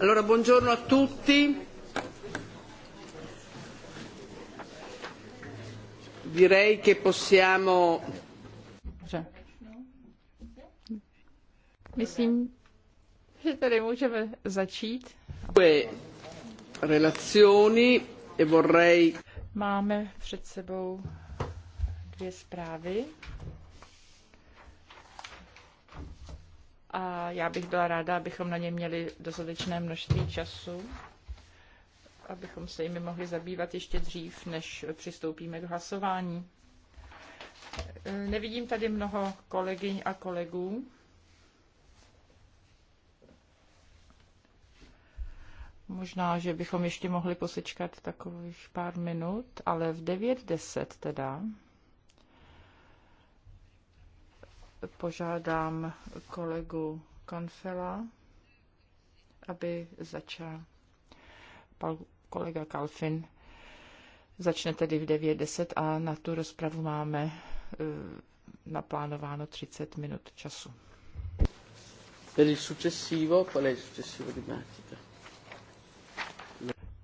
Allora, buongiorno a tutti. Direi che possiamo... Myslím, že tady můžeme začít. relazioni e vorrei... Máme před sebou dvě zprávy. a já bych byla ráda, abychom na ně měli dostatečné množství času, abychom se jimi mohli zabývat ještě dřív, než přistoupíme k hlasování. E, nevidím tady mnoho kolegyň a kolegů. Možná, že bychom ještě mohli posečkat takových pár minut, ale v 9.10 teda. požádám kolegu Kanfela, aby začal. Pan kolega Kalfin začne tedy v 9.10 a na tu rozpravu máme eh, naplánováno 30 minut času. Per il successivo, qual è il successivo dibattito?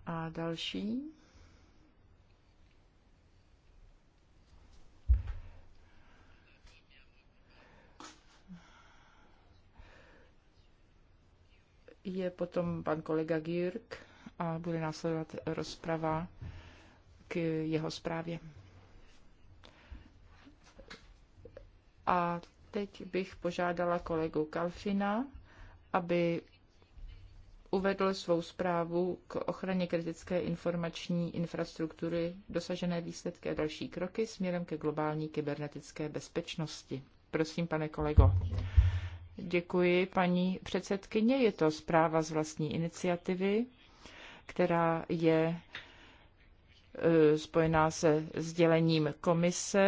A další je potom pan kolega Gürk a bude následovat rozprava k jeho zprávě. A teď bych požádala kolegu Kalfina, aby uvedl svou zprávu k ochraně kritické informační infrastruktury, dosažené výsledky a další kroky směrem ke globální kybernetické bezpečnosti. Prosím, pane kolego. Děkuji, paní předsedkyně. Je to zpráva z vlastní iniciativy, která je e, spojená se sdělením komise,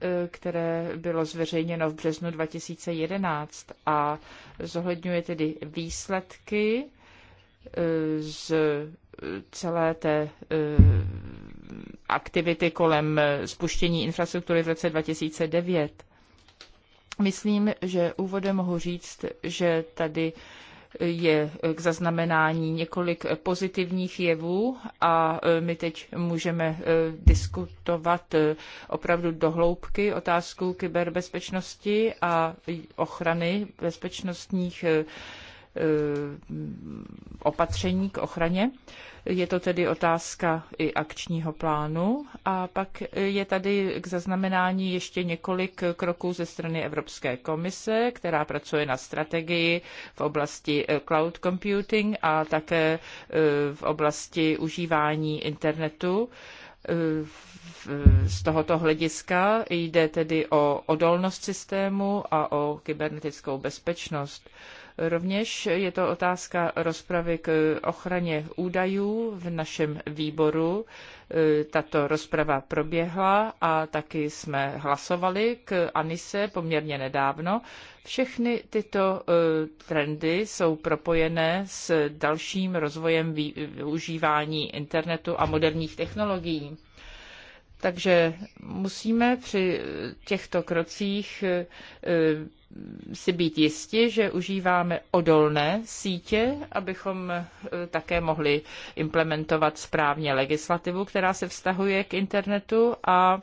e, které bylo zveřejněno v březnu 2011 a zohledňuje tedy výsledky e, z celé té aktivity kolem spuštění infrastruktury v roce 2009. Myslím, že úvodem mohu říct, že tady je k zaznamenání několik pozitivních jevů a e, my teď můžeme e, diskutovat e, opravdu dohloubky otázku kyberbezpečnosti a ochrany bezpečnostních Eh, opatření k ochraně. Je to tedy otázka i akčního plánu. A pak je tady k zaznamenání ještě několik kroků ze strany Evropské komise, která pracuje na strategii v oblasti eh, cloud computing a také eh, v oblasti užívání internetu z tohoto hlediska jde tedy o odolnost systému a o kybernetickou bezpečnost. Rovněž je to otázka rozpravy k ochraně údajů v našem výboru. E, tato rozprava proběhla a taky jsme hlasovali k Anise poměrně nedávno. Všechny tyto e, trendy jsou propojené s dalším rozvojem využívání internetu a moderních technologií. Takže musíme při těchto krocích eh, eh, si být jisti, že užíváme odolné sítě, abychom eh, také mohli implementovat správně legislativu, která se vztahuje k internetu a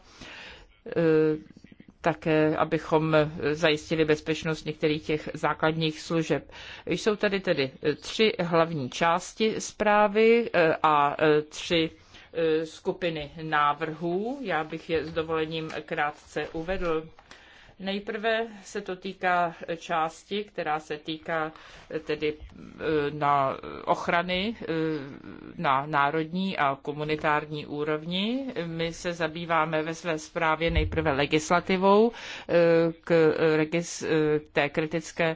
také, abychom zajistili bezpečnost některých těch základních služeb. Jsou tady tedy tři hlavní části zprávy a tři E, skupiny návrhů. Já bych je s dovolením krátce uvedl. Nejprve se to týká části, která se týká e, tedy e, na ochrany na národní a komunitární úrovni. My se zabýváme ve své zprávě nejprve legislativou k, k té kritické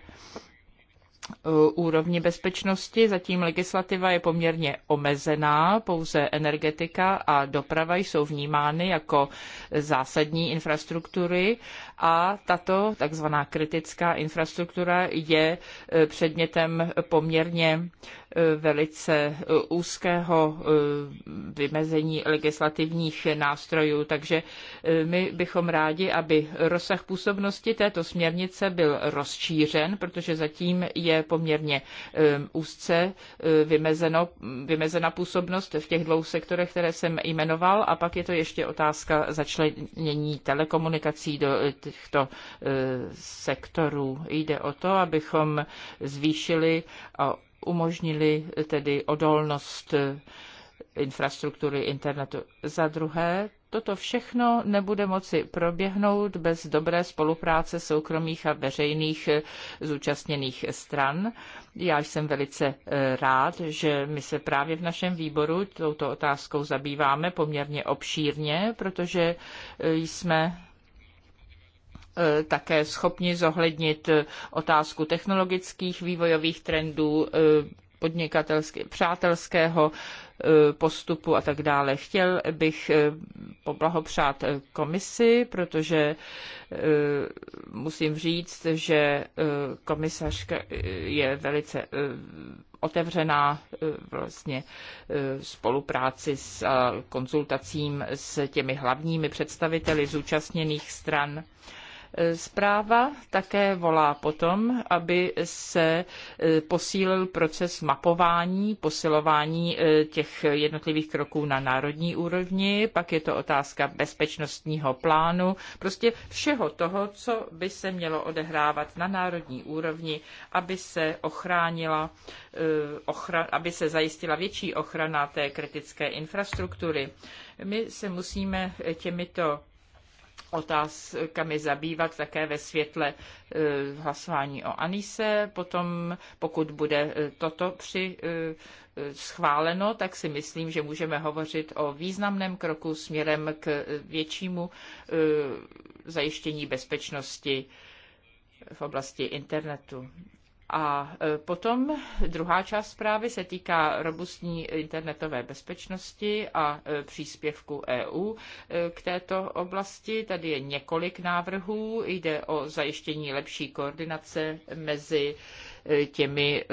Eh, úrovni bezpečnosti. Zatím legislativa je poměrně omezená, pouze energetika a doprava jsou vnímány jako zásadní infrastruktury a tato takzvaná kritická infrastruktura je e, předmětem poměrně e, velice e, úzkého vymezení legislativních nástrojů, takže my bychom rádi, aby rozsah působnosti této směrnice byl rozšířen, protože zatím je poměrně úzce vymezeno, vymezena působnost v těch dvou sektorech, které jsem jmenoval a pak je to ještě otázka začlenění telekomunikací do těchto e, sektorů. Jde o to, abychom zvýšili a umožnili tedy odolnost e, infrastruktury internetu. Za druhé, toto všechno nebude moci proběhnout bez dobré spolupráce soukromých a veřejných e, zúčastněných stran. Já jsem velice rád, že my se právě v našem výboru touto otázkou zabýváme poměrně obšírně, protože jsme E, také schopni zohlednit otázku technologických vývojových trendů, e, podnikatelského, přátelského e, postupu a tak dále. Chtěl bych poblahopřát komisi, protože musím říct, že komisařka je velice otevřená vlastně spolupráci s konzultacím s těmi hlavními představiteli zúčastněných stran Zpráva také volá potom, aby se e, posílil proces mapování, posilování e, těch jednotlivých kroků na národní úrovni, pak je to otázka bezpečnostního plánu, prostě všeho toho, co by se mělo odehrávat na národní úrovni, aby se ochránila, e, ochra, aby se zajistila větší ochrana té kritické infrastruktury. My se musíme těmito otázkami zabývat také ve světle e, hlasování o Anise. Potom, pokud bude e, toto při e, schváleno, tak si myslím, že můžeme hovořit o významném kroku směrem k většímu zajištění bezpečnosti v oblasti internetu. A e, potom druhá část zprávy se týká robustní internetové bezpečnosti a e, příspěvku EU e, k této oblasti. Tady je několik návrhů. Jde o zajištění lepší koordinace mezi těmi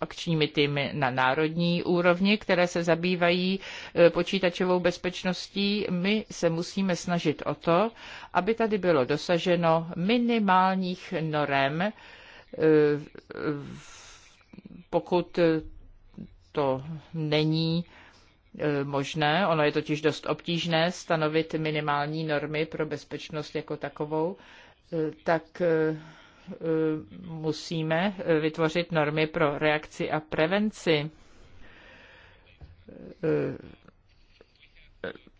akčními týmy na národní úrovni, které se zabývají počítačovou bezpečností. My se musíme snažit o to, aby tady bylo dosaženo minimálních norem, pokud to není eh, možné, ono je totiž dost obtížné stanovit minimální normy pro bezpečnost jako takovou, eh, tak eh, musíme vytvořit normy pro reakci a prevenci.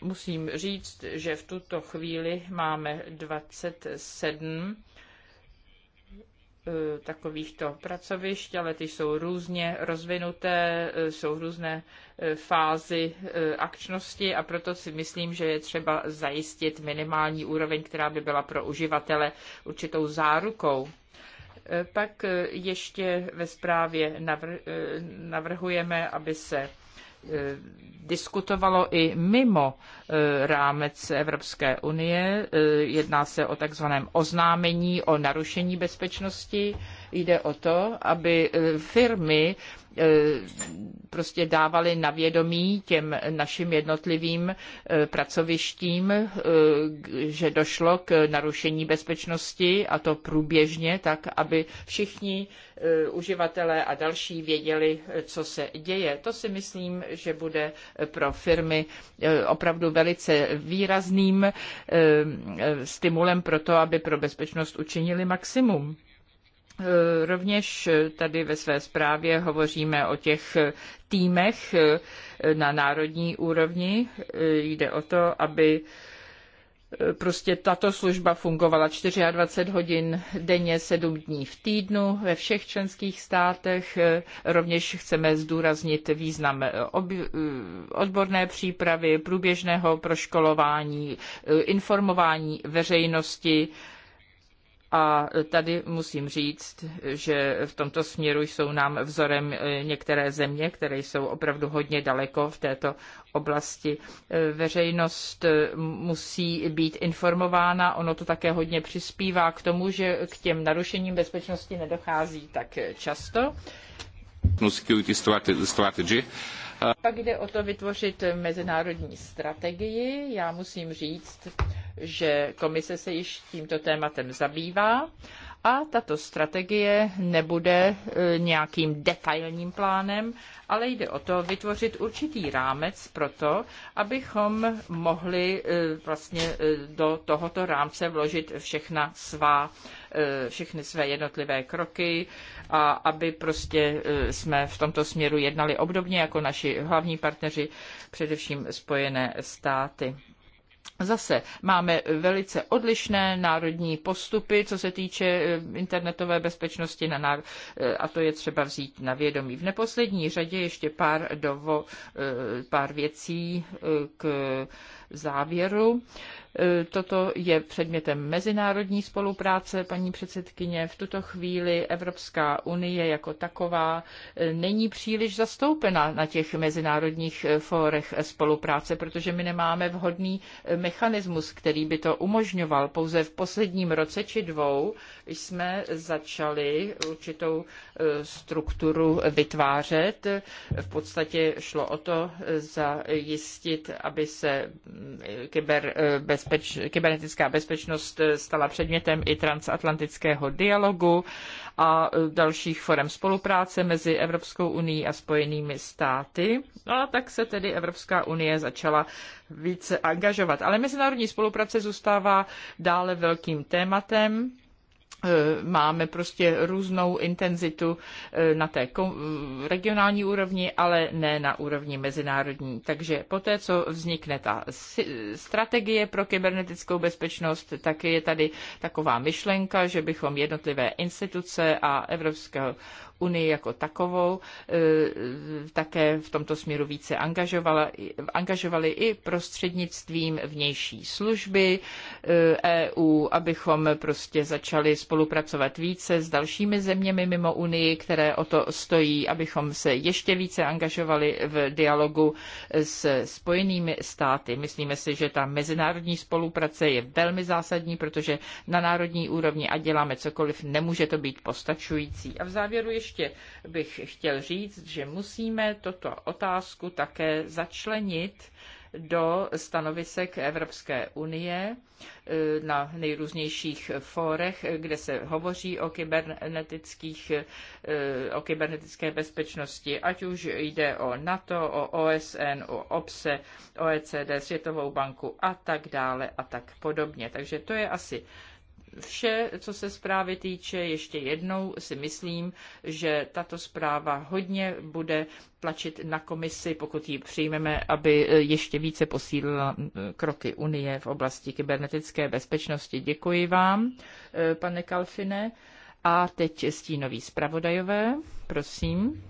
Musím říct, že v tuto chvíli máme 27 E, takovýchto pracovišť, ale ty jsou různě rozvinuté, e, jsou různé e, fázy akčnosti a proto si myslím, že je třeba zajistit minimální úroveň, která by byla pro uživatele určitou zárukou. Pak ještě ve zprávě navrhujeme, aby se Eh, diskutovalo i mimo eh, rámec Evropské unie. Eh, jedná se o takzvaném oznámení o narušení bezpečnosti Jde o to, aby e, firmy e, prostě dávali na vědomí těm našim jednotlivým e, pracovištím, že došlo k narušení bezpečnosti a to průběžně, tak aby všichni uživatelé a další věděli, co se děje. To si myslím, že bude pro firmy opravdu velice výrazným stimulem pro to, aby pro bezpečnost učinili maximum. Eh, rovněž eh, tady ve své zprávě hovoříme o těch eh, týmech na národní úrovni. Jde o to, aby prostě tato služba fungovala 24 hodin denně, 7 dní v týdnu ve všech členských státech. Rovněž chceme zdůraznit význam odborné přípravy, průběžného proškolování, informování veřejnosti a tady musím říct, že v tomto směru jsou nám vzorem e, některé země, které jsou opravdu hodně daleko v této oblasti. E, veřejnost e, musí být informována, ono to také hodně přispívá k tomu, že k těm narušením bezpečnosti nedochází tak často. Security strategy. Pak jde o to vytvořit mezinárodní strategii. Já musím říct, že komise se již tímto tématem zabývá a tato strategie nebude e, nějakým detailním plánem, ale jde o to vytvořit určitý rámec pro to, abychom mohli e, vlastně e, do tohoto rámce vložit všechna svá, všechny své jednotlivé kroky a aby prostě jsme v tomto směru jednali obdobně jako naši hlavní partneři, především Spojené státy. Zase máme velice odlišné národní postupy, co se týče eh, internetové bezpečnosti na eh, a to je třeba vzít na vědomí. V neposlední řadě ještě pár, dovo... Eh, pár věcí k závěru. E, Toto je předmětem mezinárodní spolupráce, paní předsedkyně. V tuto chvíli Evropská unie jako taková e, není příliš zastoupena na těch mezinárodních e, fórech spolupráce, protože my nemáme vhodný mechanismus, který by to umožňoval. Pouze v posledním roce či dvou jsme začali určitou strukturu vytvářet. V podstatě šlo o to zajistit, aby se kyber eh, bezpeč, kybernetická bezpečnost eh, stala předmětem i transatlantického dialogu a eh, dalších forem spolupráce mezi Evropskou unii a Spojenými státy. No a tak se tedy Evropská unie začala více angažovat. Ale mezinárodní spolupráce zůstává dále velkým tématem Eh, máme prostě různou intenzitu eh, na té regionální úrovni, ale ne na úrovni mezinárodní. Takže poté, co vznikne ta strategie pro kybernetickou bezpečnost, tak je tady taková myšlenka, že bychom jednotlivé instituce a Evropskou unii jako takovou eh, také v tomto směru více angažovala, angažovali i prostřednictvím vnější služby EU, eh, e abychom prostě začali spolupracovat více s dalšími zeměmi mimo unii, které o to stojí, abychom se ještě více angažovali v dialogu s spojenými státy. Myslíme si, že ta mezinárodní spolupráce je velmi zásadní, protože na národní úrovni, a děláme cokoliv, nemůže to být postačující. A v závěru ještě ještě bych chtěl říct, že musíme toto otázku také začlenit do stanovisek Evropské unie eh, na nejrůznějších fórech, kde se hovoří o, kybernetických, eh, o kybernetické bezpečnosti, ať už jde o NATO, o OSN, o OPSE, OECD, Světovou banku a tak dále a tak podobně. Takže to je asi vše, co se zprávy týče, ještě jednou si myslím, že tato zpráva hodně bude tlačit na komisi, pokud ji přijmeme, aby eh, ještě více posílila kroky Unie v oblasti kybernetické bezpečnosti. Děkuji vám, eh, pane Kalfine. A teď stínoví zpravodajové, prosím.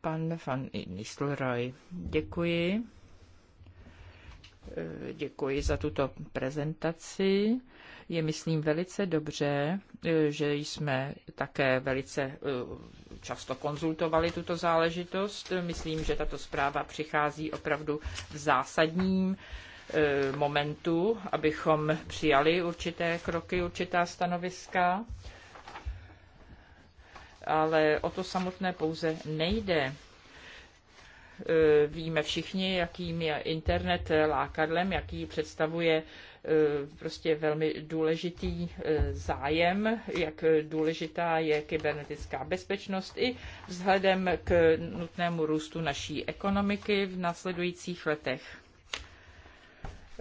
Pan van Nistelrooy, děkuji. Děkuji za tuto prezentaci. Je, myslím, velice dobře, e, že jsme také velice e, často konzultovali tuto záležitost. Myslím, že tato zpráva přichází opravdu v zásadním e, momentu, abychom přijali určité kroky, určitá stanoviska, ale o to samotné pouze nejde Eh, víme všichni, jakým je internet lákadlem, jaký představuje eh, prostě velmi důležitý eh, zájem, jak důležitá je kybernetická bezpečnost i vzhledem k nutnému růstu naší ekonomiky v následujících letech.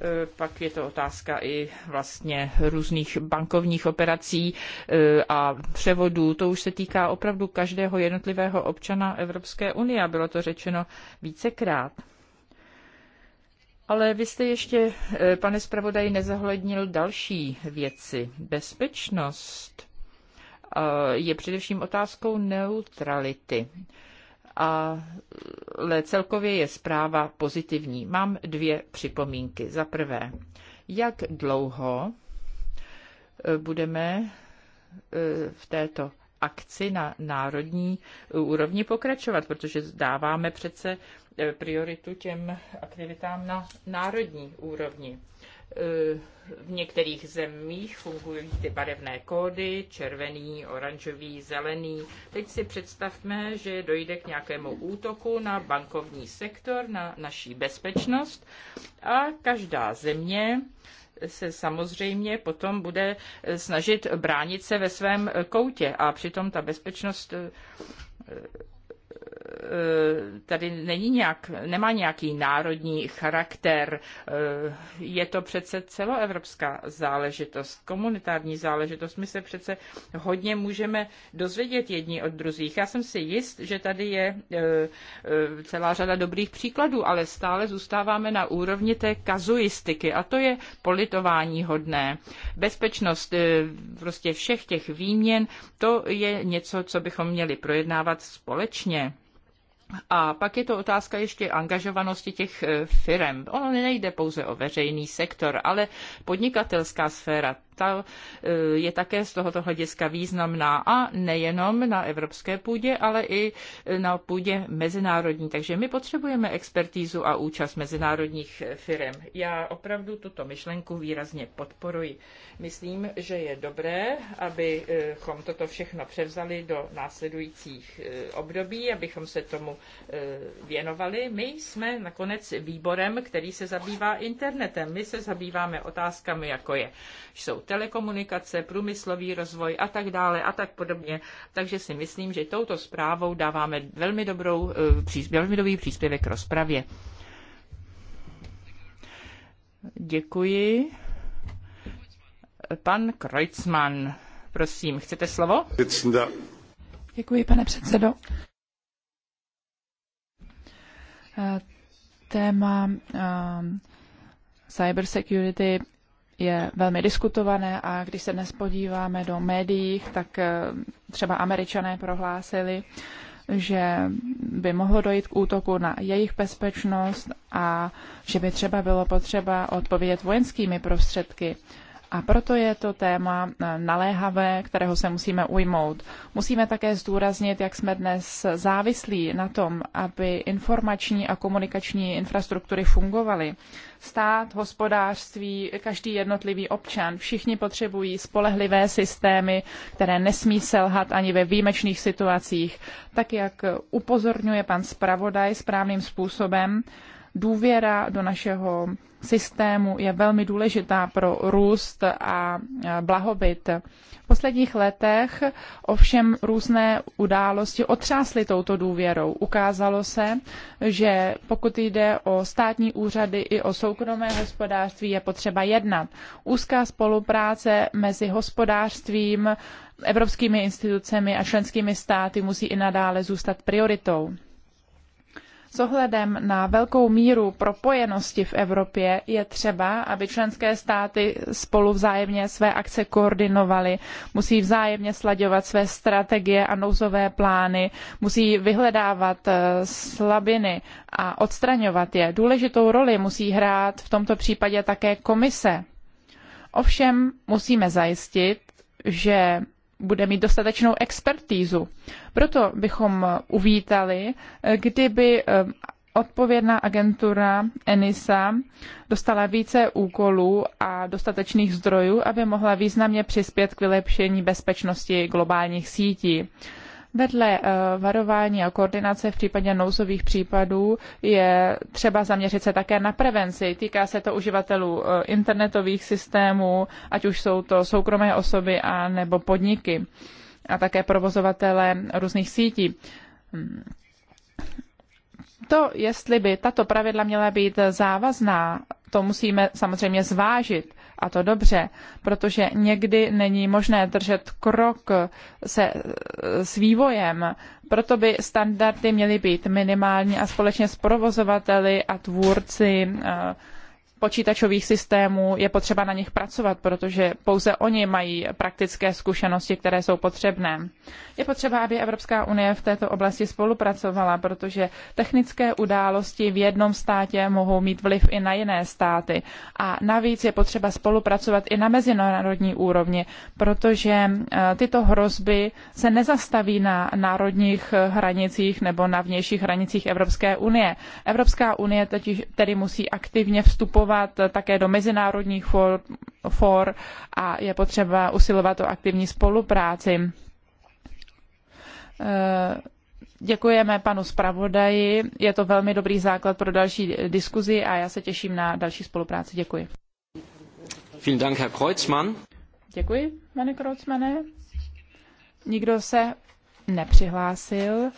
Eh, pak je to otázka i vlastně různých bankovních operací eh, a převodů. To už se týká opravdu každého jednotlivého občana Evropské unie a bylo to řečeno vícekrát. Ale vy jste ještě, eh, pane zpravodaji, nezahlednil další věci. Bezpečnost je především otázkou neutrality ale celkově je zpráva pozitivní. Mám dvě připomínky. Za prvé, jak dlouho eh, budeme eh, v této akci na národní eh, úrovni pokračovat, protože dáváme přece prioritu těm aktivitám na národní úrovni v některých zemích fungují ty barevné kódy, červený, oranžový, zelený. Teď si představme, že dojde k nějakému útoku na bankovní sektor, na naší bezpečnost a každá země se samozřejmě potom bude snažit bránit se ve svém koutě a přitom ta bezpečnost tady není nějak, nemá nějaký národní charakter. Je to přece celoevropská záležitost, komunitární záležitost. My se přece hodně můžeme dozvědět jedni od druhých. Já jsem si jist, že tady je eh, eh, celá řada dobrých příkladů, ale stále zůstáváme na úrovni té kazuistiky a to je politování hodné. Bezpečnost eh, prostě všech těch výměn, to je něco, co bychom měli projednávat společně a pak je to otázka ještě angažovanosti těch eh, firm. Ono nejde pouze o veřejný sektor, ale podnikatelská sféra ta e, je také z tohoto hlediska významná a nejenom na evropské půdě, ale i na půdě mezinárodní. Takže my potřebujeme expertízu a účast mezinárodních firm. Já opravdu tuto myšlenku výrazně podporuji. Myslím, že je dobré, abychom toto všechno převzali do následujících e, období, abychom se tomu e, věnovali. My jsme nakonec výborem, který se zabývá internetem. My se zabýváme otázkami, jako je, jsou telekomunikace, průmyslový rozvoj a tak dále a tak podobně. Takže si myslím, že touto zprávou dáváme velmi, dobrou, eh, velmi dobrý příspěvek k rozpravě. Děkuji. Pan Kreutzmann, prosím, chcete slovo? Děkuji, pane předsedo. Eh, téma um, cybersecurity je velmi diskutované a když se dnes podíváme do médií, tak eh, třeba američané prohlásili, že by mohlo dojít k útoku na jejich bezpečnost a že by třeba bylo potřeba odpovědět vojenskými prostředky. A proto je to téma eh, naléhavé, kterého se musíme ujmout. Musíme také zdůraznit, jak jsme dnes závislí na tom, aby informační a komunikační infrastruktury fungovaly. Stát, hospodářství, každý jednotlivý občan, všichni potřebují spolehlivé systémy, které nesmí selhat ani ve výjimečných situacích. Tak, jak upozorňuje pan zpravodaj správným způsobem, důvěra do našeho systému je velmi důležitá pro růst a blahobyt. V posledních letech ovšem různé události otřásly touto důvěrou. Ukázalo se, že pokud jde o státní úřady i o soukromé hospodářství, je potřeba jednat. Úzká spolupráce mezi hospodářstvím, evropskými institucemi a členskými státy musí i nadále zůstat prioritou. S ohledem na velkou míru propojenosti v Evropě je třeba, aby členské státy spolu vzájemně své akce koordinovaly, musí vzájemně slaďovat své strategie a nouzové plány, musí vyhledávat eh, slabiny a odstraňovat je. Důležitou roli musí hrát v tomto případě také komise. Ovšem musíme zajistit, že bude mít dostatečnou expertízu. Proto bychom uvítali, kdyby eh, odpovědná agentura ENISA dostala více úkolů a dostatečných zdrojů, aby mohla významně přispět k vylepšení bezpečnosti globálních sítí. Vedle eh, varování a koordinace v případě nouzových případů je třeba zaměřit se také na prevenci. Týká se to uživatelů eh, internetových systémů, ať už jsou to soukromé osoby a nebo podniky a také provozovatele různých sítí. Hmm. To, jestli by tato pravidla měla být závazná, to musíme samozřejmě zvážit. A to dobře, protože někdy není možné držet krok se, s vývojem. Proto by standardy měly být minimální a společně s provozovateli a tvůrci uh, počítačových systémů, je potřeba na nich pracovat, protože pouze oni mají praktické zkušenosti, které jsou potřebné. Je potřeba, aby Evropská unie v této oblasti spolupracovala, protože technické události v jednom státě mohou mít vliv i na jiné státy. A navíc je potřeba spolupracovat i na mezinárodní úrovni, protože eh, tyto hrozby se nezastaví na národních hranicích nebo na vnějších hranicích Evropské unie. Evropská unie tedy musí aktivně vstupovat zapojovat také do mezinárodních for, for a je potřeba usilovat o aktivní spolupráci. Eh, děkujeme panu zpravodaji, je to velmi dobrý základ pro další diskuzi a já se těším na další spolupráci. Děkuji. Vielen Dank, Herr Kreuzmann. Děkuji, pane Kreuzmane. Nikdo se nepřihlásil,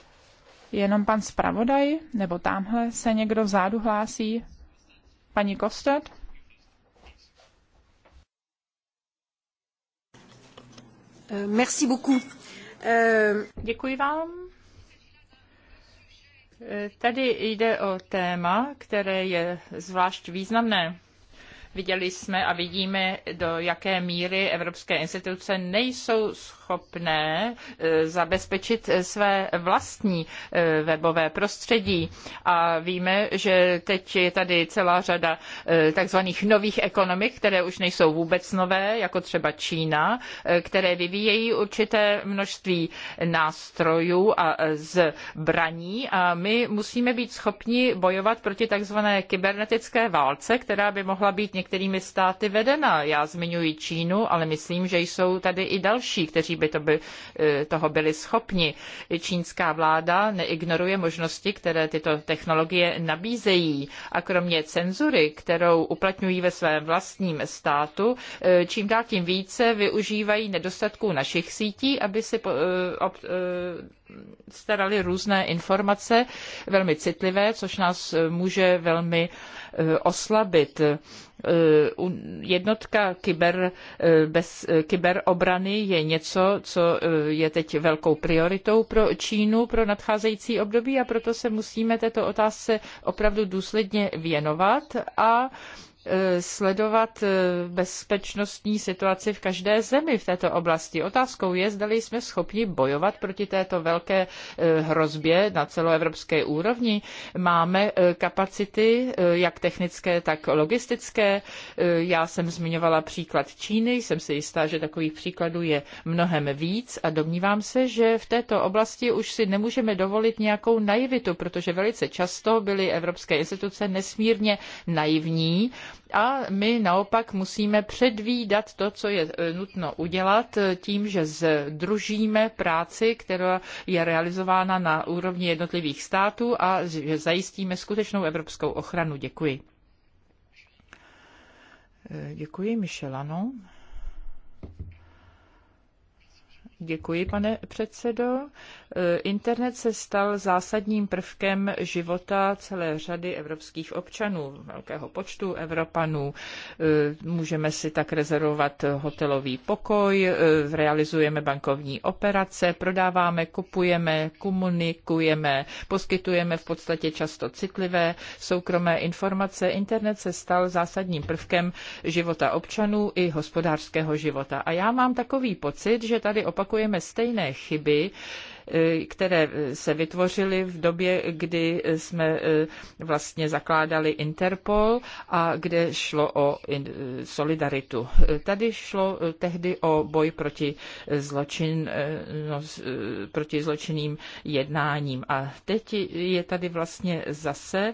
jenom pan zpravodaj, nebo tamhle se někdo vzadu hlásí. Paní Kostet? Eh, merci beaucoup. Eh, Děkuji vám. Eh, tady jde o téma, které je zvlášť významné. Viděli jsme a vidíme, do jaké míry evropské instituce nejsou schopné schopné eh, zabezpečit eh, své vlastní eh, webové prostředí. A víme, že teď je tady celá řada takzvaných nových ekonomik, které už nejsou vůbec nové, jako třeba Čína, které vyvíjejí určité množství nástrojů a zbraní a my musíme být schopni bojovat proti takzvané kybernetické válce, která by mohla být některými státy vedena. Já zmiňuji Čínu, ale myslím, že jsou tady i další, kteří by to by, e, toho byli schopni. Čínská vláda neignoruje možnosti, které tyto technologie nabízejí a kromě cenzury, kterou uplatňují ve svém vlastním státu, e, čím dál tím více využívají nedostatků našich sítí, aby si e, starali různé informace, velmi citlivé, což nás může velmi oslabit. Eh, jednotka kyber, eh, bez, eh, kyberobrany je něco, co je teď velkou prioritou pro Čínu pro nadcházející období a proto se musíme této otázce opravdu důsledně věnovat a Eh, sledovat eh, bezpečnostní situaci v každé zemi v této oblasti. Otázkou je, zda jsme schopni bojovat proti této velké eh, hrozbě na celoevropské úrovni. Máme kapacity, jak technické, tak logistické. Já jsem zmiňovala příklad Číny, jsem si jistá, že takových příkladů je mnohem víc a domnívám se, že v této oblasti už si nemůžeme dovolit nějakou naivitu, protože velice často byly evropské instituce nesmírně naivní a my naopak musíme předvídat to, co je e, nutno udělat e, tím, že združíme práci, která je realizována na úrovni jednotlivých států a že zajistíme skutečnou evropskou ochranu. Děkuji. E, děkuji, Michelano. Děkuji, pane předsedo. Eh, internet se stal zásadním prvkem života celé řady evropských občanů, velkého počtu Evropanů. Eh, můžeme si tak rezervovat hotelový pokoj, eh, realizujeme bankovní operace, prodáváme, kupujeme, komunikujeme, poskytujeme v podstatě často citlivé soukromé informace. Internet se stal zásadním prvkem života občanů i hospodářského života. A já mám takový pocit, že tady opakujeme opakujeme stejné chyby, e, které se vytvořily v době, kdy jsme e, vlastně zakládali Interpol a kde šlo o solidaritu. E, tady šlo tehdy o boj proti, zločin, no, proti zločinným jednáním. A teď je tady vlastně zase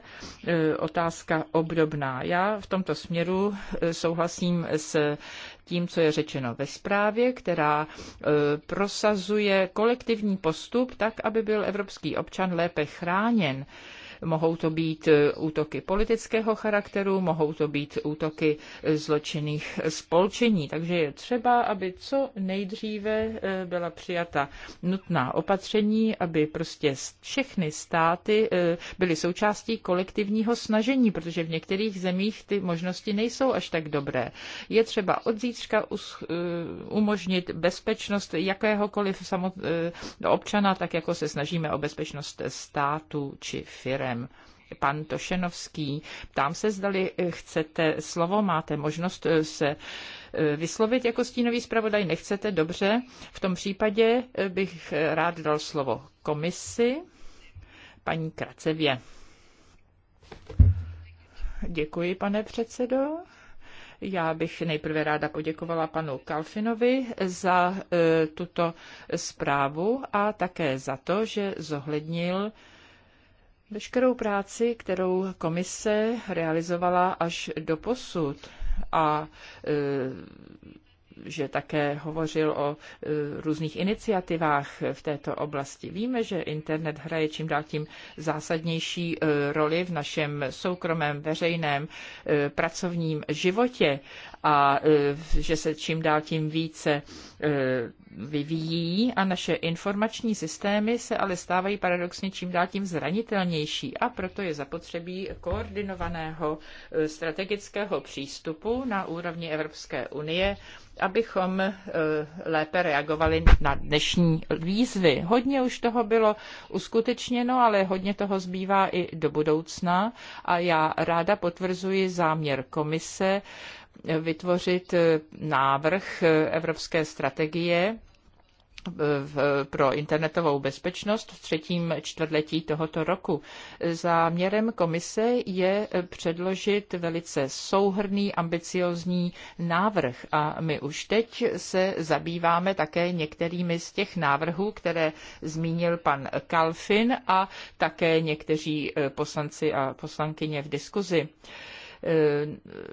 otázka obdobná. Já v tomto směru souhlasím s tím, co je řečeno ve zprávě, která e, prosazuje kolektivní postup tak, aby byl evropský občan lépe chráněn mohou to být e, útoky politického charakteru, mohou to být útoky e, zločinných spolčení. Takže je třeba, aby co nejdříve e, byla přijata nutná opatření, aby prostě všechny státy byly součástí kolektivního snažení, protože v některých zemích ty možnosti nejsou až tak dobré. Je třeba od zítřka umožnit bezpečnost jakéhokoliv občana, tak jako se snažíme o bezpečnost státu či firmy výborem pan Tošenovský. Ptám se, zdali eh, chcete slovo, máte možnost eh, se eh, vyslovit jako stínový zpravodaj, nechcete, dobře. V tom případě bych rád dal slovo komisi, paní Kracevě. Děkuji, pane předsedo. Já bych nejprve ráda poděkovala panu Kalfinovi za tuto zprávu a také za to, že zohlednil Veškerou práci, kterou komise realizovala až do posud a e, že také hovořil o e, různých iniciativách v této oblasti. Víme, že internet hraje čím dál tím zásadnější e, roli v našem soukromém, veřejném, pracovním životě a e, že se čím dál tím více e, vyvíjí a naše informační systémy se ale stávají paradoxně čím dál tím zranitelnější a proto je zapotřebí koordinovaného e, strategického přístupu na úrovni Evropské unie, abychom lépe reagovali na dnešní výzvy. Hodně už toho bylo uskutečněno, ale hodně toho zbývá i do budoucna a já ráda potvrzuji záměr komise vytvořit eh, návrh eh, evropské strategie eh, pro internetovou bezpečnost v třetím čtvrtletí tohoto roku. Záměrem komise je předložit velice souhrný, ambiciozní návrh a my už teď se zabýváme také některými z těch návrhů, které zmínil pan Kalfin a také někteří poslanci a poslankyně v diskuzi.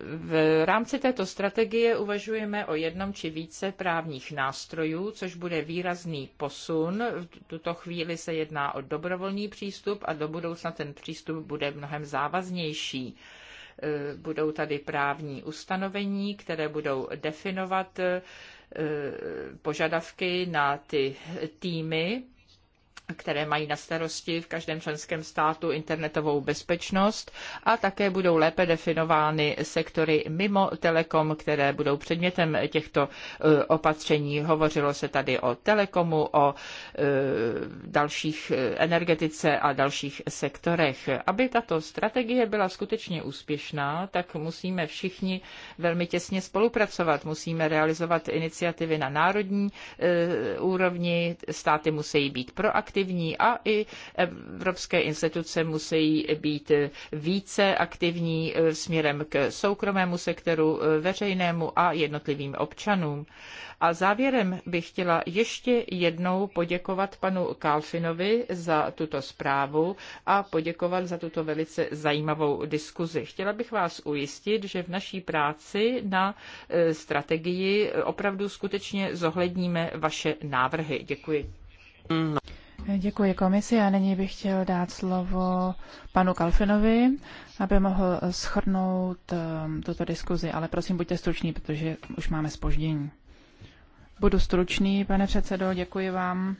V rámci této strategie uvažujeme o jednom či více právních nástrojů, což bude výrazný posun. V tuto chvíli se jedná o dobrovolný přístup a do budoucna ten přístup bude mnohem závaznější e, budou tady právní ustanovení, které budou definovat e, požadavky na ty týmy které mají na starosti v každém členském státu internetovou bezpečnost a také budou lépe definovány sektory mimo telekom, které budou předmětem těchto e, opatření. Hovořilo se tady o telekomu, o e, dalších e, energetice a dalších sektorech. Aby tato strategie byla skutečně úspěšná, tak musíme všichni velmi těsně spolupracovat. Musíme realizovat iniciativy na národní úrovni, státy musí být proaktivní, aktivní a i evropské instituce musí být více aktivní eh, směrem k soukromému sektoru, eh, veřejnému a jednotlivým občanům. A závěrem bych chtěla ještě jednou poděkovat panu Kalfinovi za tuto zprávu a poděkovat za tuto velice zajímavou diskuzi. Chtěla bych vás ujistit, že v naší práci na eh, strategii opravdu skutečně zohledníme vaše návrhy. Děkuji. Mm. Děkuji komisi a nyní bych chtěl dát slovo panu Kalfinovi, aby mohl schrnout um, tuto diskuzi, ale prosím buďte struční, protože už máme spoždění. Budu stručný, pane předsedo, děkuji vám.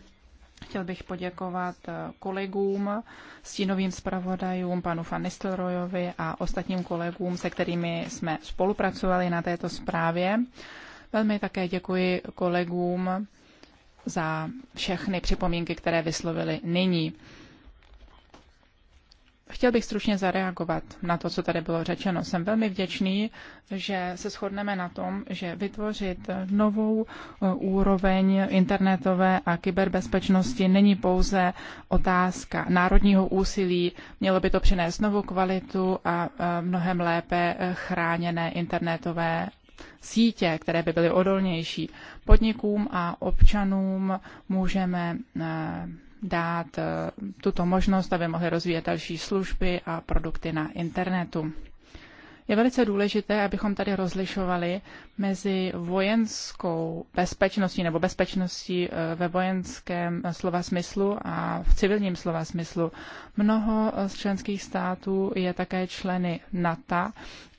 Chtěl bych poděkovat uh, kolegům, stínovým zpravodajům, panu Fanistelrojovi a ostatním kolegům, se kterými jsme spolupracovali na této zprávě. Velmi také děkuji kolegům, za všechny připomínky, které vyslovili nyní. Chtěl bych stručně zareagovat na to, co tady bylo řečeno. Jsem velmi vděčný, že se shodneme na tom, že vytvořit novou e, úroveň internetové a kyberbezpečnosti není pouze otázka národního úsilí. Mělo by to přinést novou kvalitu a e, mnohem lépe e, chráněné internetové sítě, které by byly odolnější. Podnikům a občanům můžeme eh, dát eh, tuto možnost, aby mohli rozvíjet další služby a produkty na internetu. Je velice důležité, abychom tady rozlišovali mezi vojenskou bezpečností nebo bezpečností eh, ve vojenském slova smyslu a v civilním slova smyslu. Mnoho z členských států je také členy NATO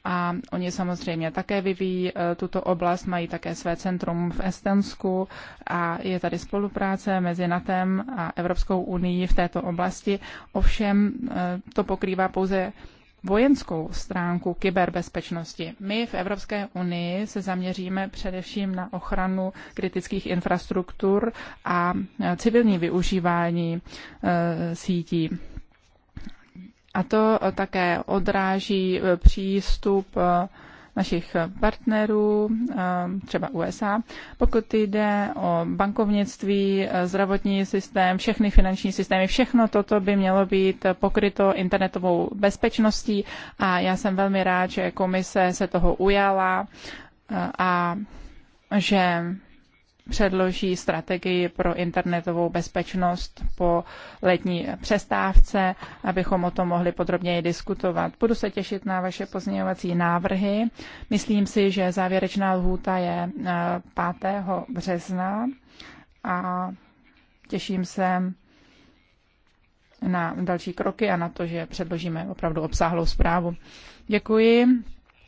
a oni samozřejmě také vyvíjí e, tuto oblast, mají také své centrum v Estensku a je tady spolupráce mezi NATEM a Evropskou unii v této oblasti. Ovšem e, to pokrývá pouze vojenskou stránku kyberbezpečnosti. My v Evropské unii se zaměříme především na ochranu kritických infrastruktur a e, civilní využívání sítí. A to eh, také odráží eh, přístup eh, našich partnerů, třeba USA. Pokud jde o bankovnictví, zdravotní systém, všechny finanční systémy, všechno toto by mělo být pokryto internetovou bezpečností a já jsem velmi rád, že komise se toho ujala a že předloží strategii pro internetovou bezpečnost po letní přestávce, abychom o tom mohli podrobněji diskutovat. Budu se těšit na vaše pozměňovací návrhy. Myslím si, že závěrečná lhůta je 5. Eh, března a těším se na další kroky a na to, že předložíme opravdu obsáhlou zprávu. Děkuji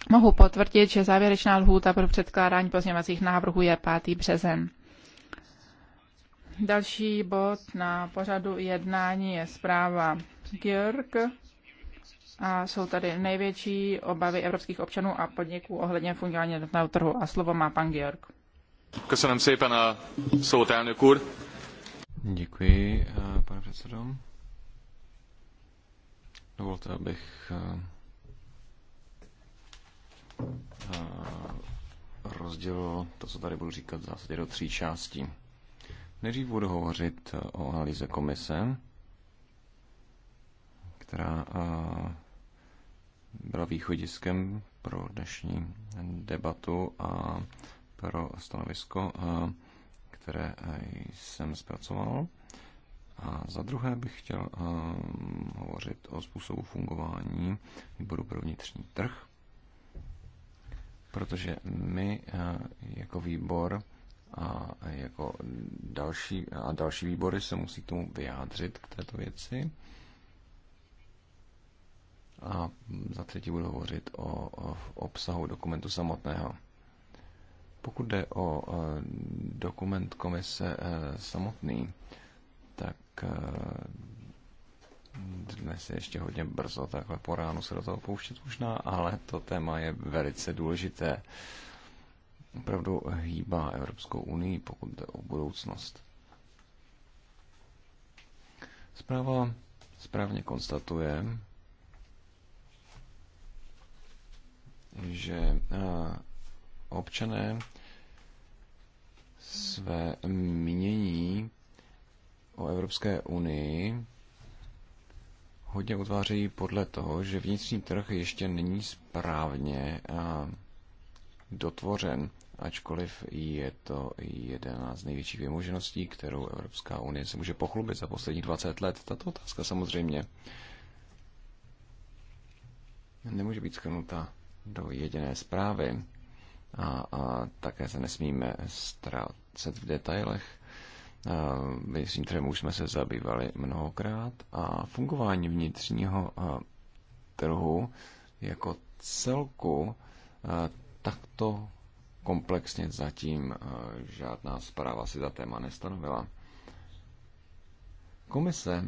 mohu potvrdit, že závěrečná lhůta pro předkládání pozněvacích návrhů je 5. březen. Další bod na pořadu jednání je zpráva Gjörg. A jsou tady největší obavy evropských občanů a podniků ohledně fungování jednotného trhu. A slovo má pan Georg. Köszönöm szépen a szót, elnök Děkuji, eh, pane předsedo. Dovolte, abych eh, Eh, rozdělil to, co tady budu říkat, v zásadě do tří částí. Nejdřív budu hovořit eh, o analýze komise, která eh, byla východiskem pro dnešní debatu a pro stanovisko, které jsem zpracoval. A za druhé bych chtěl hovořit o způsobu fungování výboru pro vnitřní trh protože my eh, jako výbor a jako další, a další výbory se musí k tomu vyjádřit k této věci. A za třetí budu hovořit o, o obsahu dokumentu samotného. Pokud jde o eh, dokument komise eh, samotný, tak dnes je ještě hodně brzo takhle po ránu se do toho pouštět možná, ale to téma je velice důležité. Opravdu hýbá Evropskou unii, pokud jde o budoucnost. Zpráva správně konstatuje, že eh, občané své mínění o Evropské unii hodně utvářejí podle toho, že vnitřní trh ještě není správně dotvořen, ačkoliv je to jedna z největších vymožeností, kterou Evropská unie se může pochlubit za posledních 20 let. Tato otázka samozřejmě nemůže být schrnuta do jediné zprávy a, a také se nesmíme ztrácet v detailech vnitřní eh, trhem už jsme se zabývali mnohokrát a fungování vnitřního eh, trhu jako celku eh, takto komplexně zatím žádná zpráva si za téma nestanovila. Komise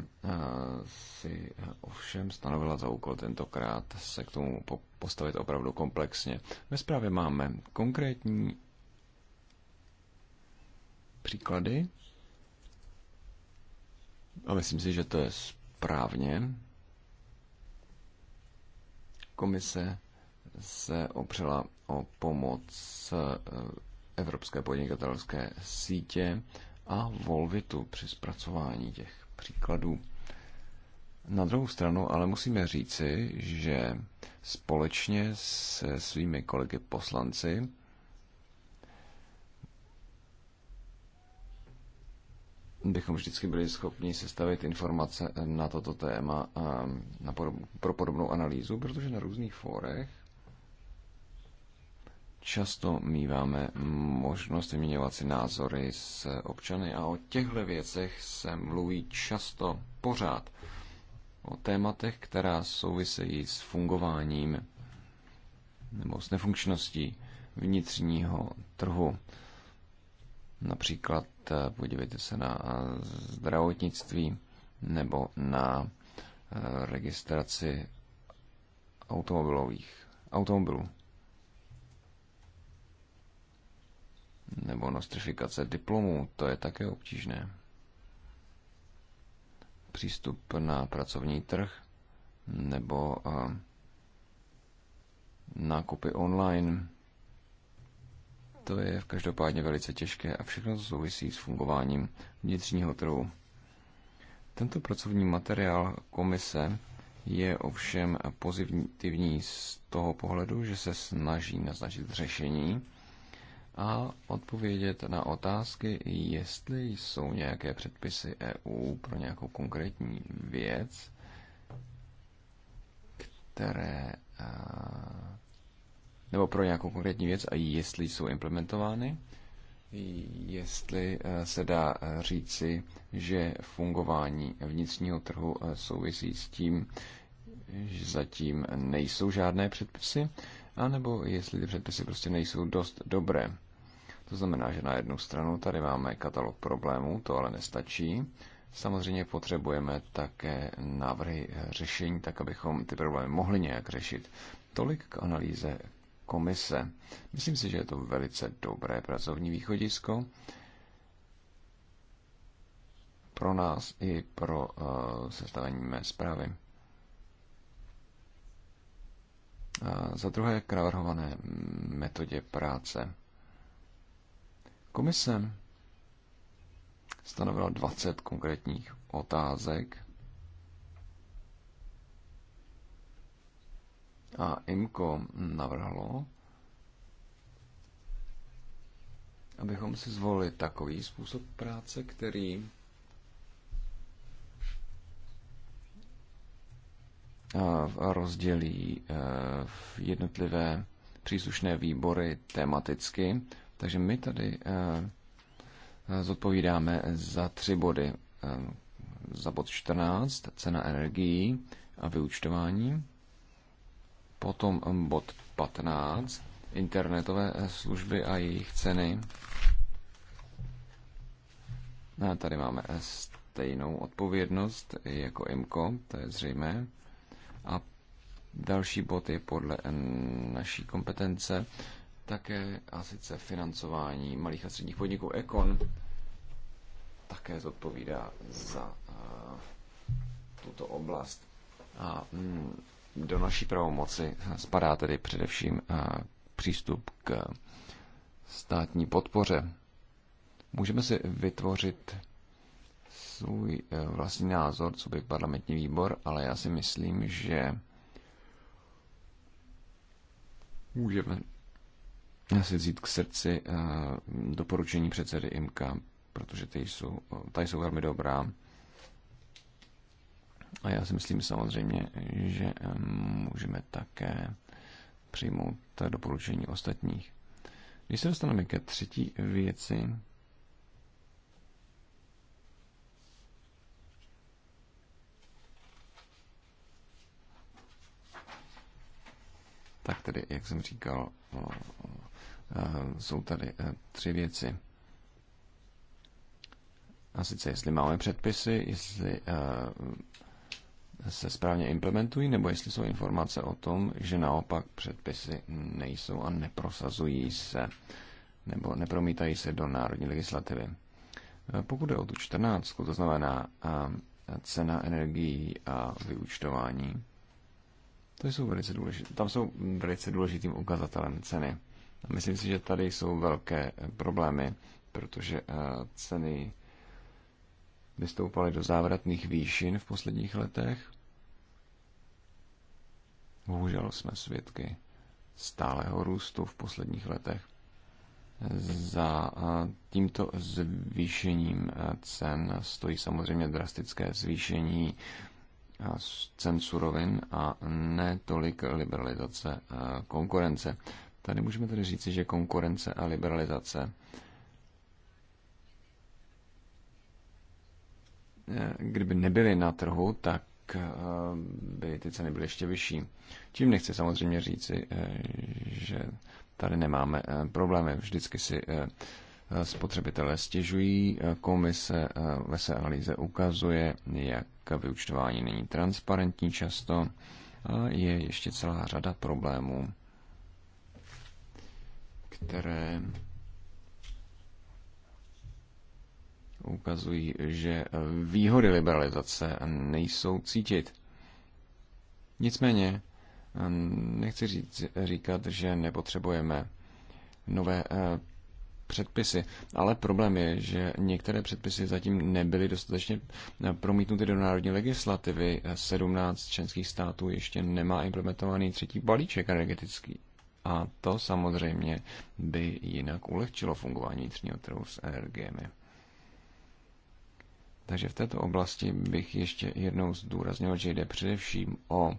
si ovšem stanovila za úkol tentokrát se k tomu postavit opravdu komplexně. Ve zprávě máme konkrétní příklady a myslím si, že to je správně. Komise se opřela o pomoc eh, Evropské podnikatelské sítě a Volvitu při zpracování těch příkladů. Na druhou stranu ale musíme říci, že společně se svými kolegy poslanci bychom vždycky byli schopni sestavit informace na toto téma na podob, pro podobnou analýzu, protože na různých fórech často míváme možnost vyměňovat si názory s občany a o těchto věcech se mluví často pořád. O tématech, která souvisejí s fungováním nebo s nefunkčností vnitřního trhu. Například eh, podívejte se na eh, zdravotnictví nebo na eh, registraci automobilových automobilů. Nebo nostrifikace diplomů, to je také obtížné. Přístup na pracovní trh nebo nákupy online to je každopádně velice těžké a všechno to souvisí s fungováním vnitřního trhu. Tento pracovní materiál komise je ovšem pozitivní z toho pohledu, že se snaží naznačit řešení a odpovědět na otázky, jestli jsou nějaké předpisy EU pro nějakou konkrétní věc, které nebo pro nějakou konkrétní věc a jestli jsou implementovány, jestli eh, se dá eh, říci, že fungování vnitřního trhu eh, souvisí s tím, že zatím nejsou žádné předpisy, anebo jestli ty předpisy prostě nejsou dost dobré. To znamená, že na jednu stranu tady máme katalog problémů, to ale nestačí. Samozřejmě potřebujeme také návrhy řešení, tak abychom ty problémy mohli nějak řešit. Tolik k analýze komise. Myslím si, že je to velice dobré pracovní východisko pro nás i pro uh, sestavení mé zprávy. A eh, za druhé k navrhované metodě práce. Komise stanovila 20 konkrétních otázek a IMCO navrhlo, abychom si zvolili takový způsob práce, který rozdělí e, v jednotlivé příslušné výbory tematicky. Takže my tady e, e, zodpovídáme za tři body. Za bod 14, cena energií a vyučtování. Potom eh, bod 15. Internetové eh, služby a jejich ceny. No a tady máme eh, stejnou odpovědnost jako IMCO, to je zřejmé. A další bod je podle naší kompetence také a sice financování malých a středních podniků Econ také zodpovídá za tuto oblast. A hmm, do naší pravomoci spadá tedy především eh, přístup k státní podpoře. Můžeme si vytvořit svůj eh, vlastní názor, co by parlamentní výbor, ale já si myslím, že můžeme si vzít k srdci eh, doporučení předsedy IMKA, protože ty jsou, tady jsou velmi dobrá a já si myslím samozřejmě, že můžeme také přijmout doporučení ostatních. Když se dostaneme ke třetí věci, tak tedy, jak jsem říkal, e, jsou tady e, tři věci. A sice, jestli máme předpisy, jestli e, se správně implementují, nebo jestli jsou informace o tom, že naopak předpisy nejsou a neprosazují se, nebo nepromítají se do národní legislativy. Pokud je o tu čtrnáctku, to znamená cena energií a vyúčtování, to jsou velice důležité. Tam jsou velice důležitým ukazatelem ceny. Myslím si, že tady jsou velké problémy, protože ceny vystoupaly do závratných výšin v posledních letech. Bohužel jsme svědky stáleho růstu v posledních letech. Za tímto zvýšením cen stojí samozřejmě drastické zvýšení cen surovin a ne tolik liberalizace konkurence. Tady můžeme tedy říci, že konkurence a liberalizace kdyby nebyly na trhu, tak eh, by ty ceny byly ještě vyšší. Čím nechci samozřejmě říci, eh, že tady nemáme eh, problémy. Vždycky si spotřebitelé stěžují. Komise ve své analýze ukazuje, jak vyučtování není transparentní často a je ještě celá řada problémů, které ukazují, že výhody liberalizace nejsou cítit. Nicméně nechci říct, říkat, že nepotřebujeme nové eh, předpisy, ale problém je, že některé předpisy zatím nebyly dostatečně eh, promítnuty do národní legislativy. 17 členských států ještě nemá implementovaný třetí balíček energetický. A to samozřejmě by jinak ulehčilo fungování vnitřního trhu s energiemi. Takže v této oblasti bych ještě jednou zdůraznil, že jde především o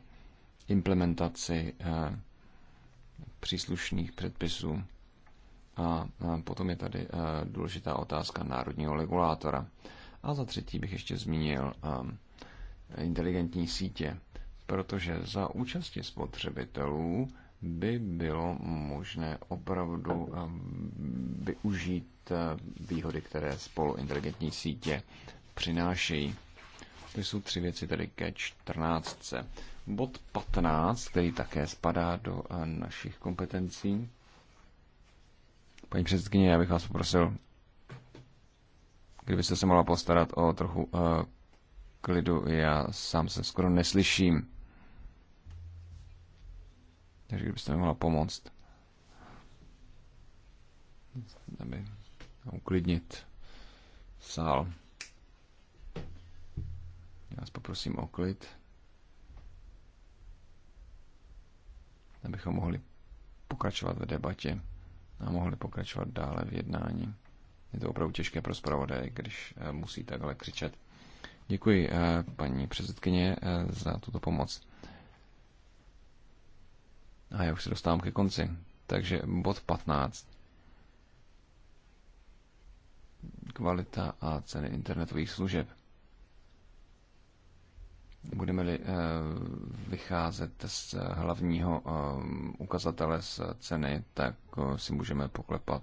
implementaci eh, příslušných předpisů. A potom je tady eh, důležitá otázka národního regulátora. A za třetí bych ještě zmínil eh, inteligentní sítě, protože za účasti spotřebitelů by bylo možné opravdu využít výhody, které spolu inteligentní sítě přinášejí. To jsou tři věci tedy ke čtrnáctce. Bod 15, který také spadá do eh, našich kompetencí. Paní předsedkyně, já bych vás poprosil, kdybyste se mohla postarat o trochu uh, klidu, já sám se skoro neslyším. Takže kdybyste mi mohla pomoct, aby uklidnit sál poprosím o klid, abychom mohli pokračovat v debatě a mohli pokračovat dále v jednání. Je to opravdu těžké pro zpravodaje, když eh, musí takhle křičet. Děkuji eh, paní předsedkyně eh, za tuto pomoc. A já už se dostávám ke konci. Takže bod 15. Kvalita a ceny internetových služeb. Budeme-li eh, vycházet z hlavního eh, ukazatele z ceny, tak eh, si můžeme poklepat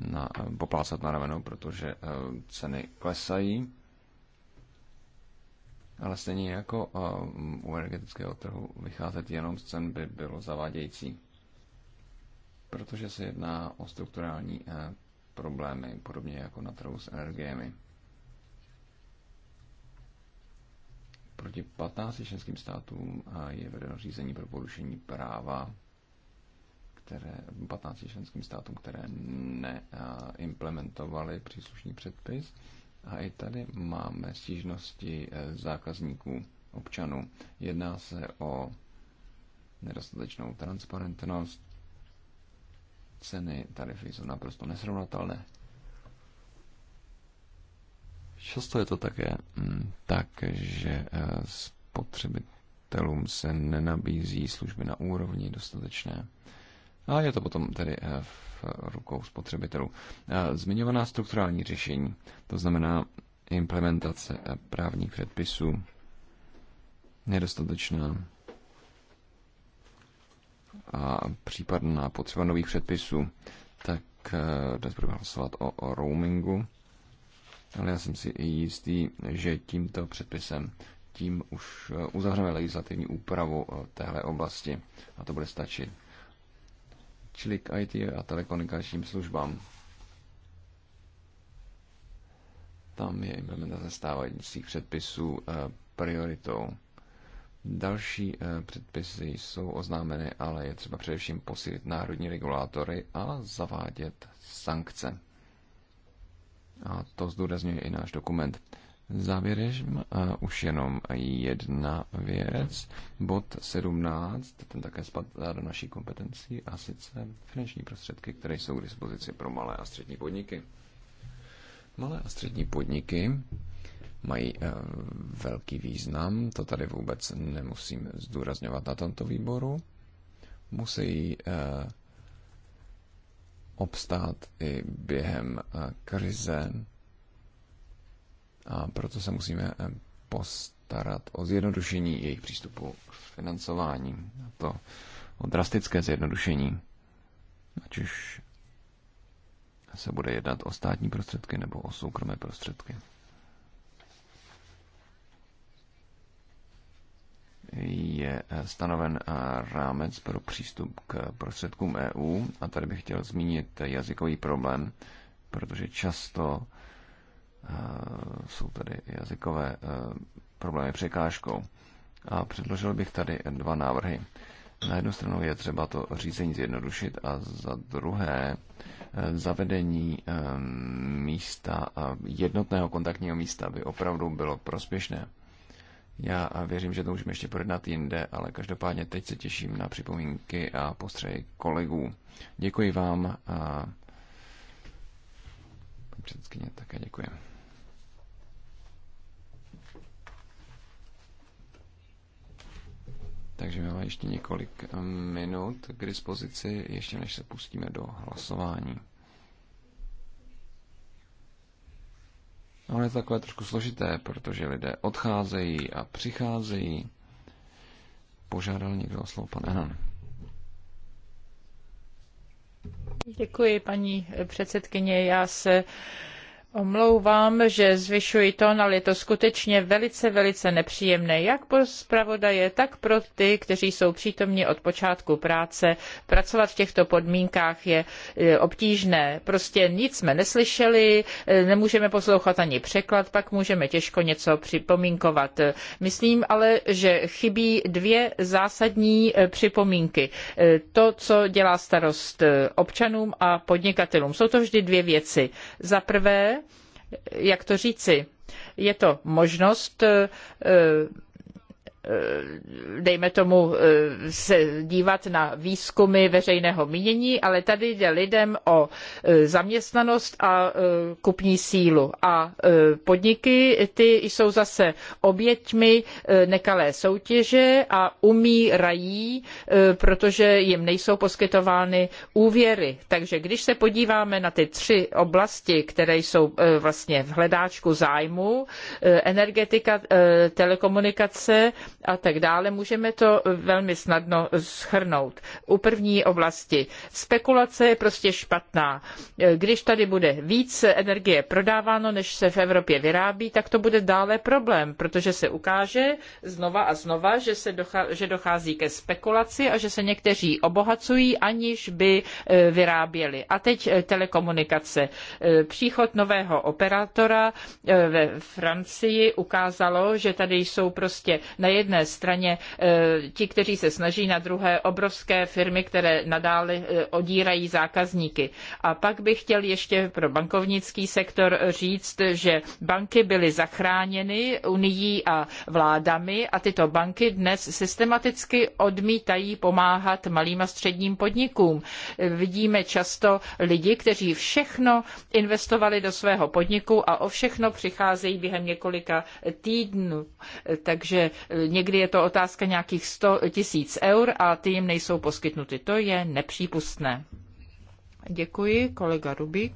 na, poplácat na rameno, protože ceny klesají. Ale stejně jako u energetického trhu vycházet jenom z cen by bylo zavádějící, protože se jedná o strukturální problémy, podobně jako na trhu s energiemi. Proti 15 členským státům je vedeno řízení pro porušení práva které, 15 členským státům, které neimplementovaly příslušný předpis. A i tady máme stížnosti eh, zákazníků, občanů. Jedná se o nedostatečnou transparentnost. Ceny tarify jsou naprosto nesrovnatelné. Často je to také mm, tak, že eh, spotřebitelům se nenabízí služby na úrovni dostatečné. A je to potom tedy eh, v rukou spotřebitelů. Zmiňovaná strukturální řešení, to znamená implementace eh, právních předpisů, nedostatečná a případná potřeba nových předpisů, tak dnes budeme hlasovat o, o roamingu. Ale já jsem si jistý, že tímto předpisem tím už eh, uzavřeme legislativní úpravu eh, téhle oblasti a to bude stačit. Čili k IT a telekomunikačním službám. Tam je implementace stávajících předpisů eh, prioritou. Další předpisy jsou oznámeny, ale je třeba především posílit národní regulátory a zavádět sankce. A to zdůrazňuje i náš dokument. Závěrem uh, už jenom jedna věc. Bod 17, ten také spadá do naší kompetencí, a sice finanční prostředky, které jsou k dispozici pro malé a střední podniky. Malé a střední podniky mají uh, velký význam, to tady vůbec nemusím zdůrazňovat na tomto výboru. Musí uh, obstát i během eh, krize a proto se musíme eh, postarat o zjednodušení jejich přístupu k financování. A to o drastické zjednodušení, ať už se bude jednat o státní prostředky nebo o soukromé prostředky. je eh, stanoven eh, rámec pro přístup k prostředkům EU. A tady bych chtěl zmínit jazykový problém, protože často eh, jsou tady jazykové problémy překážkou. A předložil bych tady dva návrhy. Na jednu stranu je třeba to řízení zjednodušit a za druhé zavedení místa, jednotného kontaktního místa by opravdu bylo prospěšné. Já věřím, že to můžeme ještě projednat jinde, ale každopádně teď se těším na připomínky a postřeji kolegů. Děkuji vám a předsedkyně také děkuji. Takže máme ještě několik minut k dispozici, ještě než se pustíme do hlasování. No, ale je to takové trošku složité, protože lidé odcházejí a přicházejí. Požádal někdo o slovo, pan Enan. Děkuji, paní předsedkyně. Já se omlouvám, že zvyšuji tón, ale je to skutečně velice, velice nepříjemné, jak pro zpravodaje, tak pro ty, kteří jsou přítomni od počátku práce. Pracovat v těchto podmínkách je obtížné. Prostě nic jsme neslyšeli, nemůžeme poslouchat ani překlad, pak můžeme těžko něco připomínkovat. Myslím ale, že chybí dvě zásadní e, připomínky. E, to, co dělá starost e, občanům a podnikatelům. Jsou to vždy dvě věci. Za prvé, jak to říci, je to možnost eh, Eh, dejme tomu, eh, se dívat na výzkumy veřejného mínění, ale tady jde lidem o eh, zaměstnanost a kupní sílu. A podniky, ty jsou zase oběťmi nekalé soutěže a umírají, protože jim nejsou poskytovány úvěry. Takže když se podíváme na ty tři oblasti, které jsou vlastně v hledáčku zájmu, energetika, telekomunikace, a tak dále, můžeme to velmi snadno schrnout. U první oblasti spekulace je prostě špatná. Když tady bude víc energie prodáváno, než se v Evropě vyrábí, tak to bude dále problém, protože se ukáže znova a znova, že, se dochází, že dochází ke spekulaci a že se někteří obohacují, aniž by e, vyráběli. A teď e, telekomunikace. E, příchod nového operátora ve Francii ukázalo, že tady jsou prostě na jedné jedné straně eh, ti, kteří se snaží, na druhé obrovské firmy, které nadále eh, odírají zákazníky. A pak bych chtěl ještě pro bankovnický sektor říct, že banky byly zachráněny Unií a vládami a tyto banky dnes systematicky odmítají pomáhat malým a středním podnikům. Eh, vidíme často lidi, kteří všechno investovali do svého podniku a o všechno přicházejí během několika týdnů. Takže někdo Někdy je to otázka nějakých 100 tisíc eur a ty jim nejsou poskytnuty. To je nepřípustné. Děkuji, kolega Rubik.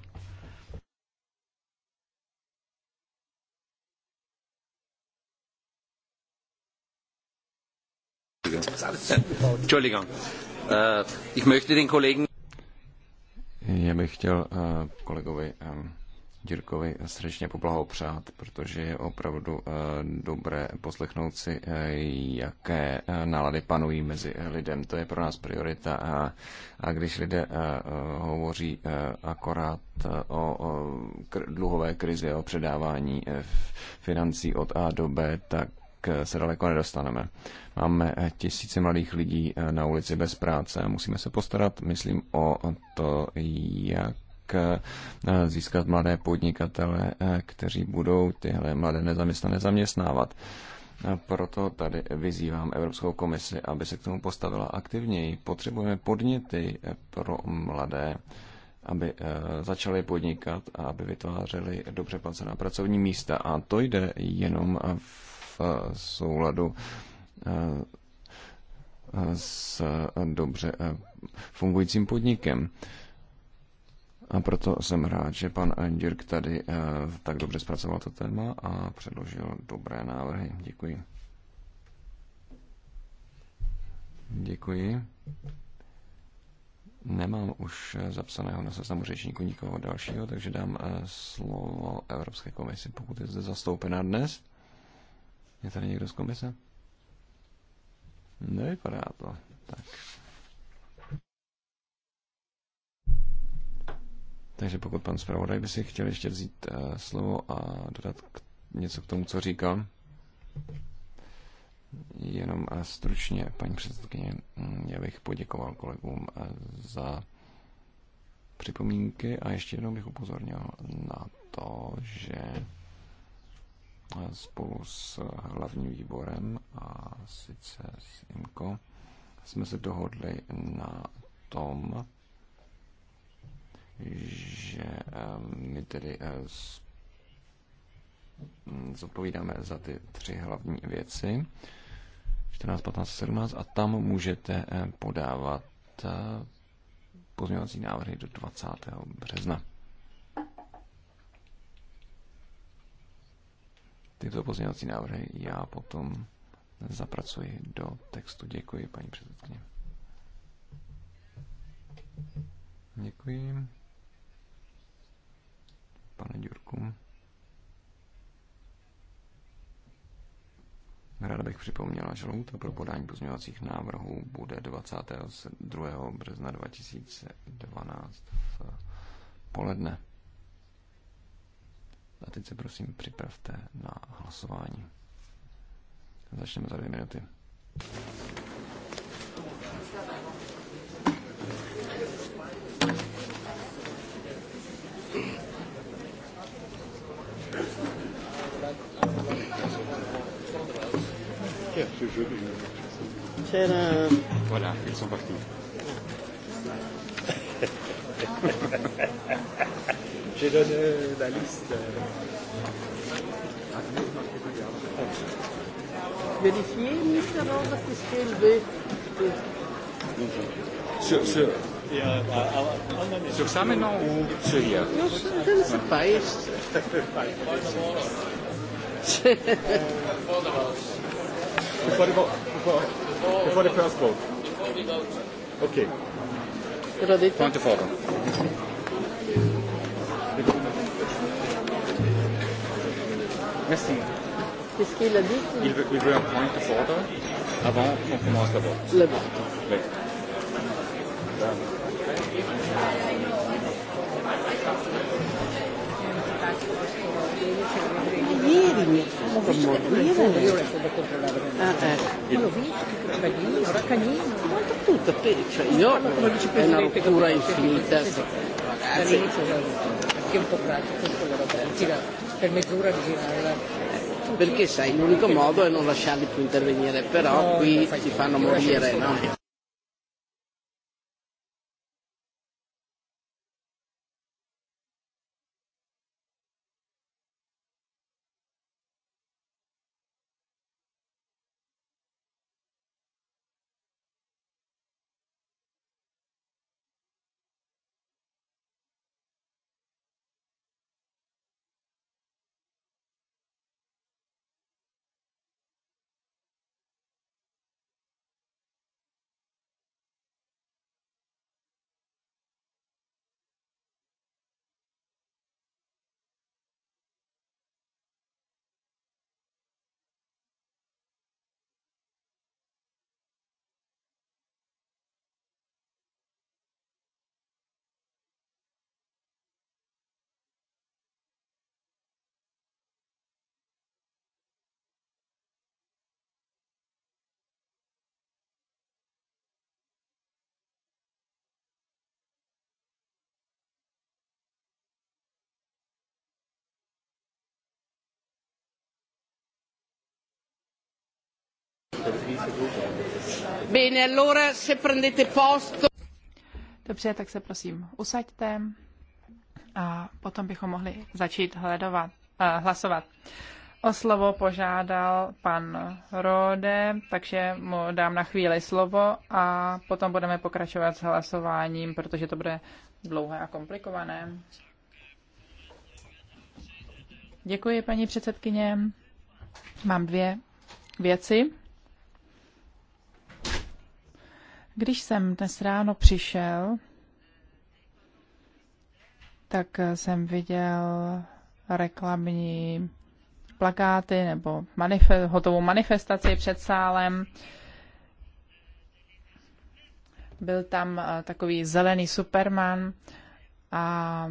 Äh, Já bych chtěl äh, kolegovi ähm, Jirkovi srdečně poblahopřát, protože je opravdu eh, dobré poslechnout si, eh, jaké eh, nálady panují mezi lidem. To je pro nás priorita a, a když lidé hovoří akorát o dluhové krizi, o předávání financí od A do B, tak se daleko nedostaneme. Máme tisíce mladých lidí na ulici bez práce a musíme se postarat, myslím, o to, jak Eh, získat mladé podnikatele, eh, kteří budou tyhle mladé nezaměstnané zaměstnávat. Proto tady vyzývám Evropskou komisi, aby se k tomu postavila aktivněji. Potřebujeme podněty eh, pro mladé, aby začali podnikat a aby vytvářeli dobře placená pracovní místa. A to jde jenom v souladu s dobře fungujícím podnikem. A proto jsem rád, že pan Dirk tady eh, tak dobře zpracoval to téma a předložil dobré návrhy. Děkuji. Děkuji. Nemám už eh, zapsaného na seznamu řečníku nikoho dalšího, takže dám eh, slovo Evropské komisi, pokud je zde zastoupená dnes. Je tady někdo z komise? Nevypadá to. Tak. Takže pokud pan zpravodaj by si chtěl ještě vzít uh, slovo a dodat k, něco k tomu, co říkal. Jenom uh, stručně, paní předsedkyně, mm, já bych poděkoval kolegům uh, za připomínky a ještě jednou bych upozornil na to, že spolu s hlavním výborem a sice s IMKO jsme se dohodli na tom, že ehm, my tedy eh, hm, zodpovídáme za ty tři hlavní věci 14, 15, 17 a tam můžete eh, podávat eh, pozměňovací návrhy do 20. března. Tyto pozměňovací návrhy já potom zapracuji do textu. Děkuji, paní předsedkyně. Děkuji pane Ďurku. Ráda bych připomněla, že lhůta pro podání pozměňovacích návrhů bude 22. března 2012 v poledne. A teď se prosím připravte na hlasování. Začneme za dvě minuty. Tadam. Voilà, ils sont partis. J'ai donné la liste. Vérifier, ministre, non, parce que élevé. Sur, sur, euh, ah, ah, sur ça maintenant ou sur hier Je ne sais pas. before the before, before the first vote. Okay. Point of order. Merci. Qu'est-ce qu'il a dit il veut, il veut un point de vote avant qu'on commence le vote. Le vote. Oui. Ieri mi ha non lo visto morire. Io ero Ah, ecco. Ma cagnino, raccagnino. Ma dappertutto, cioè io è una rottura infinita. Ragazzi. Perché è un po' pratico quella roba, per mezz'ora girarla perché sai l'unico modo è non lasciarli più intervenire però no, qui no, si fanno morire no? Bene, allora se prendete posto. Dobře, tak se prosím usaďte a potom bychom mohli začít hledovat, eh, hlasovat. O slovo požádal pan Rode, takže mu dám na chvíli slovo a potom budeme pokračovat s hlasováním, protože to bude dlouhé a komplikované. Děkuji, paní předsedkyně. Mám dvě věci. Když jsem dnes ráno přišel, tak jsem viděl reklamní plakáty nebo manifest, hotovou manifestaci před sálem. Byl tam eh, takový zelený superman a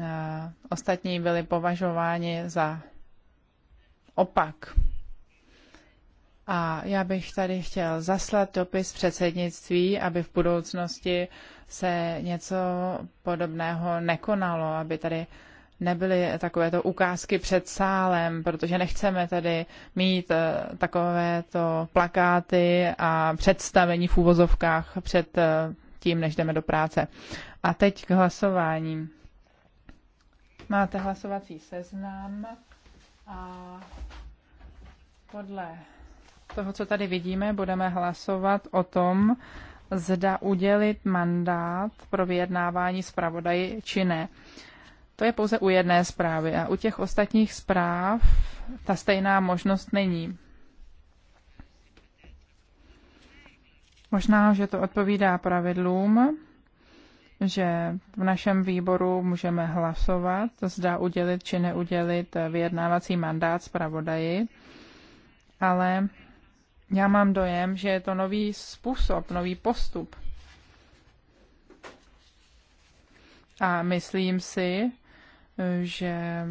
eh, ostatní byli považováni za opak a já bych tady chtěl zaslat dopis předsednictví, aby v budoucnosti se něco podobného nekonalo, aby tady nebyly takovéto ukázky před sálem, protože nechceme tady mít eh, takovéto plakáty a představení v úvozovkách před eh, tím, než jdeme do práce. A teď k hlasování. Máte hlasovací seznam a podle toho, co tady vidíme, budeme hlasovat o tom, zda udělit mandát pro vyjednávání zpravodaji či ne. To je pouze u jedné zprávy a u těch ostatních zpráv ta stejná možnost není. Možná, že to odpovídá pravidlům, že v našem výboru můžeme hlasovat, zda udělit či neudělit vyjednávací mandát zpravodaji, ale já mám dojem, že je to nový způsob, nový postup. A myslím si, že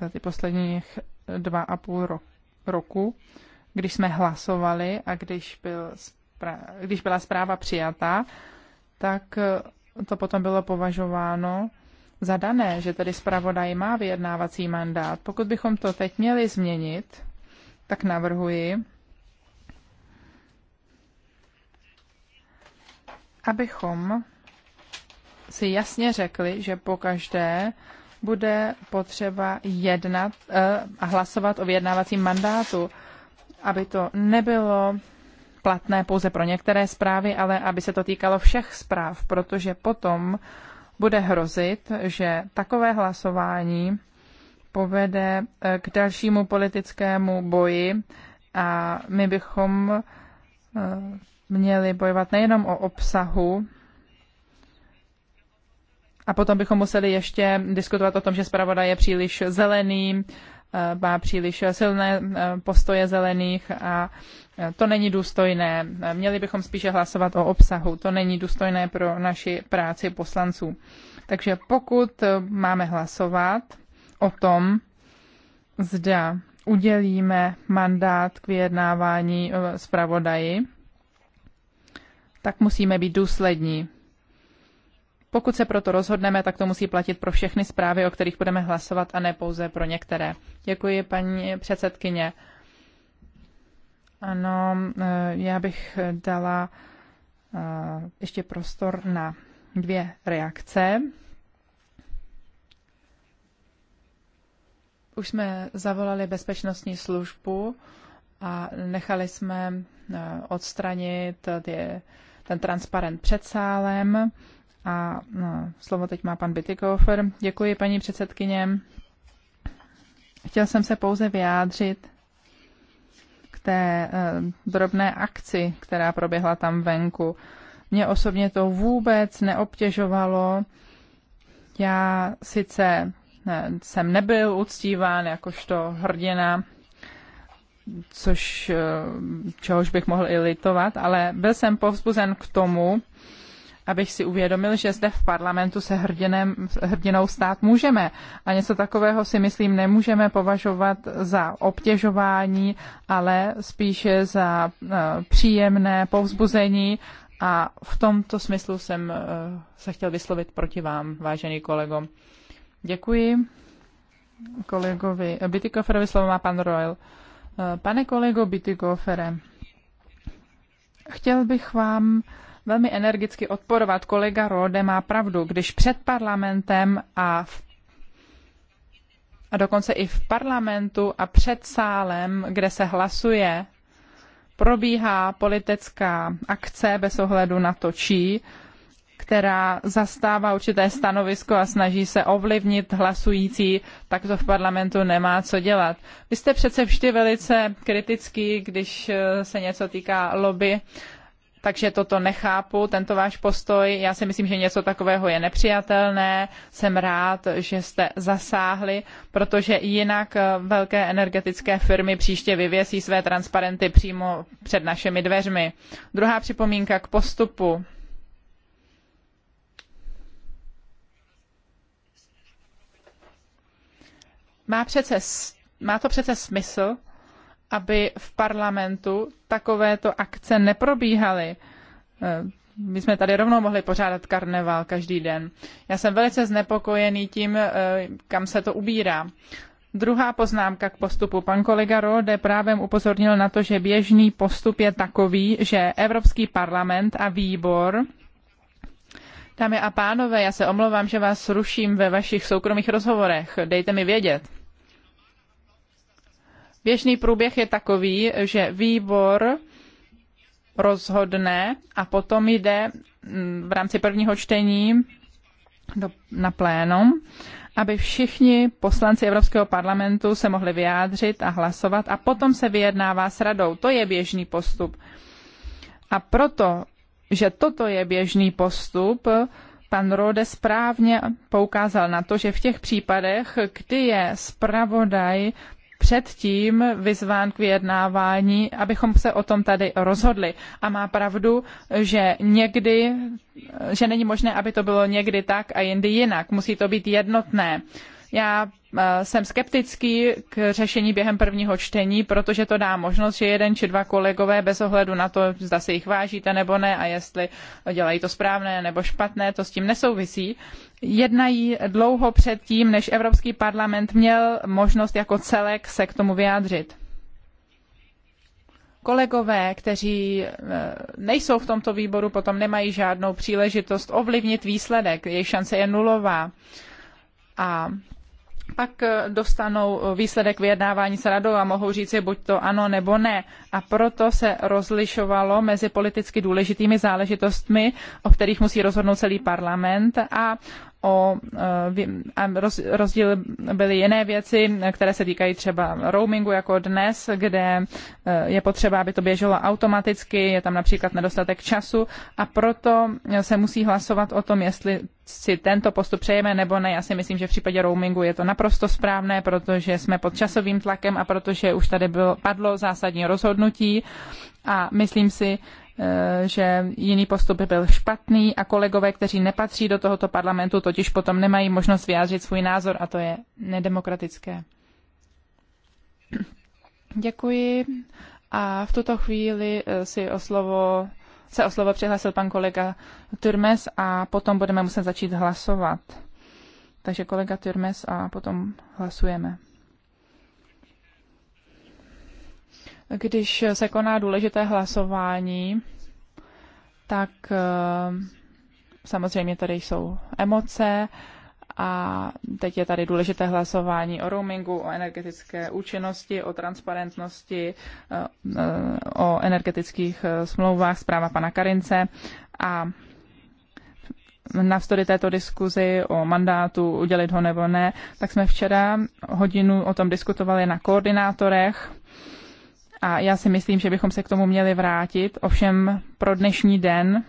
za ty posledních dva a půl ro- roku, když jsme hlasovali a když, byl když byla zpráva přijatá, tak to potom bylo považováno za dané, že tedy zpravodaj má vyjednávací mandát. Pokud bychom to teď měli změnit, tak navrhuji, abychom si jasně řekli, že po každé bude potřeba jednat eh, a hlasovat o vyjednávacím mandátu, aby to nebylo platné pouze pro některé zprávy, ale aby se to týkalo všech zpráv, protože potom bude hrozit, že takové hlasování povede eh, k dalšímu politickému boji a my bychom eh, měli bojovat nejenom o obsahu, a potom bychom museli ještě diskutovat o tom, že zpravodaj je příliš zelený, eh, má příliš silné postoje zelených a to není důstojné. Měli bychom spíše hlasovat o obsahu. To není důstojné pro naši práci poslanců. Takže pokud máme hlasovat, o tom, zda udělíme mandát k vyjednávání e, zpravodaji, tak musíme být důslední. Pokud se proto rozhodneme, tak to musí platit pro všechny zprávy, o kterých budeme hlasovat, a ne pouze pro některé. Děkuji, paní předsedkyně. Ano, e, já bych dala e, ještě prostor na dvě reakce. Už jsme zavolali bezpečnostní službu a nechali jsme eh, odstranit eh, ty, ten transparent před sálem. A no, slovo teď má pan Bitykofer. Děkuji, paní předsedkyně. Chtěl jsem se pouze vyjádřit k té drobné akci, která proběhla tam venku. Mě osobně to vůbec neobtěžovalo. Já sice jsem nebyl uctíván jakožto hrdina, což, eh, čehož bych mohl i litovat, ale byl jsem povzbuzen k tomu, abych si uvědomil, že zde v parlamentu se hrdinem, hrdinou stát můžeme. A něco takového si myslím nemůžeme považovat za obtěžování, ale spíše za eh, příjemné povzbuzení. A v tomto smyslu jsem eh, se chtěl vyslovit proti vám, vážený kolego. Děkuji kolegovi Bytikoferovi, slovo má pan Royal. Eh, pane kolego Bitykofere, chtěl bych vám velmi energicky odporovat. Kolega Rode má pravdu, když před parlamentem a v a dokonce i v parlamentu a před sálem, kde se hlasuje, probíhá politická akce bez ohledu na to, čí, která zastává určité stanovisko a snaží se ovlivnit hlasující, tak to v parlamentu nemá co dělat. Vy jste přece vždy velice kritický, když eh, se něco týká lobby, takže toto nechápu, tento váš postoj. Já si myslím, že něco takového je nepřijatelné. Jsem rád, že jste zasáhli, protože jinak eh, velké energetické firmy příště vyvěsí své transparenty přímo před našimi dveřmi. Druhá připomínka k postupu Má, přece, má to přece smysl, aby v parlamentu takovéto akce neprobíhaly. Eh, my jsme tady rovnou mohli pořádat karneval každý den. Já jsem velice znepokojený tím, eh, kam se to ubírá. Druhá poznámka k postupu. Pan kolega Rode právě upozornil na to, že běžný postup je takový, že Evropský parlament a výbor Dámy a pánové, já se omlouvám, že vás ruším ve vašich soukromých rozhovorech. Dejte mi vědět. Běžný průběh je takový, že výbor rozhodne a potom jde mm, v rámci prvního čtení do, na plénum, aby všichni poslanci Evropského parlamentu se mohli vyjádřit a hlasovat a potom se vyjednává s radou. To je běžný postup. A proto že toto je běžný postup, pan Rode správně poukázal na to, že v těch případech, kdy je zpravodaj předtím vyzván k vyjednávání, abychom se o tom tady rozhodli. A má pravdu, že někdy, že není možné, aby to bylo někdy tak a jindy jinak. Musí to být jednotné. Já e, jsem skeptický k řešení během prvního čtení, protože to dá možnost, že jeden či dva kolegové bez ohledu na to, zda si jich vážíte nebo ne a jestli dělají to správné nebo špatné, to s tím nesouvisí. Jednají dlouho předtím, než Evropský parlament měl možnost jako celek se k tomu vyjádřit kolegové, kteří e, nejsou v tomto výboru, potom nemají žádnou příležitost ovlivnit výsledek. Jejich šance je nulová. A pak eh, dostanou eh, výsledek vyjednávání s radou a mohou říci buď to ano nebo ne. A proto se rozlišovalo mezi politicky důležitými záležitostmi, o kterých musí rozhodnout celý parlament a o eh, rozdíl byly jiné věci, které se týkají třeba roamingu jako dnes, kde eh, je potřeba, aby to běželo automaticky, je tam například nedostatek času a proto se musí hlasovat o tom, jestli si tento postup přejeme nebo ne. Já si myslím, že v případě roamingu je to naprosto správné, protože jsme pod časovým tlakem a protože už tady bylo, padlo zásadní rozhodnutí a myslím si, Eh, že jiný postup by byl špatný a kolegové, kteří nepatří do tohoto parlamentu, totiž potom nemají možnost vyjádřit svůj názor a to je nedemokratické. Děkuji. A v tuto chvíli eh, si o slovo, se o slovo přihlásil pan kolega Turmes a potom budeme muset začít hlasovat. Takže kolega Turmes a potom hlasujeme. když se koná důležité hlasování, tak eh, samozřejmě tady jsou emoce a teď je tady důležité hlasování o roamingu, o energetické účinnosti, o transparentnosti, eh, eh, o energetických smlouvách, zpráva pana Karince a navzdory této diskuzi o mandátu, udělit ho nebo ne, tak jsme včera hodinu o tom diskutovali na koordinátorech a já si myslím, že bychom se k tomu měli vrátit. Ovšem pro dnešní den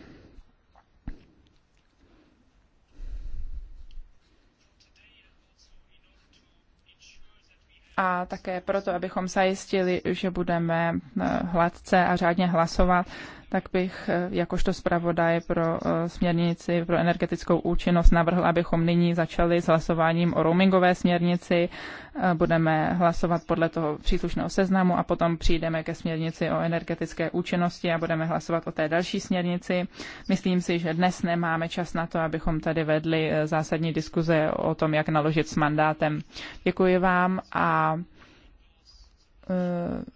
a také proto, abychom zajistili, že budeme eh, hladce a řádně hlasovat, tak bych eh, jakožto zpravodaj pro eh, směrnici pro energetickou účinnost navrhl, abychom nyní začali s hlasováním o roamingové směrnici. Eh, budeme hlasovat podle toho příslušného seznamu a potom přijdeme ke směrnici o energetické účinnosti a budeme hlasovat o té další směrnici. Myslím si, že dnes nemáme čas na to, abychom tady vedli zásadní diskuze o tom, jak naložit s mandátem. Děkuji vám a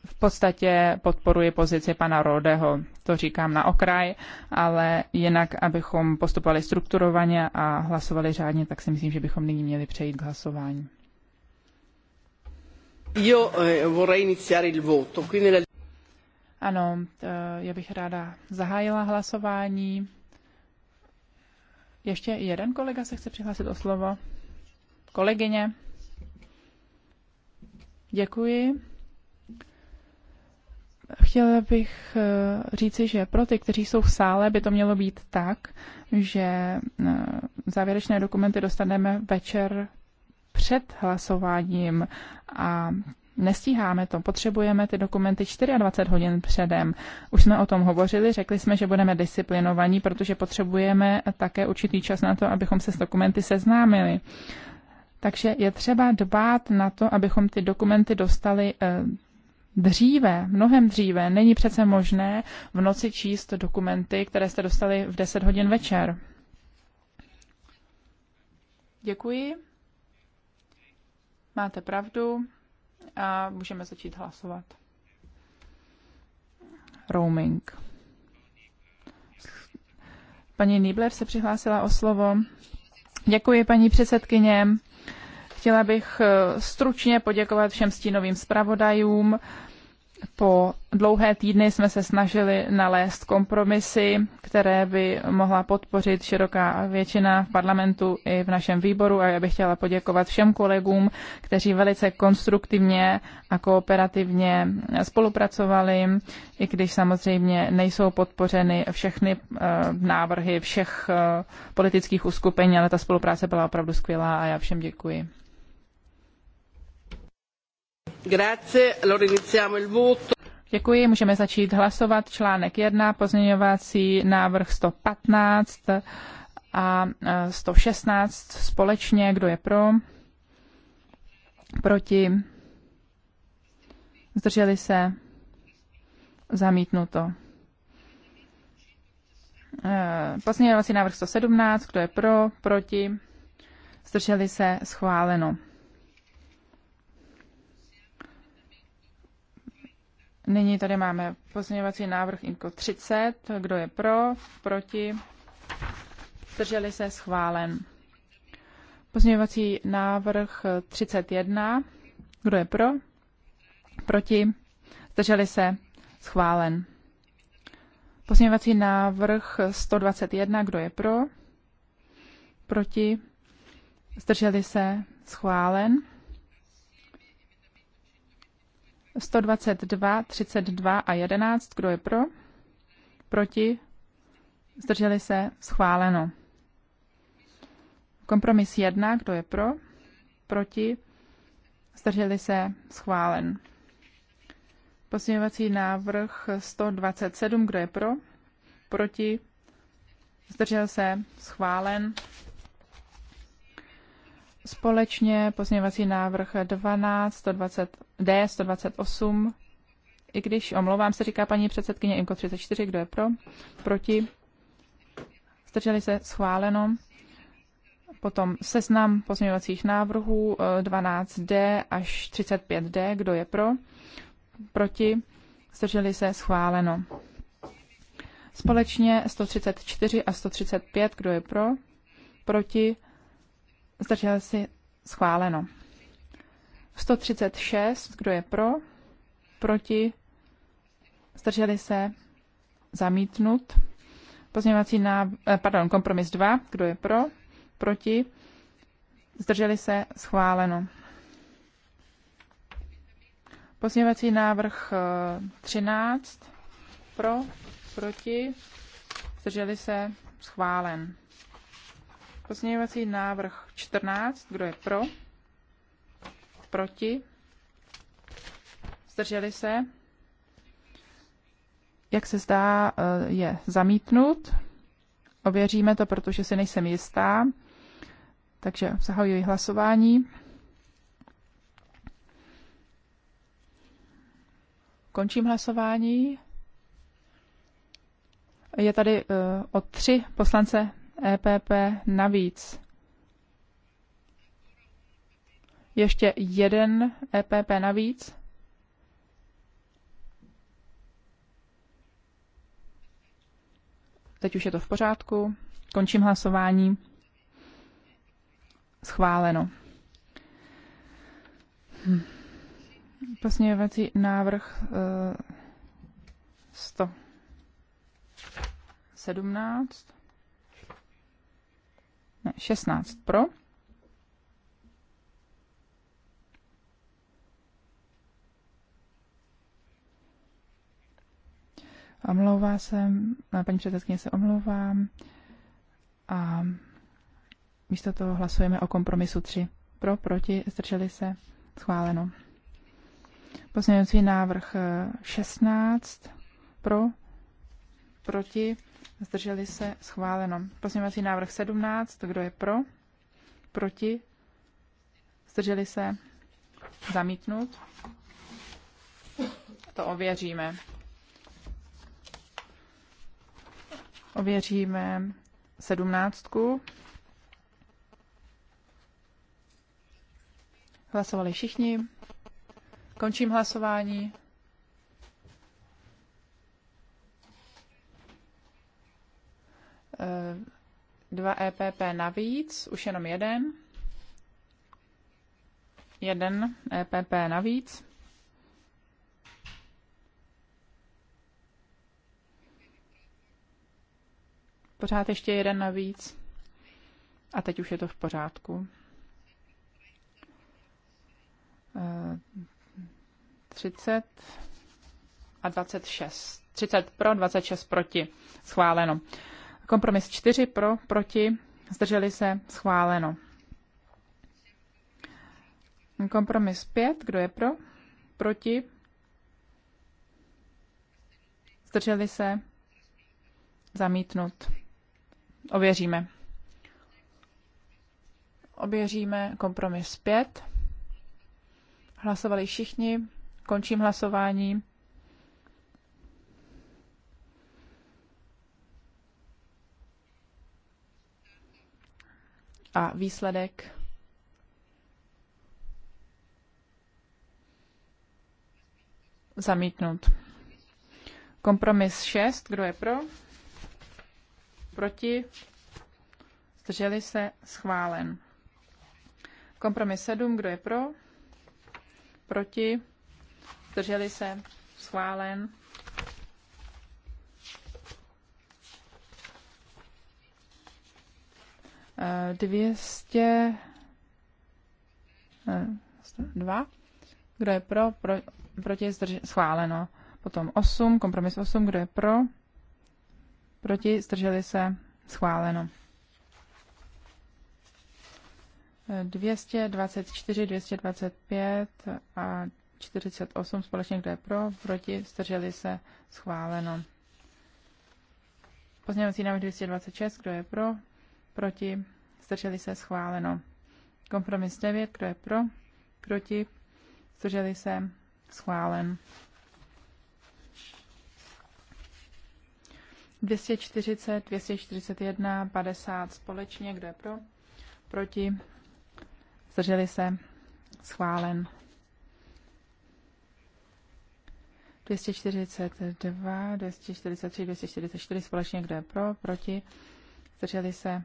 v podstatě podporuji pozici pana Rodeho, to říkám na okraj, ale jinak, abychom postupovali strukturovaně a hlasovali řádně, tak si myslím, že bychom nyní měli přejít k hlasování. Io eh, vorrei iniziare il voto, Ano, eh, já bych ráda zahájila hlasování. Ještě jeden kolega se chce přihlásit o slovo. Kolegyně. Děkuji. Chtěla bych eh, říci, že pro ty, kteří jsou v sále, by to mělo být tak, že eh, závěrečné dokumenty dostaneme večer před hlasováním a nestíháme to, potřebujeme ty dokumenty 24 hodin předem. Už jsme o tom hovořili, řekli jsme, že budeme disciplinovaní, protože potřebujeme také určitý čas na to, abychom se s dokumenty seznámili. Takže je třeba dbát na to, abychom ty dokumenty dostali eh, dříve, mnohem dříve. Není přece možné v noci číst dokumenty, které jste dostali v 10 hodin večer. Děkuji. Máte pravdu a můžeme začít hlasovat. Roaming. Paní Nibler se přihlásila o slovo. Děkuji, paní předsedkyně. Chtěla bych eh, stručně poděkovat všem stínovým zpravodajům po dlouhé týdny jsme se snažili nalézt kompromisy, které by mohla podpořit široká většina v parlamentu i v našem výboru a já bych chtěla poděkovat všem kolegům, kteří velice konstruktivně a kooperativně spolupracovali, i když samozřejmě nejsou podpořeny všechny eh, návrhy všech eh, politických uskupení, ale ta spolupráce byla opravdu skvělá a já všem děkuji. Děkuji, můžeme začít hlasovat. Článek 1, pozměňovací návrh 115 a 116 e, společně. Kdo je pro? Proti? Zdrželi se? Zamítnuto. E, pozměňovací návrh 117, kdo je pro, proti, zdrželi se, schváleno. Nyní tady máme pozměňovací návrh INKO 30. Kdo je pro? Proti? Zdrželi se? Schválen. Pozměňovací návrh 31. Kdo je pro? Proti? Zdrželi se? Schválen. Pozměňovací návrh 121. Kdo je pro? Proti? Zdrželi se? Schválen. 122, 32 a 11. Kdo je pro? Proti? Zdrželi se? Schváleno. Kompromis 1. Kdo je pro? Proti? Zdrželi se? Schválen. Posměvací návrh 127. Kdo je pro? Proti? Zdržel se? Schválen společně pozměňovací návrh 12, 120, D, 128, i když, omlouvám se, říká paní předsedkyně IMKO 34, kdo je pro, proti, zdrželi se, schváleno. Potom seznam pozměňovacích návrhů 12D eh, až 35D, kdo je pro, proti, zdrželi se, schváleno. Společně 134 a 135, kdo je pro, proti, zdržel si schváleno. 136, kdo je pro, proti, zdrželi se zamítnut. Pozměňovací na, eh, pardon, kompromis 2, kdo je pro, proti, zdrželi se schváleno. Pozměňovací návrh 13, eh, pro, proti, zdrželi se schválen. Pozměňovací návrh 14. Kdo je pro? Proti? Zdrželi se? Jak se zdá, eh, je zamítnut. Ověříme to, protože si nejsem jistá. Takže zahajuji hlasování. Končím hlasování. Je tady eh, o tři poslance EPP navíc. Ještě jeden EPP navíc. Teď už je to v pořádku. Končím hlasování. Schváleno. Hm. Posměvací návrh e, eh, 117. Ne, 16 pro. Omlouvá se, eh, paní předsedkyně se omlouvám a místo toho hlasujeme o kompromisu 3. Pro, proti, zdrželi se, schváleno. Pozměňovací návrh 16 eh, pro, proti, Zdrželi se? Schváleno. Pozměňovací návrh 17. Kdo je pro? Proti? Zdrželi se? Zamítnut? To ověříme. Ověříme sedmnáctku. Hlasovali všichni. Končím hlasování. Eh, dva EPP navíc, už jenom jeden. Jeden EPP navíc. Pořád ještě jeden navíc. A teď už je to v pořádku. 30 eh, a 26. 30 pro, 26 proti. Schváleno. Kompromis 4 pro, proti, zdrželi se, schváleno. Kompromis 5, kdo je pro, proti, zdrželi se, zamítnut. Ověříme. Ověříme kompromis 5. Hlasovali všichni. Končím hlasování. a výsledek zamítnut. Kompromis 6, kdo je pro? Proti? Zdrželi se? Schválen. Kompromis 7, kdo je pro? Proti? Zdrželi se? Schválen. 202. Kdo je pro? pro proti zdrž, schváleno. Potom 8, kompromis 8. Kdo je pro? Proti zdrželi se schváleno. 224, 225 a 48 společně, kde je pro, proti, zdrželi se, schváleno. Pozměňovací návrh 226, kdo je pro, proti, zdrželi se schváleno. Kompromis 9, kdo je pro, proti, zdrželi se schválen. 240, 241, 50 společně, kdo je pro, proti, zdrželi se schválen. 242, 243, 244 společně, kdo je pro, proti, zdrželi se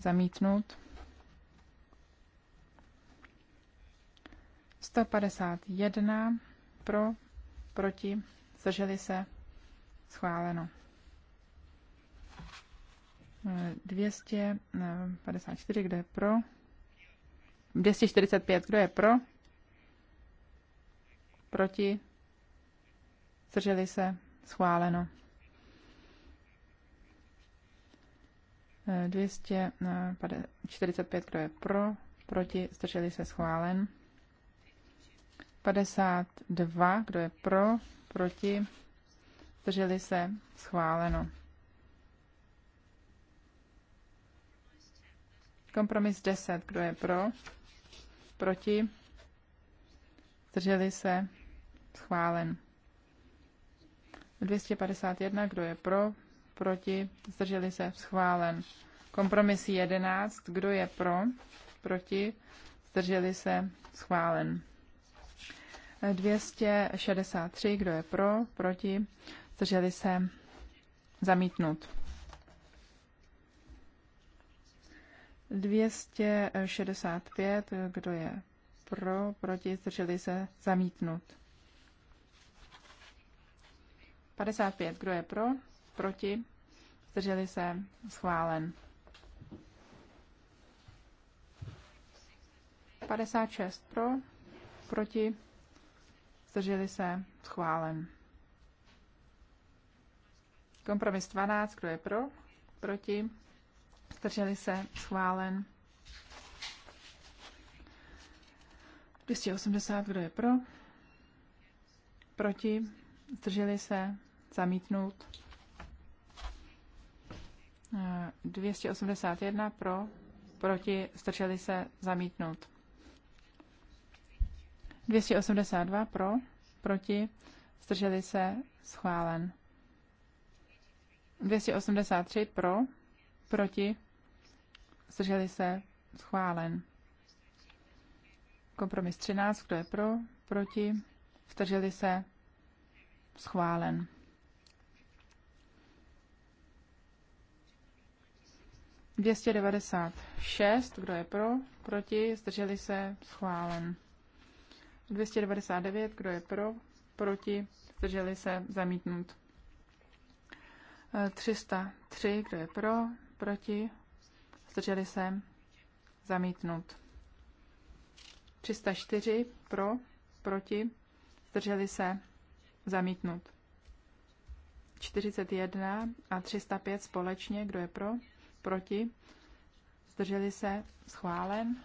zamítnout. 151 pro, proti, zdrželi se, schváleno. 254, kdo je pro? 245, kdo je pro? Proti? Zdrželi se? Schváleno. 245, kdo je pro, proti, zdrželi se schválen. 52, kdo je pro, proti, zdrželi se schváleno. Kompromis 10, kdo je pro, proti, zdrželi se schválen. 251, kdo je pro, proti, zdrželi se, schválen. Kompromis 11, kdo je pro, proti, zdrželi se, schválen. 263, kdo je pro, proti, zdrželi se, zamítnut. 265, kdo je pro, proti, zdrželi se, zamítnut. 55, kdo je pro, proti, zdrželi se, schválen. 56 pro, proti, zdrželi se, schválen. Kompromis 12, kdo je pro, proti, zdrželi se, schválen. 280, kdo je pro, proti, zdrželi se, zamítnout. 281 pro, proti, strčeli se, zamítnout. 282 pro, proti, strčeli se, schválen. 283 pro, proti, strčeli se, schválen. Kompromis 13, kdo je pro, proti, strčeli se, schválen. 296, kdo je pro, proti, zdrželi se, schválen. 299, kdo je pro, proti, zdrželi se, zamítnut. 303, kdo je pro, proti, zdrželi se, zamítnut. 304, pro, proti, zdrželi se, zamítnut. 41 a 305 společně, kdo je pro, proti, zdrželi se, schválen.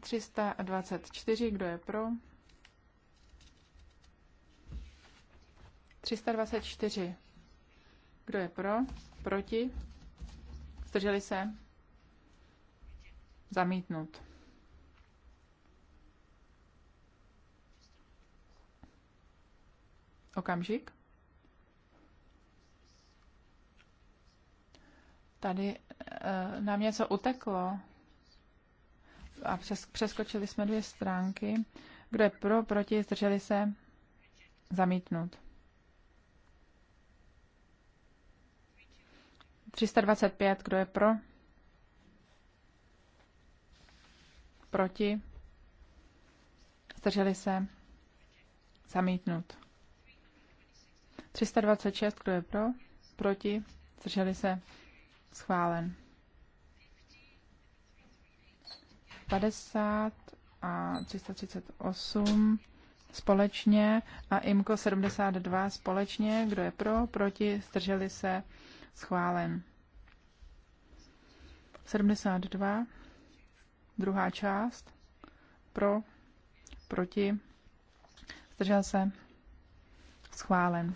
Třista dvacet čtyři, kdo je pro? 324. Kdo je pro? Proti? Zdrželi se? Zamítnut. Okamžik. Tady e, nám něco uteklo a přes, přeskočili jsme dvě stránky. Kdo je pro, proti, zdrželi se, zamítnout. 325, kdo je pro? Proti? Zdrželi se? Zamítnut. 326, kdo je pro? Proti? Zdrželi se? Schválen. 50 a 338 společně a IMKO 72 společně. Kdo je pro? Proti? Zdrželi se? Schválen. 72. Druhá část. Pro? Proti? Zdržel se? Schválen.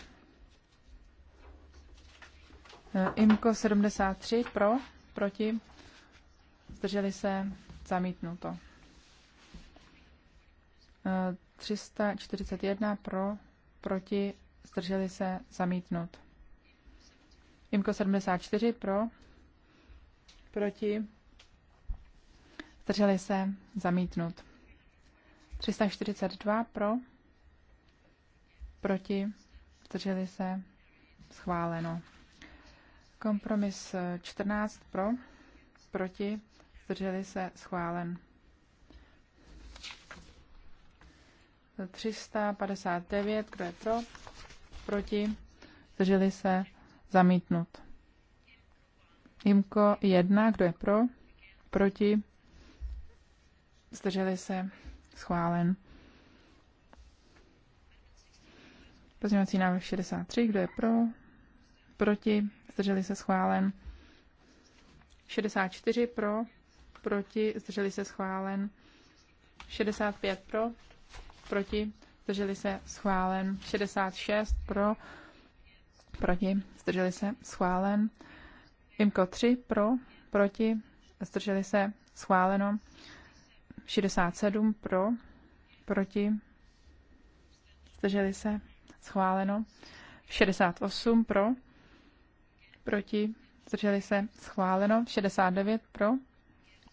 Eh, IMKO 73 pro, proti, zdrželi se, zamítnuto. 341 eh, pro, proti, zdrželi se, zamítnut. IMKO 74 pro, proti, zdrželi se, zamítnut. 342 pro, proti, zdrželi se, schváleno. Kompromis 14 eh, pro, proti, zdrželi se, schválen. 359, kdo je pro, proti, zdrželi se, zamítnut. Imko 1, kdo je pro, proti, zdrželi se, schválen. Pozměňovací návrh 63, kdo je pro, proti, zdrželi se schválen. 64 pro, proti, zdrželi se schválen. 65 pro, proti, zdrželi se schválen. 66 pro, proti, zdrželi se schválen. Imko 3 pro, proti, zdrželi se schváleno. 67 pro, proti, zdrželi se schváleno. 68 pro, proti, zdrželi se, schváleno. 69 pro,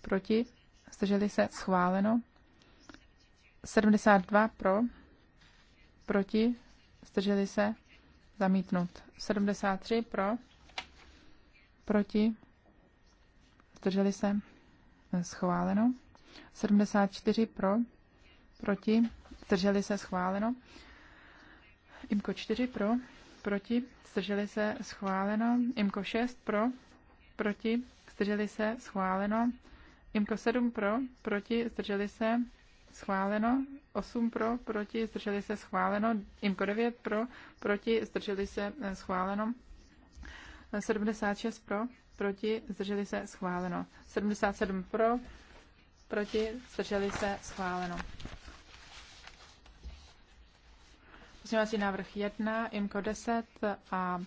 proti, zdrželi se, schváleno. 72 pro, proti, zdrželi se, zamítnut. 73 pro, proti, zdrželi se, schváleno. 74 pro, proti, zdrželi se, schváleno. Imko 4 pro, proti, zdrželi se, schváleno. Imko 6 pro, proti, zdrželi se, schváleno. Imko 7 pro, proti, zdrželi se, schváleno. 8 pro, proti, zdrželi se, schváleno. Imko 9 eh, pro, proti, zdrželi se, schváleno. 76 pro, proti, zdrželi se, schváleno. 77 pro, proti, zdrželi se, schváleno. Pozměňovací návrh 1, IMCO 10 a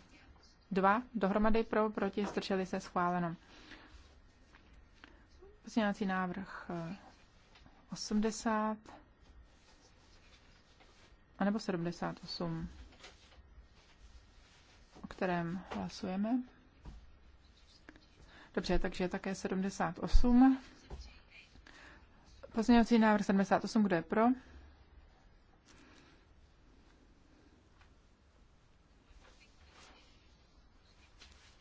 2 dohromady pro, proti, zdrželi se schváleno. Pozměňovací návrh 80 a nebo 78, o kterém hlasujeme. Dobře, takže také 78. Pozměňovací návrh 78, kdo je pro?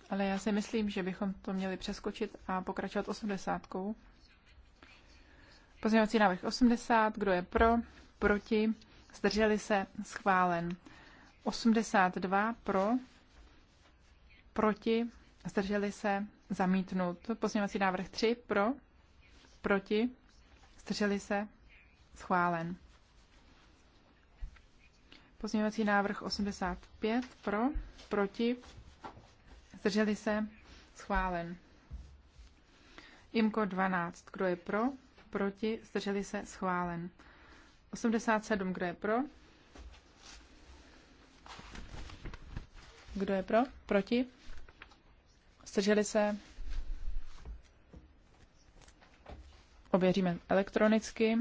Ale já si myslím, že bychom to měli přeskočit a pokračovat osmdesátkou. Pozměňovací návrh 80, kdo je pro, proti, zdrželi se, schválen. 82 pro, proti, zdrželi se, zamítnut. Pozměňovací návrh 3 pro, proti, zdrželi se, schválen. Pozměňovací návrh 85 pro, proti, Zdrželi se? Schválen. IMKO 12. Kdo je pro? Proti? Zdrželi se? Schválen. 87. Kdo je pro? Kdo je pro? Proti? Zdrželi se? Ověříme elektronicky.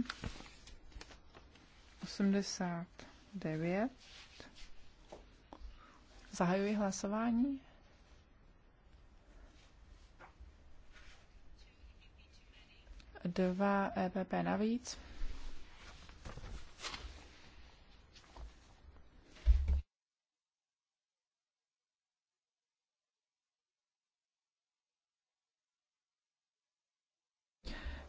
89. Zahajuji hlasování. dva EPP navíc.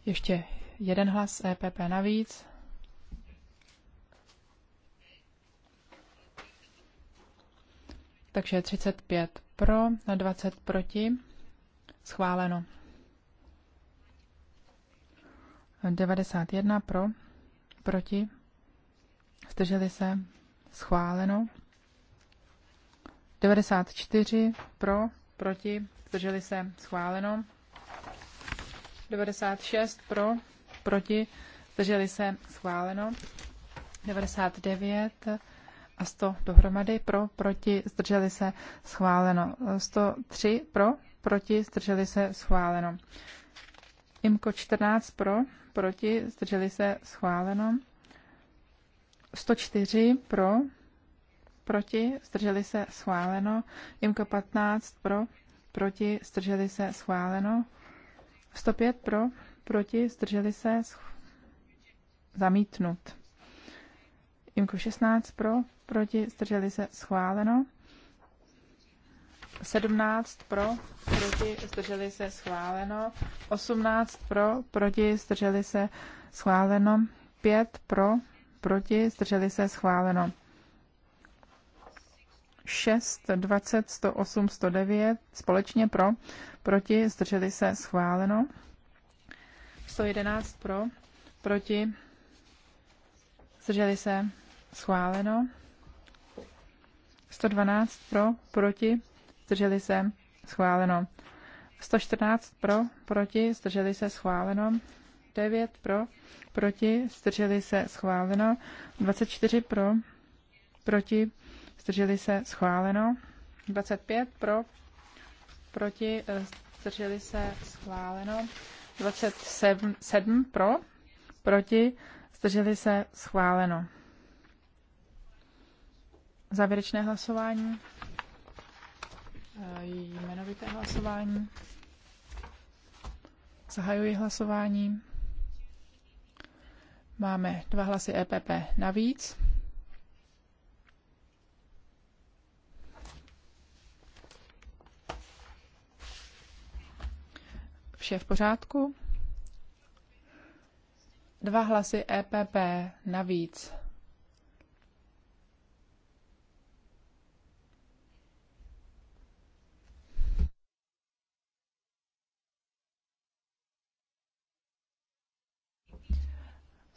Ještě jeden hlas EPP navíc. Takže 35 pro na 20 proti. Schváleno. 91 pro, proti, zdrželi se, schváleno. 94 pro, proti, zdrželi se, schváleno. 96 pro, proti, zdrželi se, schváleno. 99 a 100 dohromady pro, proti, zdrželi se, schváleno. 103 pro, proti, zdrželi se, schváleno. Imko 14 pro, proti, zdrželi se, schváleno. 104 pro, proti, zdrželi se, schváleno. Imko 15 pro, proti, zdrželi se, schváleno. 105 pro, proti, zdrželi se, zamítnut. Imko 16 pro, proti, zdrželi se, schváleno. 17 pro, proti, zdrželi se schváleno. 18 pro, proti, zdrželi se schváleno. 5 pro, proti, zdrželi se schváleno. 6, 20, 108, 109 společně pro, proti, zdrželi se schváleno. 111 pro, proti, zdrželi se schváleno. 112 pro, proti, zdrželi se, schváleno. 114 pro, proti, zdrželi se, schváleno. 9 pro, proti, zdrželi se, schváleno. 24 pro, proti, zdrželi se, schváleno. 25 pro, proti, eh, zdrželi se, schváleno. 27 7 pro, proti, zdrželi se, schváleno. Závěrečné hlasování. Eh, jmenovité hlasování. Zahajuji hlasování. Máme dva hlasy EPP navíc. Vše v pořádku. Dva hlasy EPP navíc.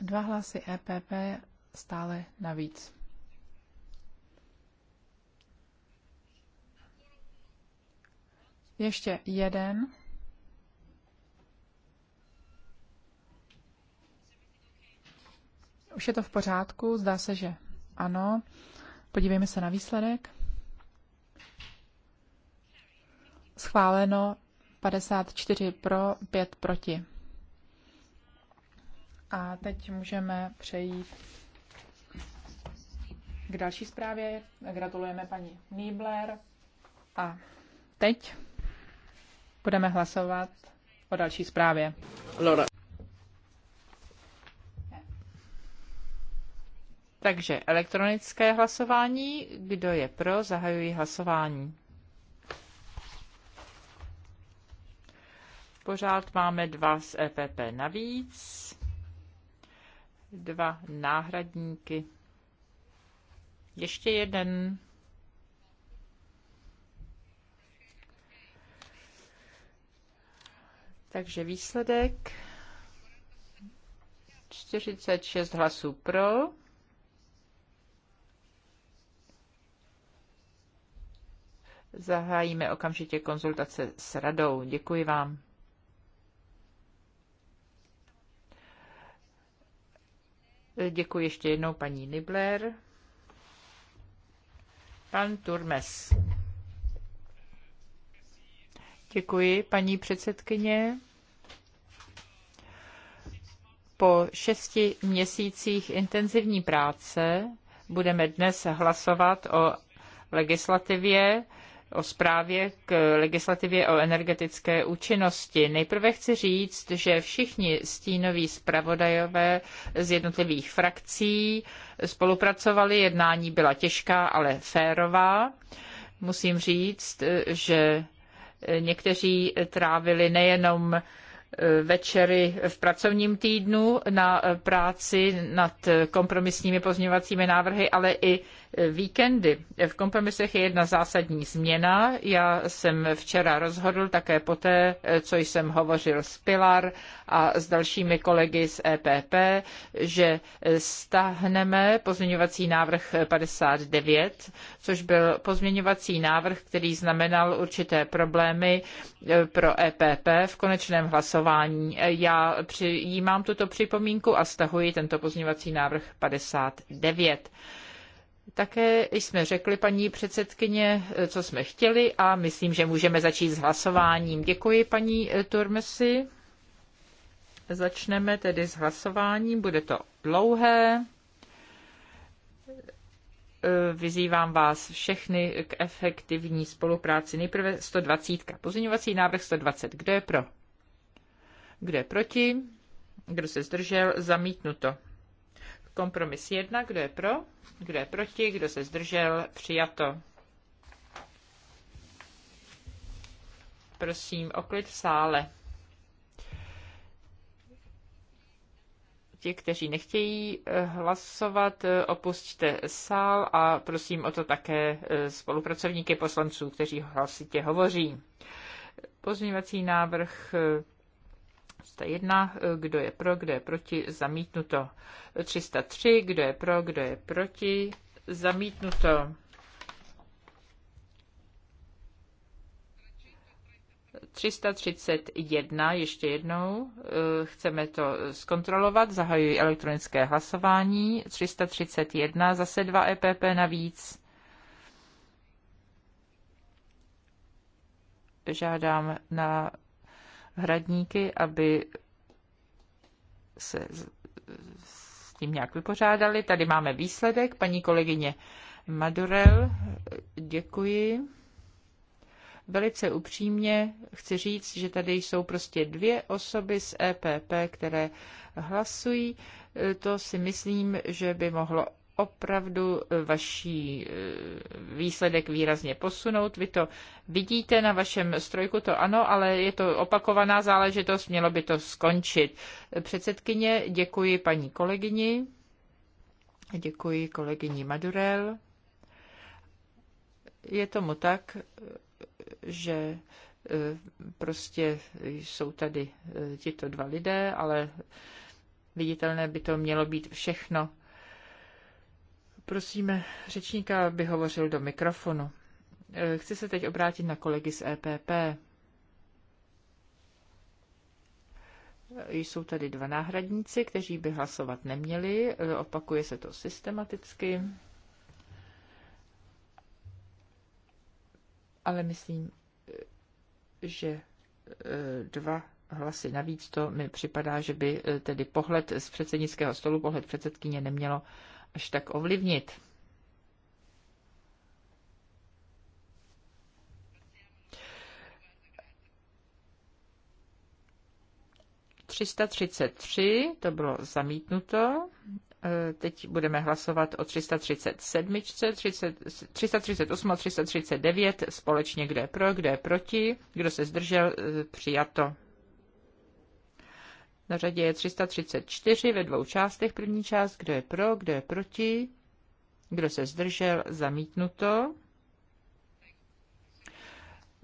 Dva hlasy EPP stále navíc. Ještě jeden. Už je to v pořádku, zdá se, že ano. Podívejme se na výsledek. Schváleno 54 pro, 5 proti. A teď můžeme přejít k další zprávě. Gratulujeme paní Niebler. A teď budeme hlasovat o další zprávě. Laura. Takže elektronické hlasování. Kdo je pro, zahajuji hlasování. Pořád máme dva z EPP navíc dva náhradníky. Ještě jeden. Takže výsledek 46 hlasů pro, zahájíme okamžitě konzultace s radou. Děkuji vám. Děkuji ještě jednou paní Nibler. Pan Turmes. Děkuji, paní předsedkyně. Po šesti měsících intenzivní práce budeme dnes hlasovat o legislativě, o zprávě k legislativě o energetické účinnosti. Nejprve chci říct, že všichni stínoví zpravodajové z jednotlivých frakcí spolupracovali, jednání byla těžká, ale férová. Musím říct, že někteří trávili nejenom eh, večery v pracovním týdnu na eh, práci nad kompromisními pozměňovacími návrhy, ale i víkendy. V kompromisech je jedna zásadní změna. Já jsem včera rozhodl také poté, co jsem hovořil s Pilar a s dalšími kolegy z EPP, že stáhneme pozměňovací návrh 59, což byl pozměňovací návrh, který znamenal určité problémy eh, pro EPP v konečném hlasování. Já přijímám tuto připomínku a stahuji tento pozměňovací návrh 59. Také jsme řekli, paní předsedkyně, co jsme chtěli a myslím, že můžeme začít s hlasováním. Děkuji, paní Turmesi. Začneme tedy s hlasováním, bude to dlouhé. Vyzývám vás všechny k efektivní spolupráci. Nejprve 120. Pozměňovací návrh 120. Kdo je pro? Kdo je proti? Kdo se zdržel? Zamítnuto. Kompromis 1, kdo je pro, kdo je proti, kdo se zdržel, přijato. Prosím o klid v sále. Ti, kteří nechtějí eh, hlasovat, eh, opustíte sál a prosím o to také eh, spolupracovníky poslanců, kteří hlasitě hovoří. Pozměňovací návrh 301, kdo je pro, kdo je proti, zamítnuto. 303, kdo je pro, kdo je proti, zamítnuto. 331 ještě jednou. Eh, chceme to zkontrolovat. Zahajuji elektronické hlasování. 331, zase dva EPP navíc. Žádám na hradníky, aby se s tím nějak vypořádali. Tady máme výsledek. Paní kolegyně Madurel, děkuji. Velice upřímně chci říct, že tady jsou prostě dvě osoby z EPP, které hlasují. To si myslím, že by mohlo opravdu e, vaší e, výsledek výrazně posunout. Vy to vidíte na vašem strojku, to ano, ale je to opakovaná záležitost, mělo by to skončit. Předsedkyně, děkuji paní kolegyni, děkuji kolegyni Madurel. Je tomu tak, e, že prostě jsou tady tito dva lidé, ale viditelné by to mělo být všechno Prosíme řečníka, aby hovořil do mikrofonu. Eh, chci se teď obrátit na kolegy z EPP. Eh, jsou tady dva náhradníci, kteří by hlasovat neměli. Eh, opakuje se to systematicky. Ale myslím, že dva hlasy navíc, to mi připadá, že by tedy pohled z předsednického stolu, pohled předsedkyně nemělo až tak ovlivnit. Třista třicet tři, to bylo zamítnuto. E, teď budeme hlasovat o 337, 338 a 339 společně, kdo je pro, kdo je proti, kdo se zdržel, e, přijato. Na řadě je 334 ve dvou částech. První část, kdo je pro, kdo je proti, kdo se zdržel, zamítnuto.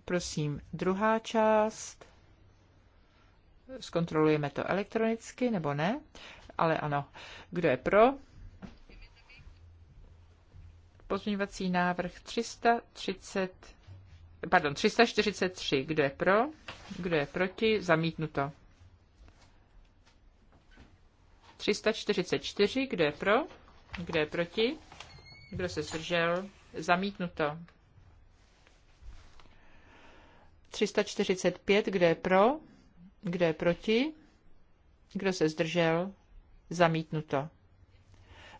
Prosím, druhá část. Zkontrolujeme to elektronicky, nebo ne? Ale ano, kdo je pro? Pozměňovací návrh 330, pardon, 343. Kdo je pro? Kdo je proti? Zamítnuto. 344, kdo je pro, kdo je proti, kdo se zdržel, zamítnuto. 345, kdo je pro, kdo je proti, kdo se zdržel, zamítnuto.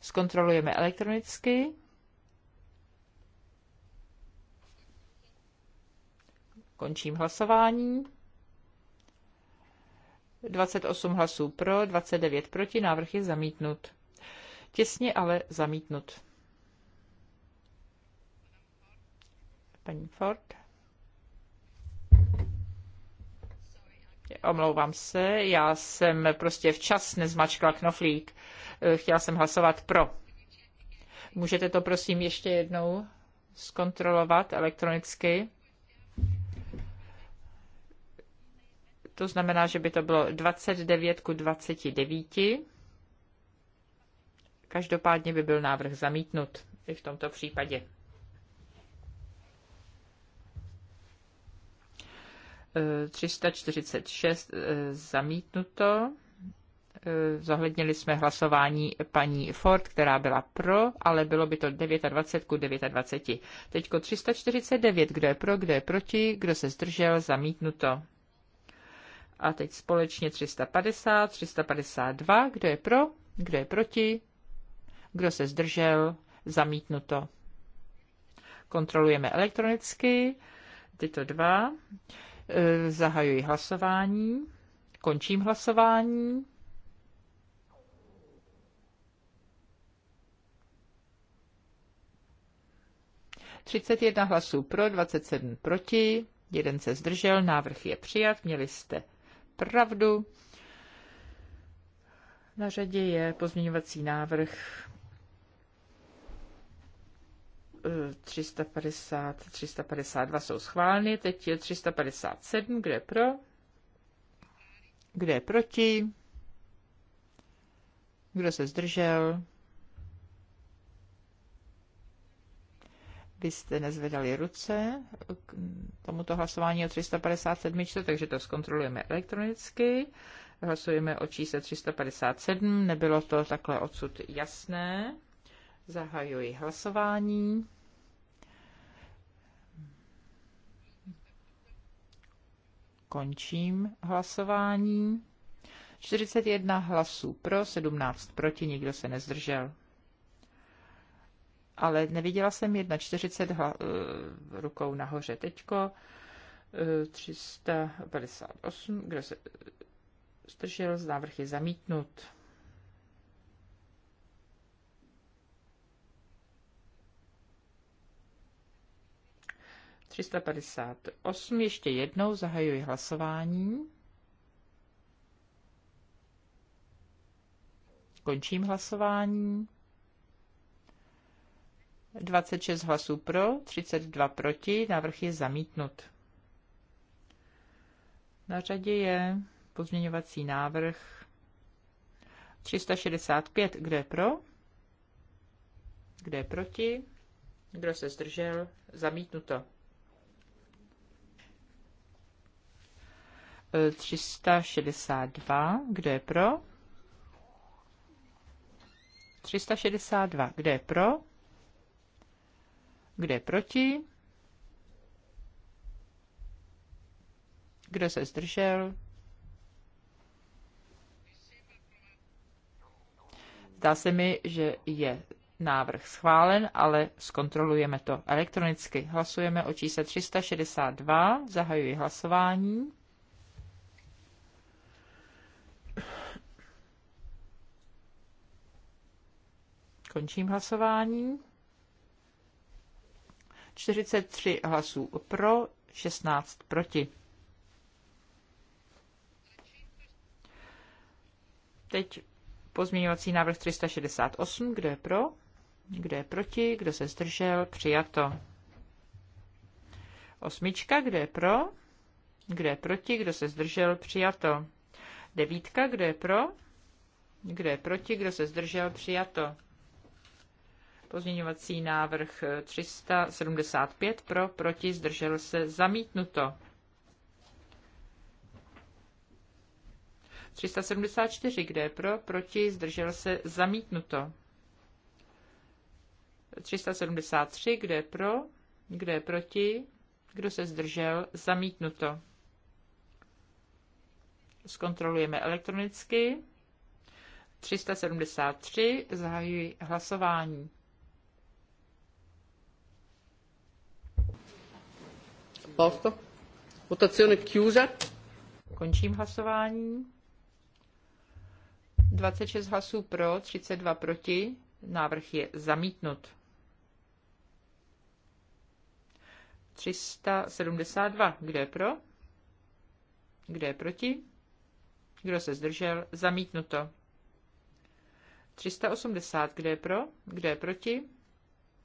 Zkontrolujeme elektronicky. Končím hlasování. 28 hlasů pro, 29 proti, návrh je zamítnut. Těsně, ale zamítnut. Paní Ford. Omlouvám se, já jsem prostě včas nezmačkla knoflík. Eh, chtěla jsem hlasovat pro. Můžete to prosím ještě jednou zkontrolovat elektronicky? To znamená, že by to bylo 29 ku 29. Každopádně by byl návrh zamítnut i v tomto případě. E, 346 e, zamítnuto. E, zohlednili jsme hlasování paní Ford, která byla pro, ale bylo by to 29 ku 29. Teď 349, kdo je pro, kdo je proti, kdo se zdržel, zamítnuto. A teď společně 350, 352, kdo je pro, kdo je proti, kdo se zdržel, zamítnuto. Kontrolujeme elektronicky tyto dva. E, zahajuji hlasování, končím hlasování. Třicet jedna hlasů pro, 27 proti, jeden se zdržel, návrh je přijat, měli jste pravdu. Na řadě je pozměňovací návrh 350, eh, 352 jsou schválny, teď je 357, kde je pro, kde je proti, kdo se zdržel, Vy jste nezvedali ruce k tomuto hlasování o 357, takže to zkontrolujeme elektronicky. Hlasujeme o čísle 357, nebylo to takhle odsud jasné. Zahajuji hlasování. Končím hlasování. 41 hlasů pro, 17 proti, nikdo se nezdržel ale neviděla jsem 1,40 eh, rukou nahoře. Teďko 358, eh, kdo se eh, zdržel, z návrh je zamítnut. osm ještě jednou zahajuji hlasování. Končím hlasování. 26 hlasů pro, 32 proti, návrh je zamítnut. Na řadě je pozměňovací návrh 365. kde je pro? kde je proti? Kdo se zdržel? Zamítnuto. 362. E, kde je pro? 362. kde je pro? Kdo je proti? Kdo se zdržel? Zdá se mi, že je návrh schválen, ale zkontrolujeme to elektronicky. Hlasujeme o čísle 362, zahajuji hlasování. Končím hlasování. 43 hlasů pro, 16 proti. Teď pozměňovací návrh 368. Kdo je pro? Kdo je proti? Kdo se zdržel? Přijato. Osmička. Kdo je pro? Kdo je proti? Kdo se zdržel? Přijato. Devítka. Kdo je pro? Kdo je proti? Kdo se zdržel? Přijato. Pozměňovací návrh 375 eh, pro, proti, zdržel se, zamítnuto. 374, kde je pro, proti, zdržel se, zamítnuto. 373, kde je pro, kde je proti, kdo se zdržel, zamítnuto. Zkontrolujeme elektronicky. 373, zahajuji hlasování. Posto? Votazione chiusa. Končím hlasování. 26 hlasů pro, 32 proti. Návrh je zamítnut. 372. Kdo je pro? Kdo je proti? Kdo se zdržel? Zamítnuto. 380. Kdo je pro? Kdo je proti?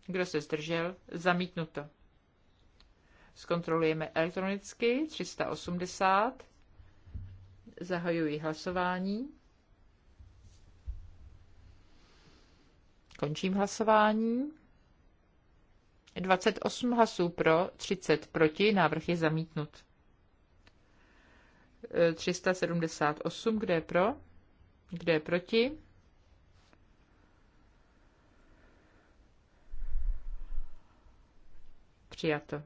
Kdo se zdržel? Zamítnuto. Zkontrolujeme elektronicky 380. Zahajuji hlasování. Končím hlasování. 28 hlasů pro, 30 proti, návrh je zamítnut. 378, e, kde je pro, kde je proti. Přijato.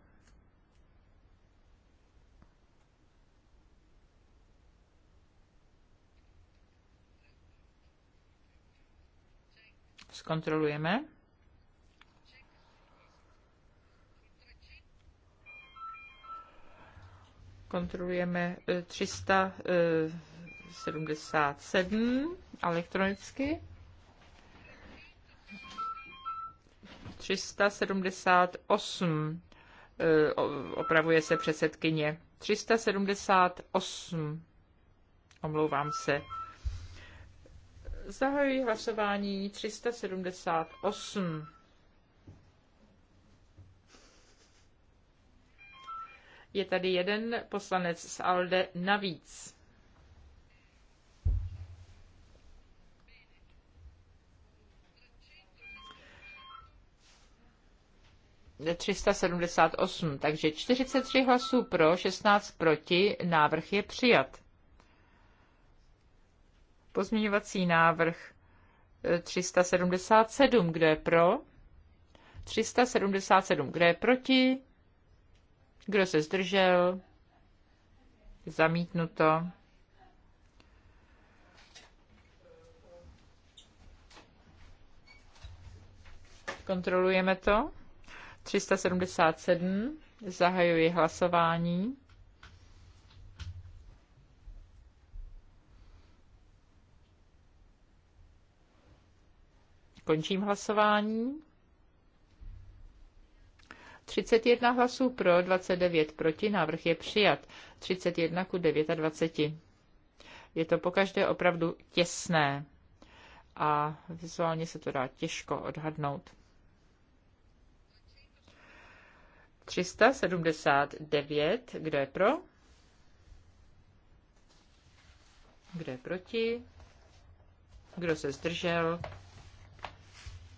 Zkontrolujeme. Kontrolujeme 377 e, e, elektronicky. 378 e, opravuje se předsedkyně. 378. Omlouvám se. Zahajuji hlasování 378. Je tady jeden poslanec z ALDE navíc. Ne 378, takže 43 hlasů pro, 16 proti, návrh je přijat. Pozměňovací návrh 377, e, kdo je pro? 377, kdo je proti? Kdo se zdržel? Zamítnuto. Kontrolujeme to. 377. Zahajuji hlasování. Končím hlasování. 31 hlasů pro, 29 proti, návrh je přijat. 31 ku 29. Je to pokaždé opravdu těsné a vizuálně se to dá těžko odhadnout. 379, kdo je pro? Kdo je proti? Kdo se zdržel?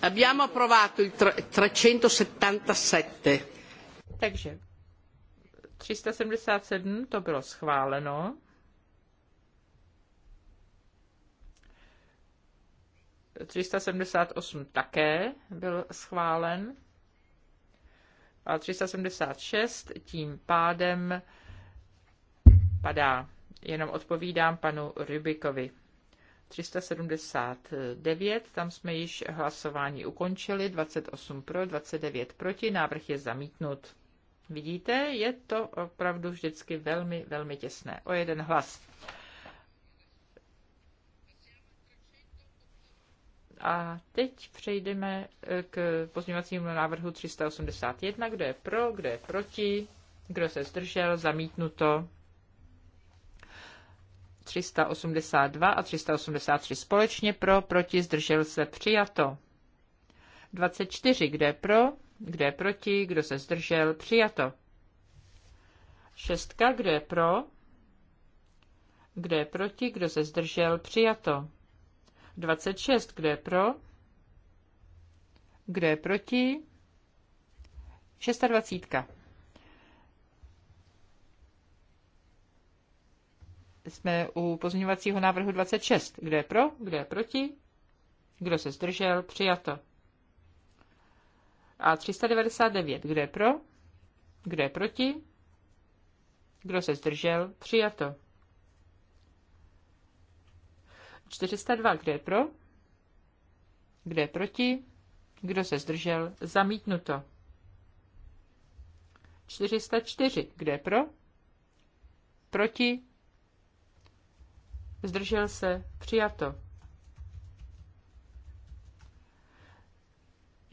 Abbiamo approvato il 377. Takže 377 to bylo schváleno. Třista sedmdesát osm také byl schválen a 376 tím pádem padá. Jenom odpovídám panu Rybikovi. 379, tam jsme již hlasování ukončili, 28 pro, 29 proti, návrh je zamítnut. Vidíte, je to opravdu vždycky velmi, velmi těsné. O jeden hlas. A teď přejdeme eh, k pozměňovacímu návrhu 381. Kdo je pro, kdo je proti, kdo se zdržel, zamítnuto. 382 a 383 společně pro, proti, zdržel se, přijato. 24, kde pro, kde proti, kdo se zdržel, přijato. 6. kde pro, kde proti, kdo se zdržel, přijato. 26, kde pro, kde proti, 26. jsme u pozměňovacího návrhu 26. Kdo je pro, kdo je proti, kdo se zdržel, přijato. A 399. Kdo je pro, kdo je proti, kdo se zdržel, přijato. 402. Kdo je pro, kdo je proti, kdo se zdržel, zamítnuto. 404. Kdo je pro? Proti? zdržel se, přijato.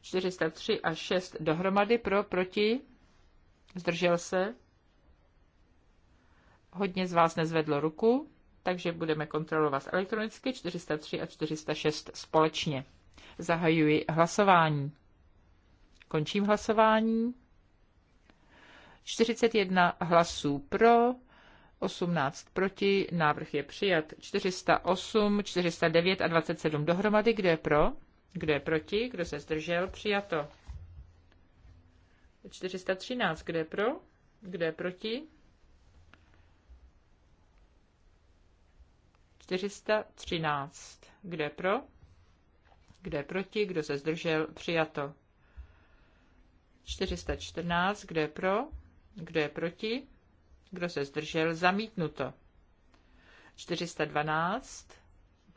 403 a 6 dohromady pro, proti, zdržel se. Hodně z vás nezvedlo ruku, takže budeme kontrolovat elektronicky 403 a 406 společně. Zahajuji hlasování. Končím hlasování. 41 hlasů pro, 18 proti, návrh je přijat. 408, 409 a 27 dohromady, kdo je pro, kdo je proti, kdo se zdržel, přijato. 413, kdo je pro, kdo je proti, 413. Kdo je pro? Kdo je proti? Kdo se zdržel? Přijato. 414. Kdo je pro? Kdo je proti? kdo se zdržel, zamítnuto. 412,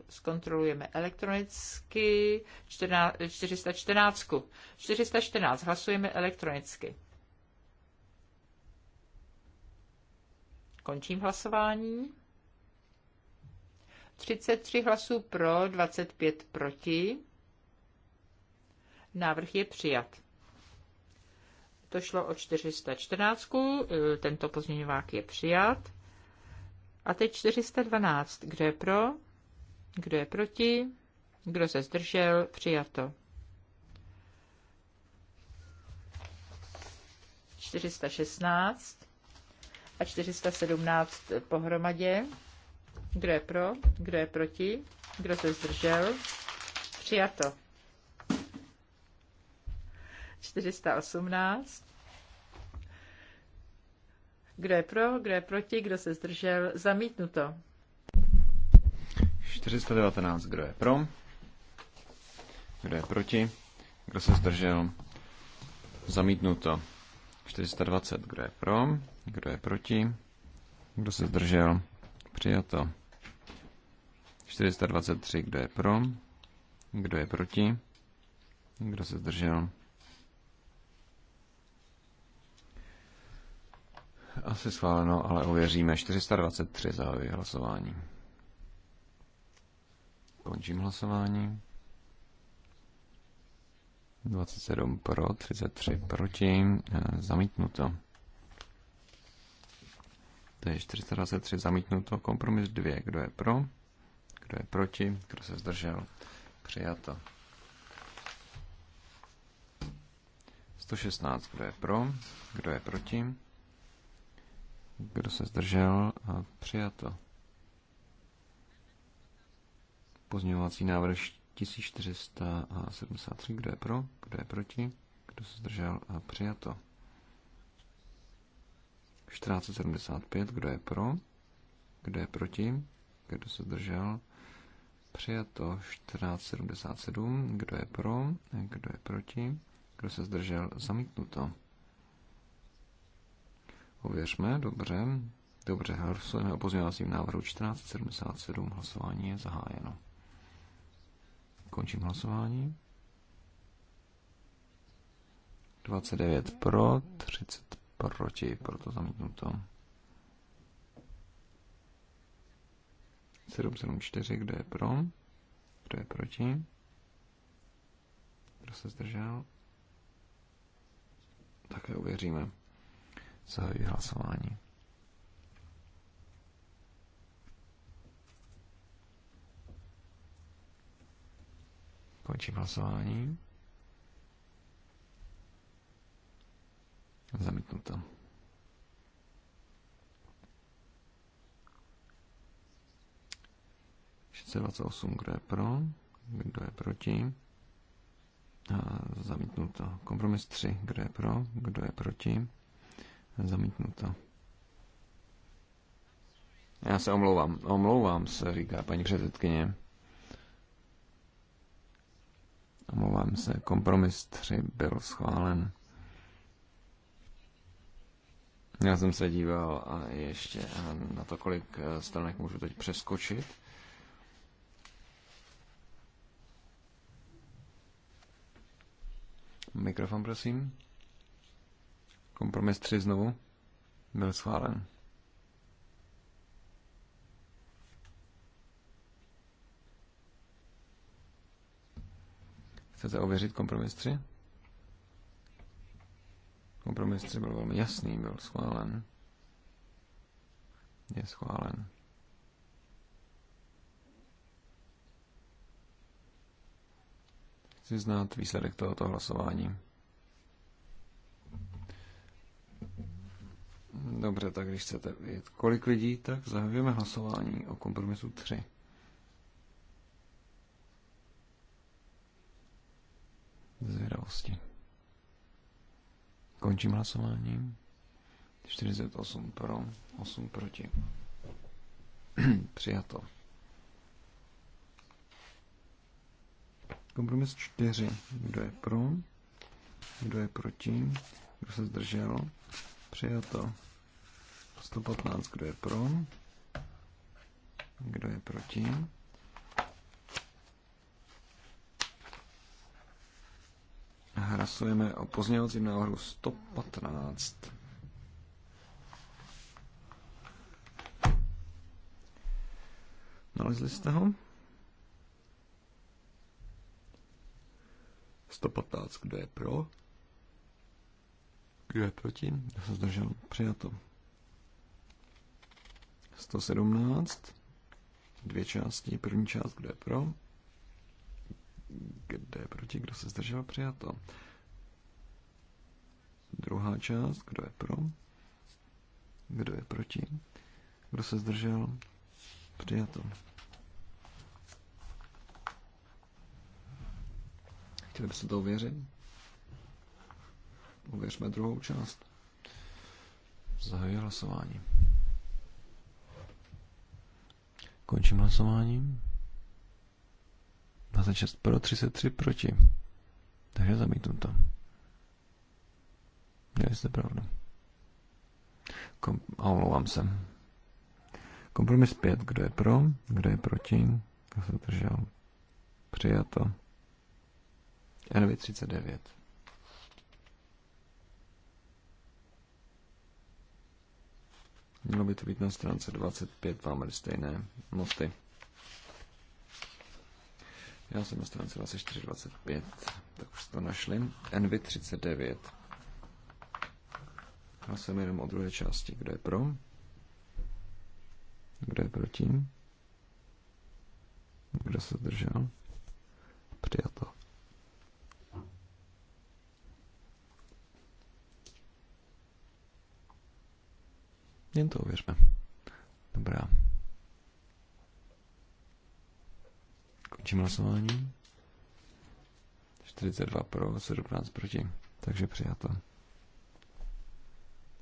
zkontrolujeme elektronicky, 414, 414, hlasujeme elektronicky. Končím hlasování. 33 hlasů pro, 25 proti. Návrh je přijat to šlo o 414, eh, tento pozměňovák je přijat. A teď 412, kdo je pro, kdo je proti, kdo se zdržel, přijato. 416 a 417 pohromadě. Kdo je pro, kdo je proti, kdo se zdržel, přijato. 418. Kdo je pro, kdo je proti, kdo se zdržel, zamítnuto. 419, kdo je pro, kdo je proti, kdo se zdržel, zamítnuto. 420, kdo je pro, kdo je proti, kdo se zdržel, přijato. 423, kdo je pro, kdo je proti, kdo se zdržel, Asi schváleno, ale ověříme. 423 zahajuje hlasování. Končím hlasování. 27 pro, 33 proti, e, zamítnuto. To je 423 zamítnuto, kompromis 2. Kdo je pro? Kdo je proti? Kdo se zdržel? Přijato. 116. Kdo je pro? Kdo je proti? Kdo se zdržel? A přijato. Pozměňovací návrh 1473. Kdo je pro? Kdo je proti? Kdo se zdržel? A přijato. 1475. Kdo je pro? Kdo je proti? Kdo se zdržel? Přijato 1477. Kdo je pro? Kdo je proti? Kdo se zdržel? Zamítnuto ověřme, dobře. Dobře, hlasujeme o pozměňovacím návrhu 1477. Hlasování je zahájeno. Končím hlasování. 29 pro, 30 proti, proto zamítnuto. 774, kdo je pro, kdo je proti, kdo se zdržel, také uvěříme. Zahajuji hlasování. Končím hlasování. Zamítnuto. osm, kdo je pro, kdo je proti. A zamítnuto. Kompromis 3, kdo je pro, kdo je proti. Zamítnuto. Já se omlouvám. Omlouvám se, říká paní předsedkyně. Omlouvám se, kompromis 3 byl schválen. Já jsem se díval a ještě na to, kolik stranek můžu teď přeskočit. Mikrofon, prosím. Kompromis 3 znovu byl schválen. Chcete ověřit kompromis 3? Kompromis 3 byl velmi jasný, byl schválen. Je schválen. Chci znát výsledek tohoto hlasování. Dobře, tak když chcete vědět, kolik lidí, tak zahajujeme hlasování o kompromisu 3. Zvědavosti. Končím hlasování. 48 pro, 8 proti. Přijato. Kompromis 4. Kdo je pro? Kdo je proti? Kdo se zdržel? Přijato. 115, kdo je pro? Kdo je proti? Hlasujeme o pozměňovacím návrhu 115. Nalezli jste ho? 115, kdo je pro? Kdo je proti? Já se zdržel? Přijato. 117. Dvě části. První část, kdo je pro? Kde je proti? Kdo se zdržel? Přijato. Druhá část, kdo je pro? Kdo je proti? Kdo se zdržel? Přijato. Chtěli byste to uvěřit? Uvěřme druhou část. Zahajuji hlasování. Končím hlasováním. 26 pro, 33 proti. Takže to. Měli jste pravdu. Kom- a omlouvám se. Kompromis 5. Kdo je pro? Kdo je proti? Kdo se držel? Přijato. NV39. Mělo by to být na stránce 25, máme stejné noty. Já jsem na stránce 24, 25, tak už to našli. nv 39. jsem jenom o druhé části. Kdo je pro? Kdo je proti? Kdo se držel? Přijato. Jen to ověřme. Dobrá. Končím hlasování. 42 pro, 17 proti. Takže přijato.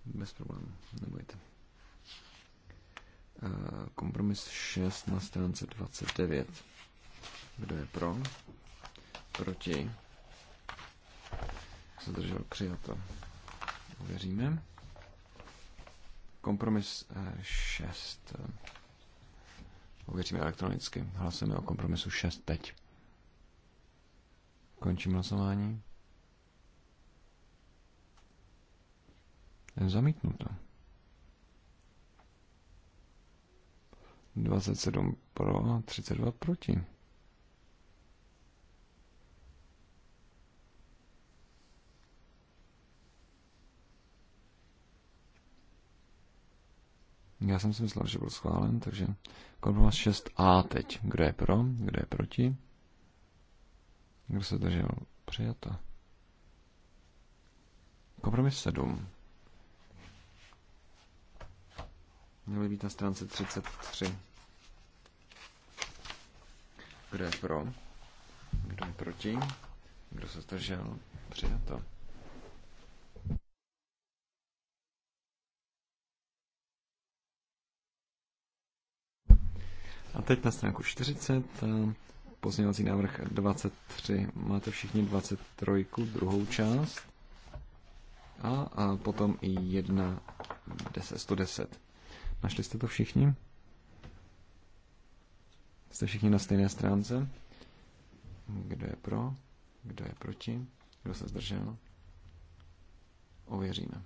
Bez problémů, nebojte. Kompromis 6 na stránce 29. Kdo je pro? Proti? Zdržel přijato. Uvěříme. Kompromis 6. Eh, Uvěříme elektronicky. Hlasujeme o kompromisu 6 teď. Končím hlasování. Zamítnuto. 27 pro, 32 proti. Já jsem si myslel, že byl schválen, takže kompromis 6a teď. Kdo je pro, kdo je proti? Kdo se držel? Přijata. Kompromis 7. Měli být na stránce 33. Kdo je pro? Kdo je proti? Kdo se zdržel? Přijato. A teď na stránku 40, eh, pozměňovací návrh 23. Máte všichni 23, druhou část. A, a potom i 1, 10, 110. Našli jste to všichni? Jste všichni na stejné stránce? Kdo je pro? Kdo je proti? Kdo se zdržel? Ověříme.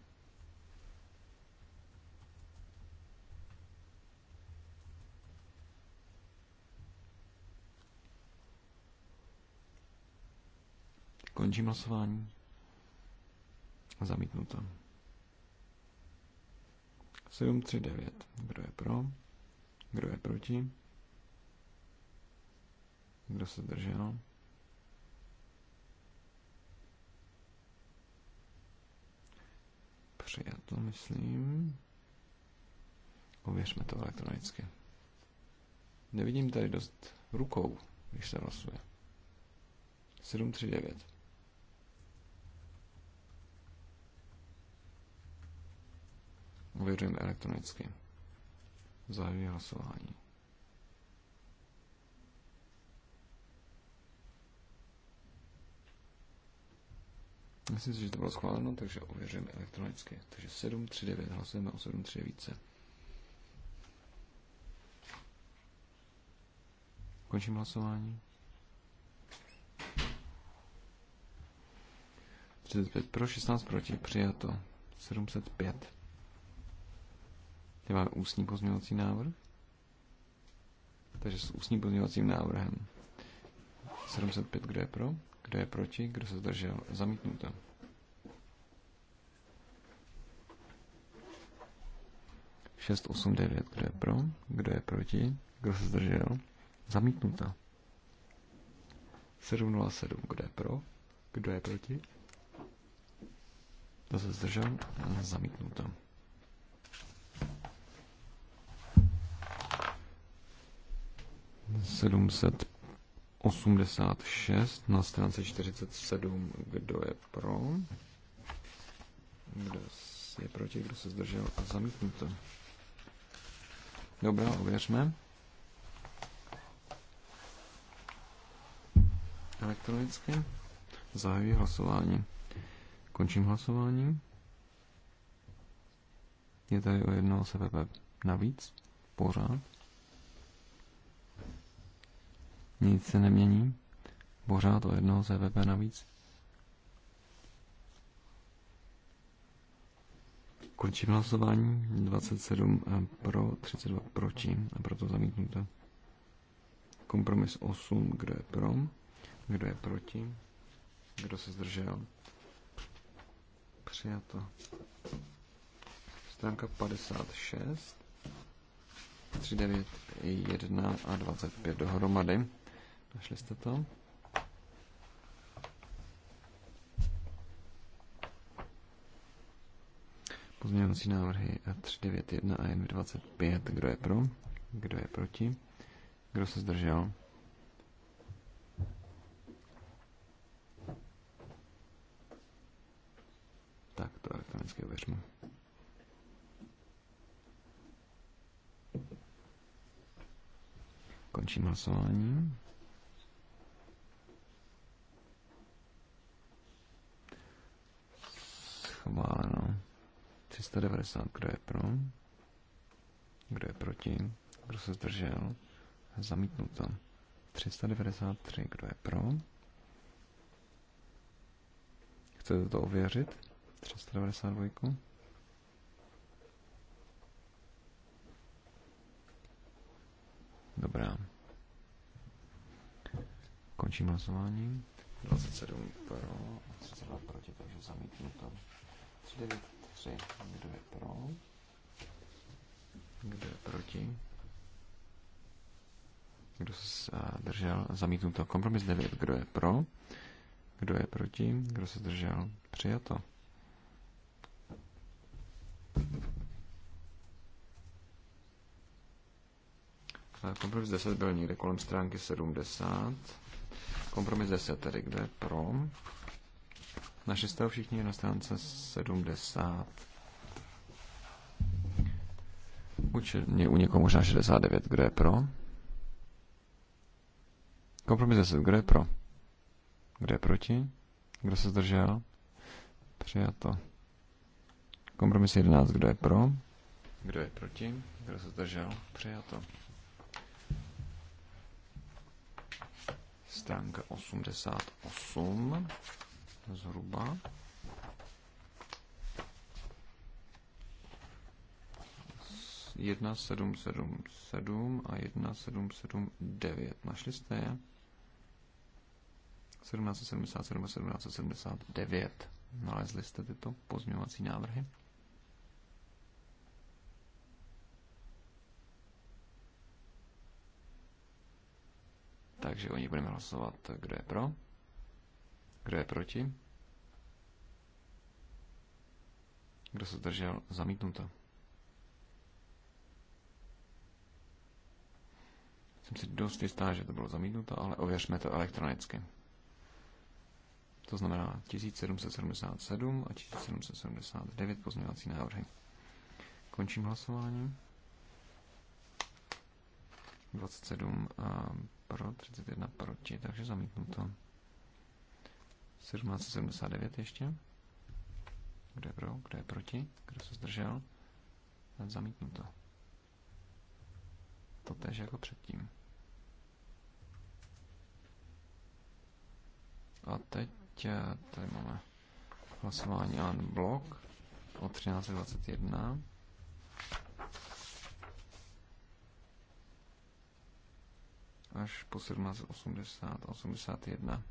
Končím hlasování. Zamítnuto. 9. Kdo je pro? Kdo je proti? Kdo se držel? Přijato, myslím. Ověřme to elektronicky. Nevidím tady dost rukou, když se hlasuje. 739. Ověřujeme elektronicky. Zahajuji hlasování. Myslím si, že to bylo schváleno, takže ověřujeme elektronicky. Takže 739, hlasujeme o více. Končím hlasování. 35 pro, 16 proti, přijato. 705. Tady máme ústní pozměňovací návrh. Takže s ústním pozměňovacím návrhem. 705, kdo je pro, kdo je proti, kdo se zdržel, zamítnuto. Šest, osm, devět, kdo je pro, kdo je proti, kdo se zdržel, zamítnuto. 707, kdo je pro, kdo je proti, kdo se zdržel, zamítnuto. 786 na stránce 47. Kdo je pro? Kdo je proti? Kdo se zdržel? A zamítnuto. Dobrá, ověřme. Elektronicky. Zahajuji hlasování. Končím hlasování. Je tady o jednoho CPP e navíc. Pořád. Nic se nemění. Pořád o jednoho CVP e navíc. Končím hlasování. 27 eh, pro, 32 proti a proto zamítnuto. Kompromis 8, kdo je pro, kdo je proti, kdo se zdržel. Přijato. Stránka 56, 39, 1 a 25 dohromady. Našli jste to? Pozměňovací návrhy 391 a 125. Kdo je pro? Kdo je proti? Kdo se zdržel? Tak to elektronické ověřme. Končím hlasování. schváleno. 390, kdo je pro? Kdo je proti? Kdo se zdržel? Zamítnuto. 393, kdo je pro? Chcete to ověřit? 392. Dobrá. Končím hlasování. 27 pro, 32 proti, takže zamítnuto. 393. Kdo je pro? Kdo je proti? Kdo se eh, zdržel? Zamítnuto. Kompromis 9. Kdo je pro? Kdo je proti? Kdo se zdržel? Přijato. Eh, kompromis 10 byl někde kolem stránky 70. Kompromis 10 tedy, kde je pro, na šestého všichni je na stránce 70. Určitě u někoho možná 69. Kdo je pro? Kompromis 10. Kdo je pro? Kdo je proti? Kdo se zdržel? Přijato. Kompromis 11. Kdo je pro? Kdo je proti? Kdo se zdržel? Přijato. Stránka 88 zhruba. Jedna sedm sedm sedm a jedna sedm sedm devět. Našli jste je? 1777 a 1779. Nalezli jste tyto pozměňovací návrhy? Takže o nich budeme hlasovat, kdo je pro. Kdo je proti? Kdo se zdržel? Zamítnuto. Jsem si dost jistá, že to bylo zamítnuto, ale ověřme to elektronicky. To znamená 1777 a 1779 pozměňovací návrhy. Končím hlasování. 27 pro, 31 proti, takže zamítnuto. to. 1779 ještě. Kdo je pro, kdo je proti, kdo se zdržel. Zamítnu To tež jako předtím. A teď eh, tady máme hlasování an blok o 13.21. až po 17.80 81.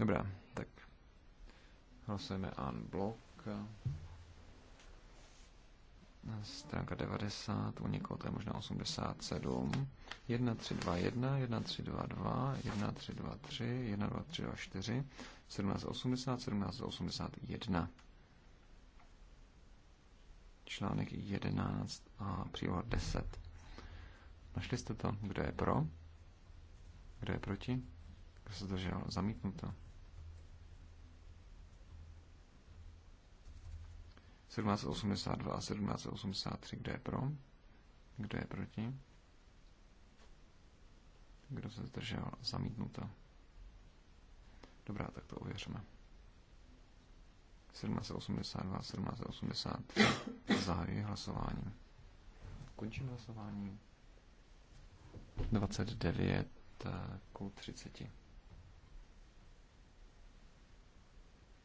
Dobrá, tak hlasujeme unblock. Stránka 90, u někoho to je možná 87. 1, 3, 2, 1, 1, 3, 2, 2, 1, 3, 2, 3, 1, 2, 3, 2, 4, 17, 80, 17, 81. Článek 11 a příloha 10. Našli jste to? Kdo je pro? Kdo je proti? Kdo se zdržel? Zamítnuto. 1782 a 1783. Kdo je pro? Kdo je proti? Kdo se zdržel? Zamítnuto. Dobrá, tak to ověříme. 1782, 1783. Zahajuji hlasování. Končím hlasování. 29 k 30.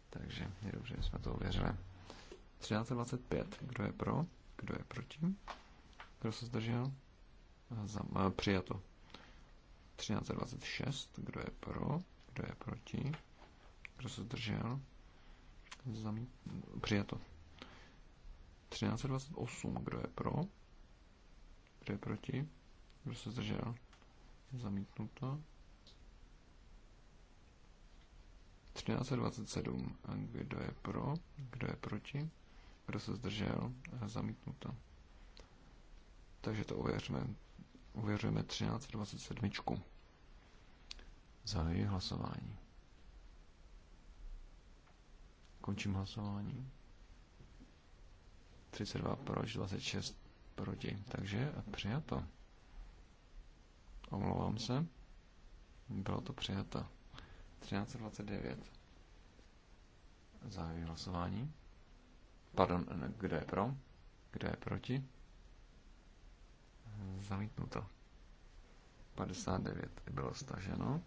Takže je dobře, že jsme to ověřili. 1325. Eh, eh, kdo je pro? Kdo je proti? Kdo se zdržel? Zam, přijato. 1326. Kdo je pro? Kdo je proti? Kdo se zdržel? Zam, přijato. 1328. Kdo je pro? Kdo je proti? Kdo se zdržel? Zamítnuto. 1327. A kdo je pro? Kdo je proti? Kdo se zdržel? Zamítnuto. Takže to uvěřme. Uvěřujeme 1327. Zahajuji hlasování. Končím hlasování. 32 proč, 26 proti. Takže přijato. Omlouvám se. Bylo to přijato. 1329. Zahajuji hlasování. Pardon, kdo je pro? Kdo je proti? Zamítnuto. 59 bylo staženo.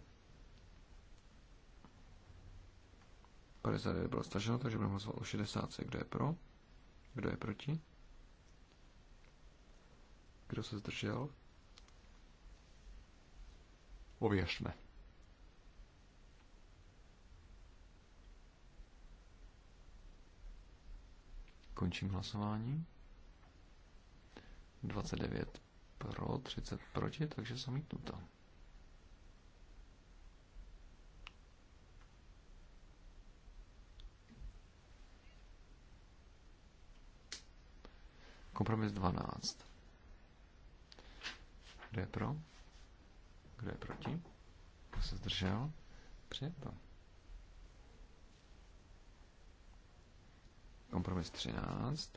59 bylo staženo, takže budeme hlasovat o 60. Kdo je pro? Kdo je proti? Kdo se zdržel? Ověřme. Končím hlasování. 29 pro, 30 proti, takže zamítnuto. Kompromis 12. Kdo je pro? Kdo je proti? Kdo se zdržel? Přijeto. Kompromis 13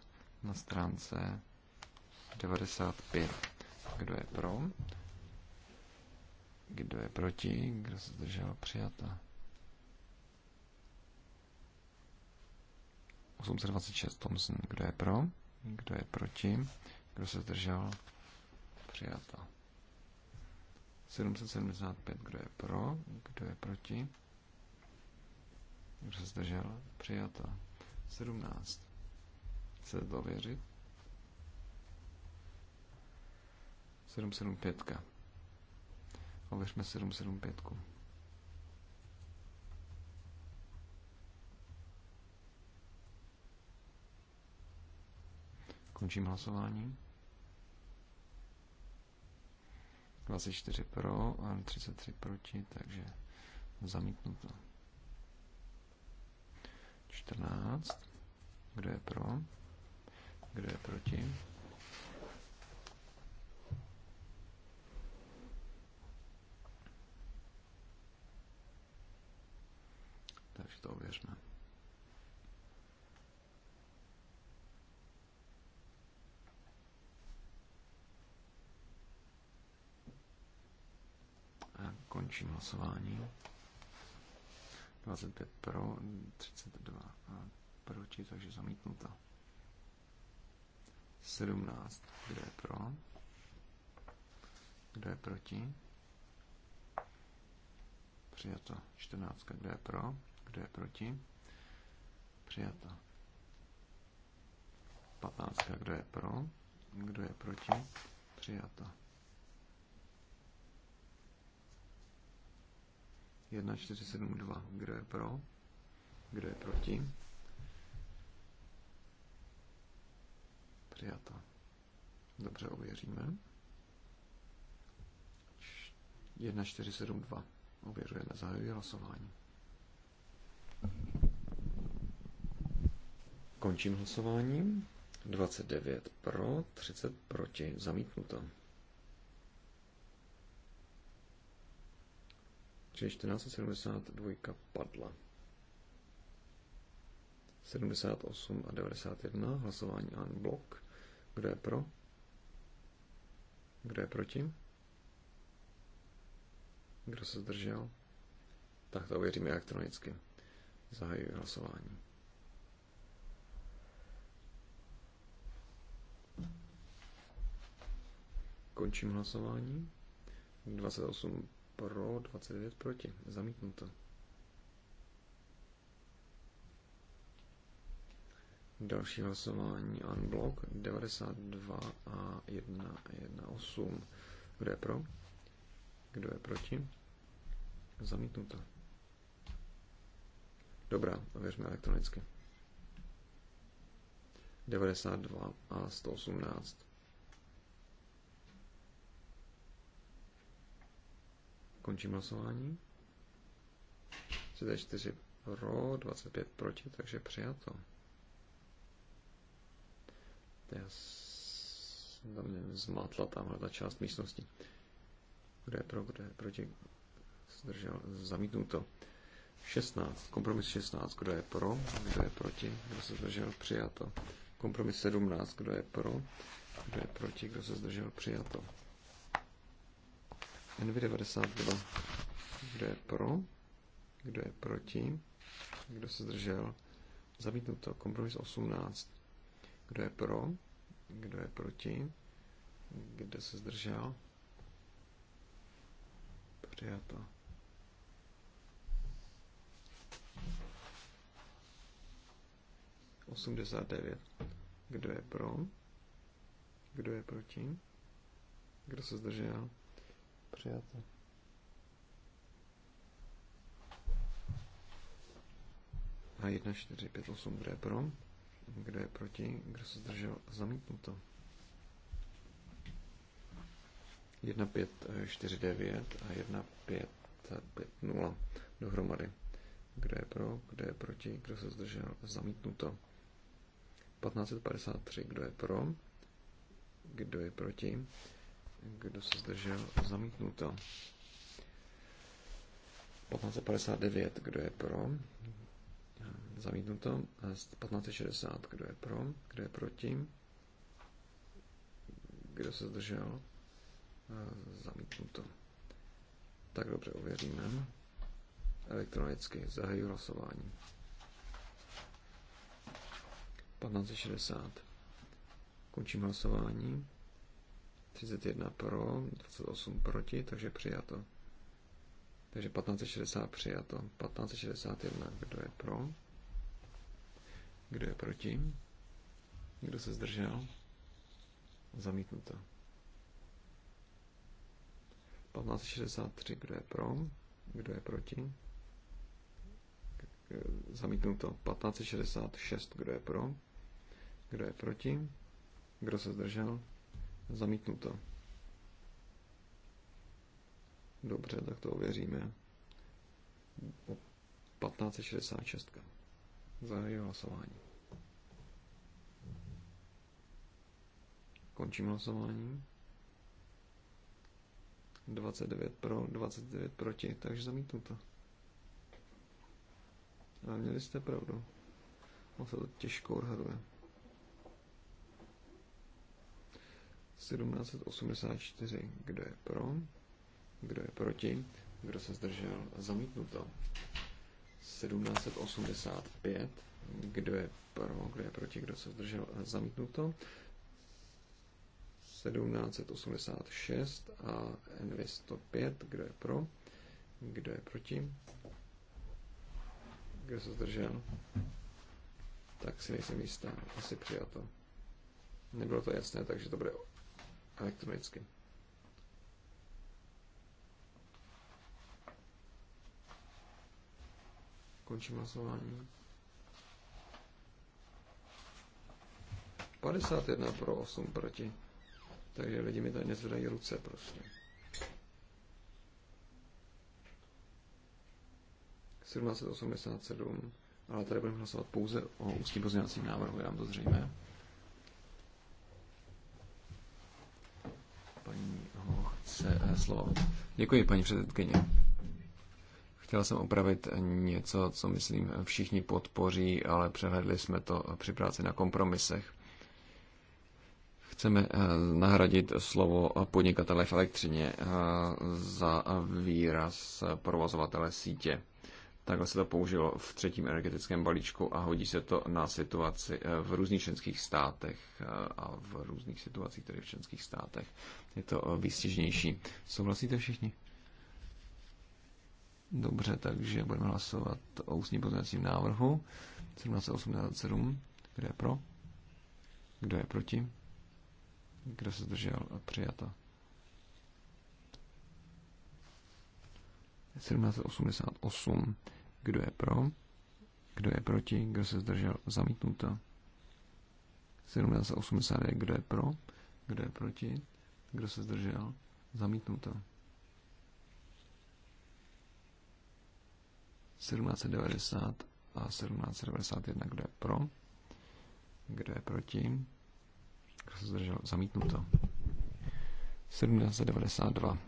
na stránce 95. Kdo je pro? Kdo je proti? Kdo se zdržel? Přijata. 826 Thomson. Kdo je pro? Kdo je proti? Kdo se zdržel? Přijata. 775. Kdo je pro? Kdo je proti? Kdo se zdržel? Přijata. 17. Chcete to věřit? 775. Ověřme 775. Končím hlasování. 24 pro a 33 proti, takže zamítnuto. 14. Kdo je pro? Kdo je proti? Takže to ověřme. A končím hlasování. 25 pro, 32 proti, takže zamítnuto. 17, kde je pro, kde je proti, přijato. 14, kde je pro, kde je proti, přijato. 15, kdo je pro, kdo je proti, přijato. 1472. Kdo je pro? Kdo je proti? Přijato. Dobře, ověříme. 1472. Ověřujeme, zahajuji hlasování. Končím hlasování. 29 pro, 30 proti, zamítnuto. 1472 padla. 78 a 91 hlasování en blok. Kdo je pro? Kdo je proti? Kdo se zdržel? Tak to ověříme elektronicky. Zahajuji hlasování. Končím hlasování. 28 pro, 29 proti. Zamítnuto. Další hlasování unblock 92 a 8. Kdo je pro? Kdo je proti? Zamítnuto. Dobrá, ověřme elektronicky. 92 a 118. Končím hlasování. 34 pro, 25 proti, takže přijato. Já za mě zmátla tamhle ta část místnosti. Kde je pro, kde je proti, zdržel, zamítnuto. 16, kompromis 16, kdo je pro, kdo je proti, kdo se zdržel, přijato. Kompromis 17, kdo je pro, kdo je proti, kdo se zdržel, přijato. NV92. Kdo je pro? Kdo je proti? Kdo se zdržel? Zamítnuto. Kompromis 18. Kdo je pro? Kdo je proti? Kdo se zdržel? Přijato. Osmdesát devět. Kdo je pro? Kdo je proti? Kdo se zdržel? Přijato. A 1, 4, 5, 8, kde je pro? Kde je proti? Kdo se zdržel? Zamítnuto. 1, 5, 4, 9 a 1, 5, 5, 0 dohromady. Kdo je pro? Kdo je proti? Kdo se zdržel? Zamítnuto. 1553. Kdo je pro? Kdo je proti? Kdo se zdržel? Zamítnuto. 1559, kdo je pro? Zamítnuto. 1560, kdo je pro? Kdo je proti? Kdo se zdržel? Zamítnuto. Tak dobře, uvěříme. Elektronicky zahajuji hlasování. 1560. Končím hlasování. 31 pro, 28 proti, takže přijato. Takže 1560 přijato. 1561, kdo je pro? Kdo je proti? Kdo se zdržel? Zamítnuto. 1563, kdo je pro? Kdo je proti? Zamítnuto. 1566, kdo je pro? Kdo je proti? Kdo se zdržel? Zamítnuto. Dobře, tak to ověříme. 1566. Zahajuji hlasování. Končím hlasování. 29 pro, 29 proti, takže zamítnu to. Ale měli jste pravdu. On se to těžko odhaduje. 1784. Kdo je pro? Kdo je proti? Kdo se zdržel? Zamítnuto. 1785. Kdo je pro? Kdo je proti? Kdo se zdržel? Zamítnuto. 1786 a n 105 Kdo je pro? Kdo je proti? Kdo se zdržel? Tak si nejsem jistá. Asi přijato. Nebylo to jasné, takže to bude elektronicky. Končím hlasování. 51 pro 8 proti. Takže lidi mi tady nezvedají ruce prostě. 1787, ale tady budeme hlasovat pouze o ústním pozměňovacím návrhu, je nám to zřejmé. se eh, slovo. Děkuji, paní předsedkyně. Chtěl jsem opravit něco, co myslím eh, všichni podpoří, ale přehledli jsme to eh, při práci na kompromisech. Chceme nahradit slovo podnikatele v elektřině za výraz provozovatele sítě. Takhle se to použilo v třetím energetickém balíčku a hodí se to na situaci eh, v různých členských státech eh, a v různých situacích, tedy v členských státech. Je to eh, výstěžnější. Souhlasíte všichni? Dobře, takže budeme hlasovat o ústním pozměňovacím návrhu 1787. Kdo je pro? Kdo je proti? Kdo se zdržel? Přijato. 1788. Kdo je pro? Kdo je proti? Kdo se zdržel? Zamítnuto. 1789. Kdo je pro? Kdo je proti? Kdo se zdržel? Zamítnuto. 1790 a 1791. Kdo je pro? Kdo je proti? Kdo se zdržel? Zamítnuto. 1792.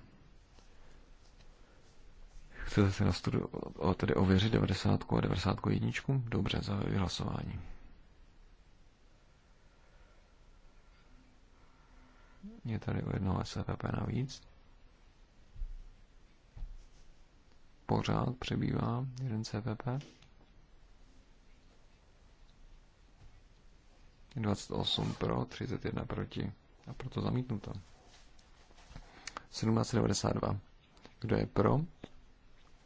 Chcete si nastudu, studiu o, tedy ověřit 90 a 90 jedničku? Dobře, za vyhlasování. Je tady o jednoho SFP navíc. Pořád přebývá jeden CPP. 28 pro, 31 proti. A proto zamítnuto. 1792. Kdo je pro?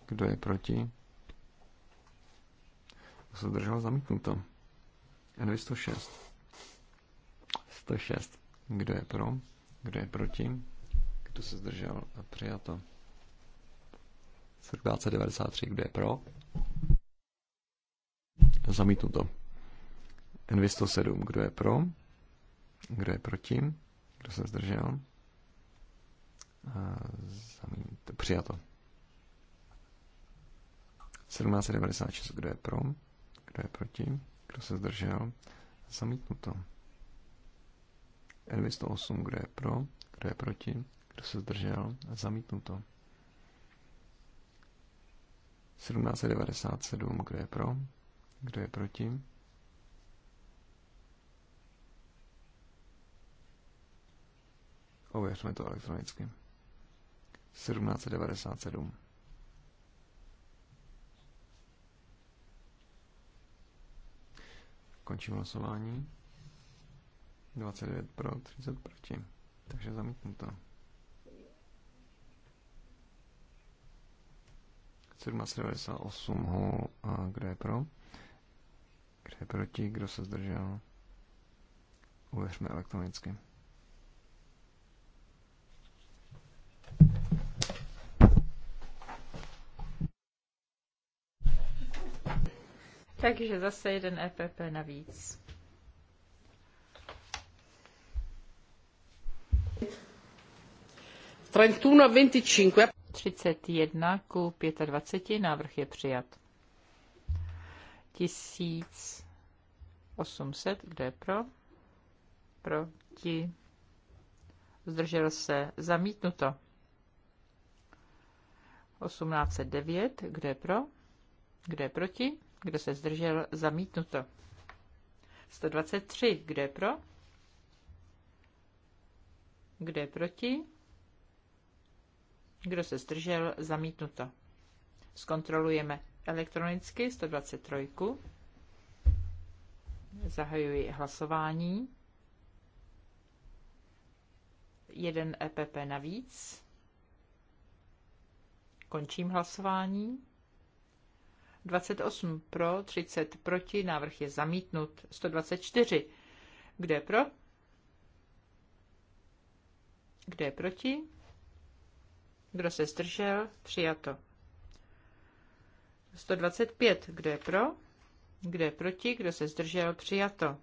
Kdo je proti? Kdo se zdržel? Zamítnuto. NV106. 106. Kdo je pro? Kdo je proti? Kdo se zdržel? A přijato. 1793. Kdo je pro? Zamítnuto. NV107. Kdo je pro? Kdo je proti? Kdo se zdržel? A zamít... Přijato. 1796, kdo je pro, kdo je proti, kdo se zdržel, zamítnuto. N208, kdo je pro, kdo je proti, kdo se zdržel, zamítnuto. 1797, kdo je pro, kdo je proti, Ověřme to elektronicky. 1797. Končím hlasování. 29 pro, 30 proti. Takže zamítnu to. 1798 ho, a kdo je pro? Kdo je proti? Kdo se zdržel? Uvěřme elektronicky. Takže zase jeden EPP navíc. Trentuno 25. 31 ku 25, návrh je přijat. 1800, kde je pro? Proti. Zdržel se zamítnuto. 1809, kde je pro? Kde je proti? Kdo se zdržel? Zamítnuto. 123. Kdo je pro? Kdo je proti? Kdo se zdržel? Zamítnuto. Zkontrolujeme elektronicky 123. Zahajuji hlasování. Jeden EPP navíc. Končím hlasování. 28 pro, 30 proti, návrh je zamítnut. 124. Kde je pro? Kde je proti? Kdo se zdržel? Přijato. 125. Kdo je pro? Kdo je proti? Kdo se zdržel? Přijato.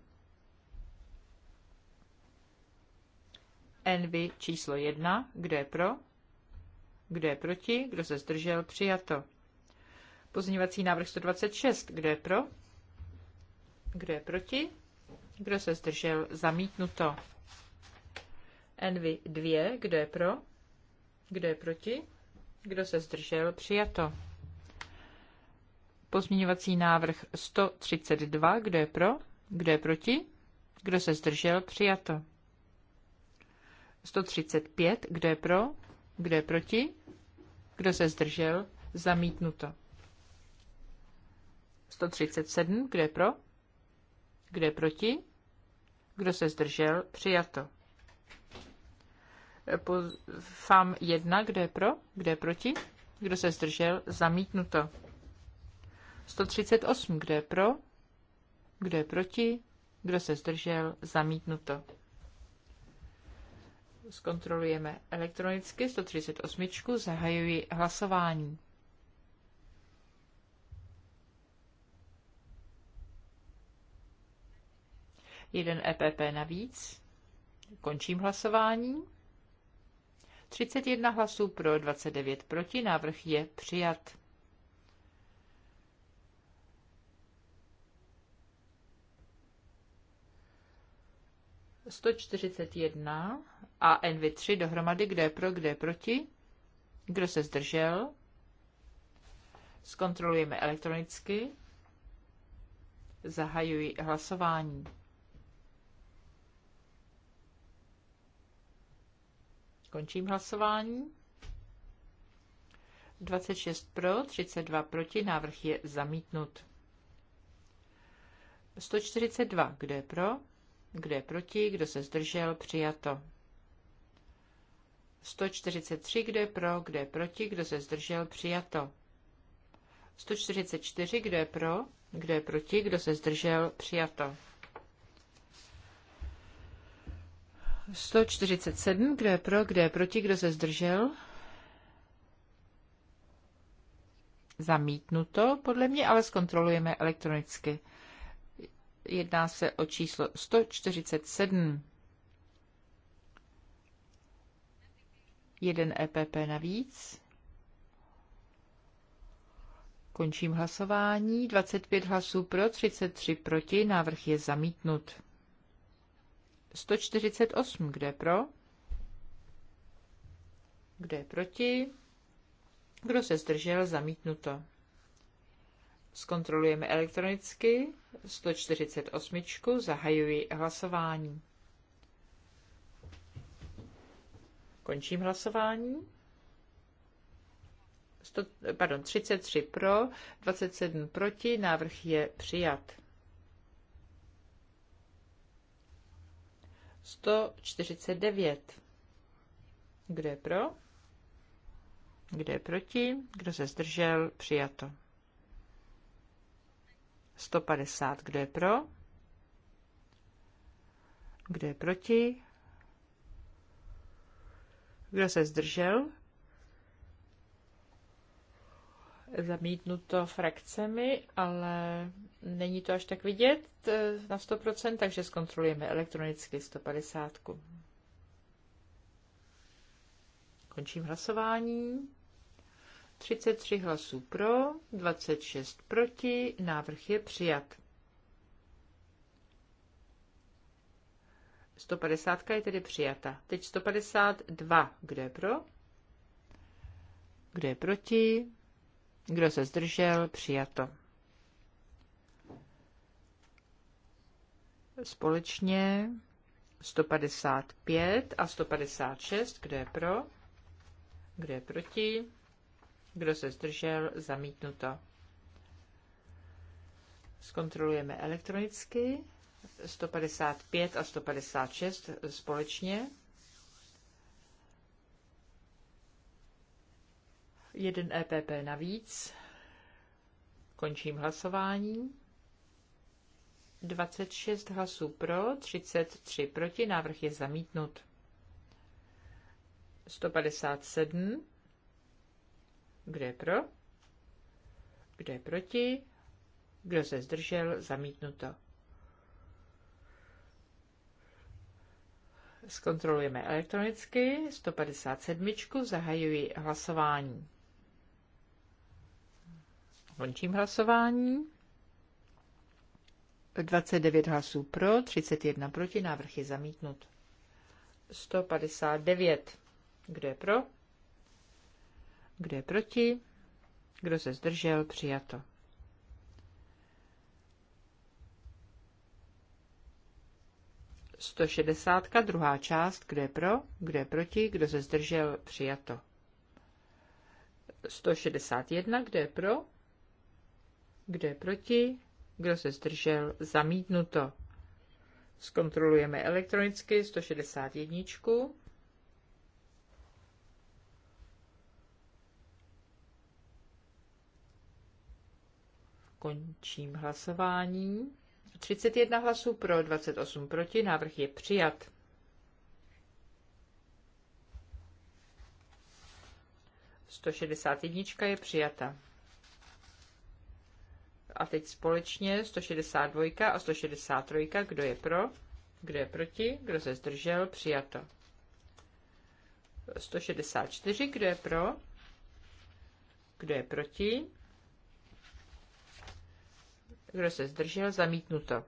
Envy číslo 1. Kdo je pro? Kdo je proti? Kdo se zdržel? Přijato. Pozměňovací návrh 126. Kdo je pro? Kdo je proti? Kdo se zdržel? Zamítnuto. Envy 2. Kdo je pro? Kdo je proti? Kdo se zdržel? Přijato. Pozměňovací návrh 132. Kdo je pro? Kdo je proti? Kdo se zdržel? Přijato. 135. Kdo je pro? Kdo je proti? Kdo se zdržel? Zamítnuto. 137, kdo je pro? Kdo je proti? Kdo se zdržel? Přijato. Po FAM 1, kdo je pro? Kdo je proti? Kdo se zdržel? Zamítnuto. 138, kdo je pro? Kdo je proti? Kdo se zdržel? Zamítnuto. Zkontrolujeme elektronicky 138. Zahajuji hlasování. Jeden EPP navíc. Končím hlasování. 31 hlasů pro, 29 proti. Návrh je přijat. Sto čtyřicet jedna a NV3 dohromady, kde je pro, kde je proti. Kdo se zdržel? Zkontrolujeme elektronicky. Zahajuji hlasování. Končím hlasování. 26 pro, 32 proti, návrh je zamítnut. 142. Kdo je pro? Kdo je proti? Kdo se zdržel? Přijato. 143. Kdo je pro? Kdo je proti? Kdo se zdržel? Přijato. 144. Kdo je pro? Kdo je proti? Kdo se zdržel? Přijato. 147, kdo je pro, kdo je proti, kdo se zdržel? Zamítnuto, podle mě, ale zkontrolujeme elektronicky. Jedná se o číslo 147. Jeden EPP navíc. Končím hlasování. 25 hlasů pro, 33 proti. Návrh je zamítnut. 148. Kdo je pro? Kdo je proti? Kdo se zdržel? Zamítnuto. Zkontrolujeme elektronicky. 148. Zahajuji hlasování. Končím hlasování. 100, pardon, 33 pro, 27 proti, návrh je přijat. 149. Kdo je pro? Kdo je proti? Kdo se zdržel? Přijato. 150. Kdo je pro? Kdo je proti? Kdo se zdržel? Zamítnuto frakcemi, ale Není to až tak vidět eh, na 100%, takže zkontrolujeme elektronicky 150. Končím hlasování. 33 hlasů pro, 26 proti, návrh je přijat. 150 je tedy přijata. Teď 152. Kdo je pro? Kdo je proti? Kdo se zdržel? Přijato. společně 155 a 156, kdo je pro, kdo je proti, kdo se zdržel, zamítnuto. Zkontrolujeme elektronicky 155 a 156 společně. Jeden EPP navíc. Končím hlasování. 26 hlasů pro, 33 proti, návrh je zamítnut. 157. Kdo je pro? Kdo je proti? Kdo se zdržel? Zamítnuto. Zkontrolujeme elektronicky. 157. Zahajuji hlasování. Končím hlasování. 29 hlasů pro, 31 proti, návrh je zamítnut. 159. Kdo je pro? Kdo je proti? Kdo se zdržel? Přijato. Sto šedesátka, druhá část, kdo je pro, kdo je proti, kdo se zdržel, přijato. 161, kdo je pro, kdo je proti, kdo se zdržel? Zamítnuto. Zkontrolujeme elektronicky 161. Končím hlasování. 31 hlasů pro, 28 proti. Návrh je přijat. jednička je přijata. A teď společně 162 a 163, kdo je pro, kdo je proti, kdo se zdržel, přijato. 164, kdo je pro, kdo je proti, kdo se zdržel, zamítnuto.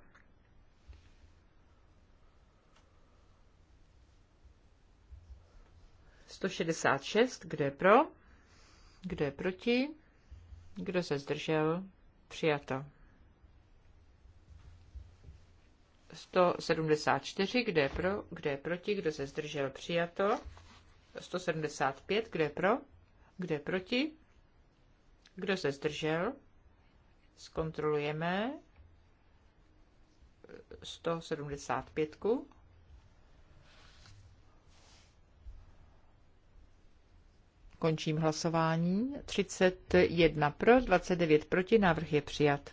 Sto šedesát šest, kdo je pro, kdo je proti, kdo se zdržel, přijata. 174, kde je pro, kde je proti, kdo se zdržel, přijato. 175, kde je pro, kde je proti, kdo se zdržel, zkontrolujeme 175. -ku. Končím hlasování. 31 pro, 29 proti. Návrh je přijat.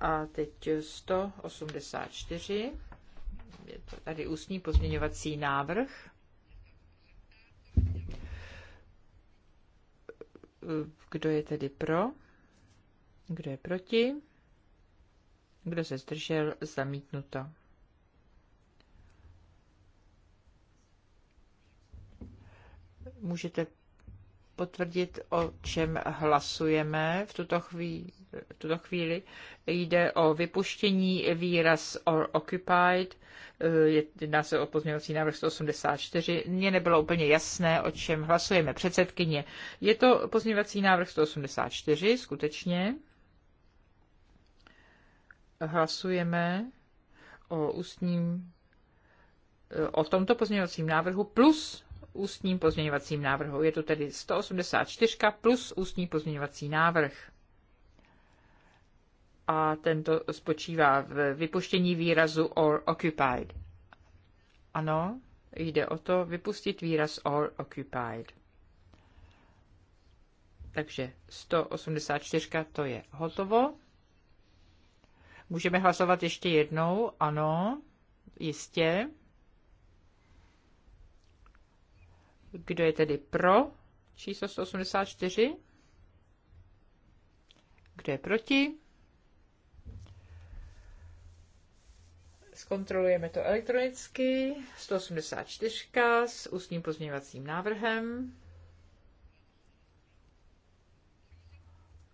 A teď 184. Je to tady ústní pozměňovací návrh. Kdo je tedy pro? Kdo je proti? Kdo se zdržel? Zamítnuto. Můžete potvrdit, o čem hlasujeme v tuto chvíli. V tuto chvíli jde o vypuštění výraz or occupied, eh, jedná se o pozměňovací návrh 184. Mně nebylo úplně jasné, o čem hlasujeme. Předsedkyně, je to pozměňovací návrh 184, skutečně? hlasujeme o ústním, o tomto pozměňovacím návrhu plus ústním pozměňovacím návrhu. Je to tedy 184 plus ústní pozměňovací návrh. A tento spočívá v vypuštění výrazu or occupied. Ano, jde o to vypustit výraz or occupied. Takže 184 to je hotovo. Můžeme hlasovat ještě jednou? Ano, jistě. Kdo je tedy pro číslo 184? Kdo je proti? Zkontrolujeme to elektronicky. 184 s ústním pozměňovacím návrhem.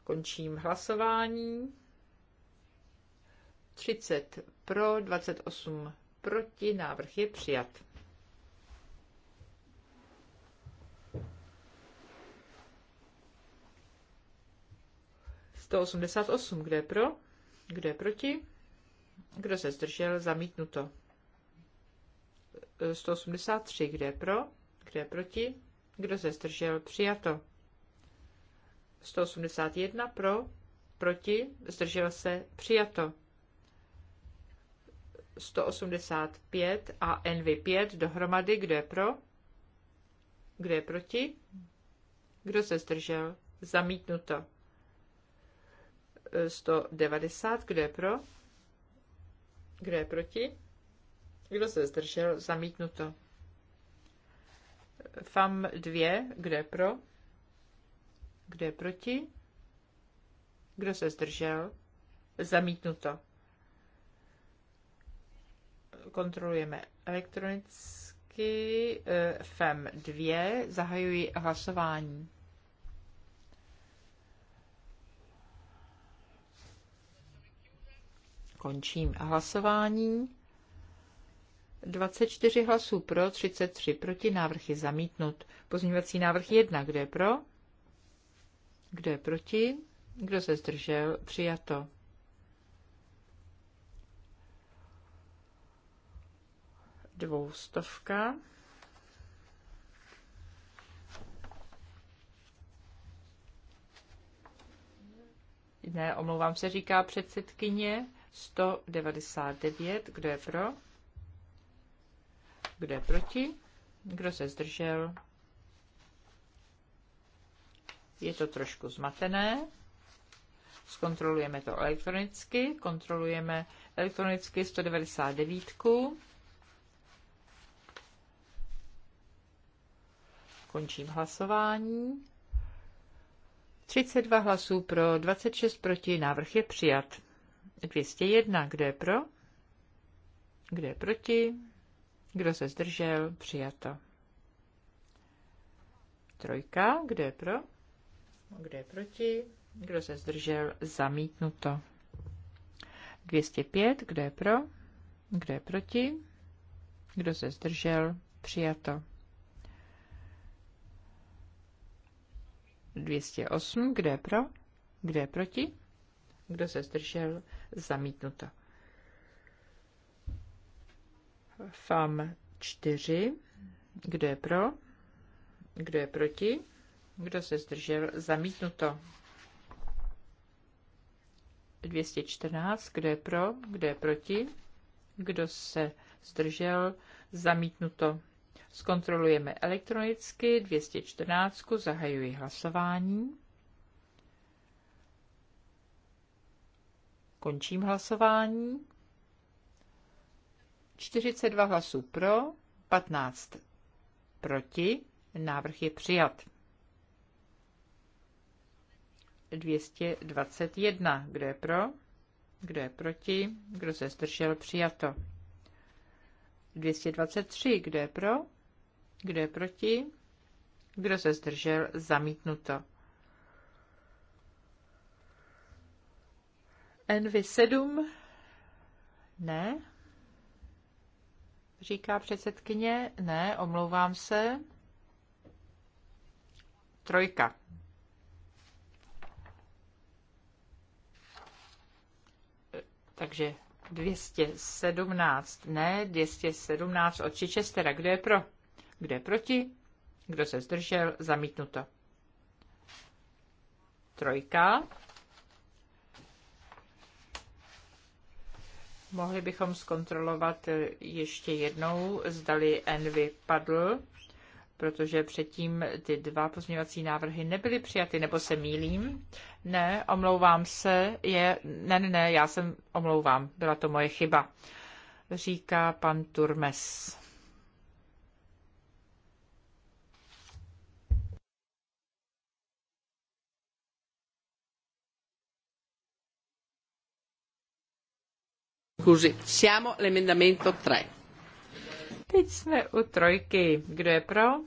Končím hlasování. 30 pro, 28 proti, návrh je přijat. To 88, kde je pro, kdo je proti, kdo se zdržel, zamítnuto. 183, kde je pro, kdo je proti, kdo se zdržel, přijato. 181 pro, proti, zdržel se, přijato. 185 a NV5 dohromady. Kdo je pro? Kdo je proti? Kdo se zdržel? Zamítnuto. 190. Kdo je pro? Kdo je proti? Kdo se zdržel? Zamítnuto. FAM 2. Kdo je pro? Kdo je proti? Kdo se zdržel? Zamítnuto kontrolujeme elektronicky. E, FEM 2, zahajuji hlasování. Končím hlasování. 24 hlasů pro, 33 proti, návrh je zamítnut. Pozměňovací návrh 1, kdo je pro? Kdo je proti? Kdo se zdržel? Přijato. dvoustovka. Ne, omlouvám se, říká předsedkyně. 199, kdo je pro? Kdo je proti? Kdo se zdržel? Je to trošku zmatené. Zkontrolujeme to elektronicky. Kontrolujeme elektronicky 199. Končím hlasování. 32 hlasů pro, 26 proti, návrh je přijat. 201, kdo je pro? Kdo je proti? Kdo se zdržel? Přijato. Trojka, kdo je pro? Kdo je proti? Kdo se zdržel? Zamítnuto. 205, kdo je pro? Kdo je proti? Kdo se zdržel? Přijato. 208, kdo je pro, kdo je proti, kdo se zdržel, zamítnuto. FAM 4, kdo je pro, kdo je proti, kdo se zdržel, zamítnuto. 214, kdo je pro, kdo je proti, kdo se zdržel, zamítnuto. Zkontrolujeme elektronicky 214. Zahajuji hlasování. Končím hlasování. 42 hlasů pro, 15 proti. Návrh je přijat. 221. Kdo je pro? Kdo je proti? Kdo se zdržel? Přijato. 223. Kdo je pro? Kdo je proti? Kdo se zdržel? Zamítnuto. nv 7? Ne. Říká předsedkyně. Ne, omlouvám se. Trojka. Takže 217, ne, 217 od Čičestera. Kdo je pro? Kdo je proti? Kdo se zdržel? Zamítnuto. Trojka. Mohli bychom zkontrolovat ještě jednou, zdali N padl, protože předtím ty dva pozměňovací návrhy nebyly přijaty, nebo se mílím. Ne, omlouvám se, je, ne, ne, ne, já jsem omlouvám, byla to moje chyba, říká pan Turmes. scusi, siamo l'emendamento 3. Teď jsme u trojky. Kdo je pro?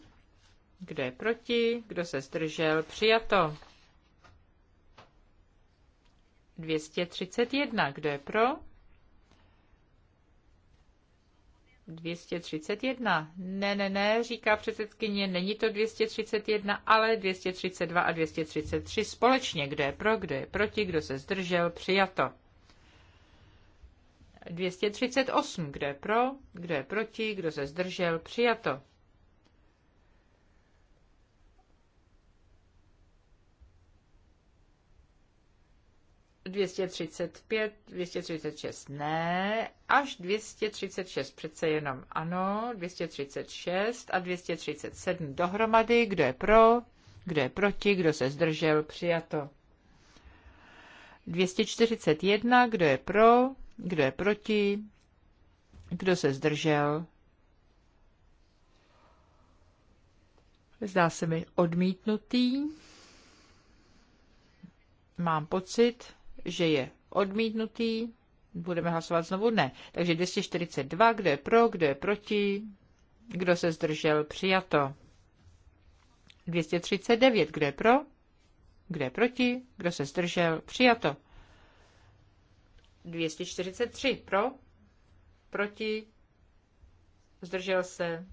Kdo je proti? Kdo se zdržel? Přijato. 231. Kdo je pro? 231. Ne, ne, ne, říká předsedkyně, není to 231, ale 232 a 233 společně. Kdo je pro, kdo je proti, kdo se zdržel, přijato. 238. Kdo je pro? Kdo je proti? Kdo se zdržel? Přijato. Dvěstě třicet pět, dvěstě třicet šest ne, až dvěstě třicet šest přece jenom ano, dvěstě třicet šest a dvěstě třicet sedm dohromady, kdo je pro, kdo je proti, kdo se zdržel, přijato. dvěstě čtyřicet jedna, kdo je pro, kdo je proti? Kdo se zdržel? Zdá se mi odmítnutý. Mám pocit, že je odmítnutý. Budeme hlasovat znovu? Ne. Takže 242, kdo je pro, kdo je proti, kdo se zdržel, přijato. 239, kdo je pro, kdo je proti, kdo se zdržel, přijato. 243 pro, proti, zdržel se,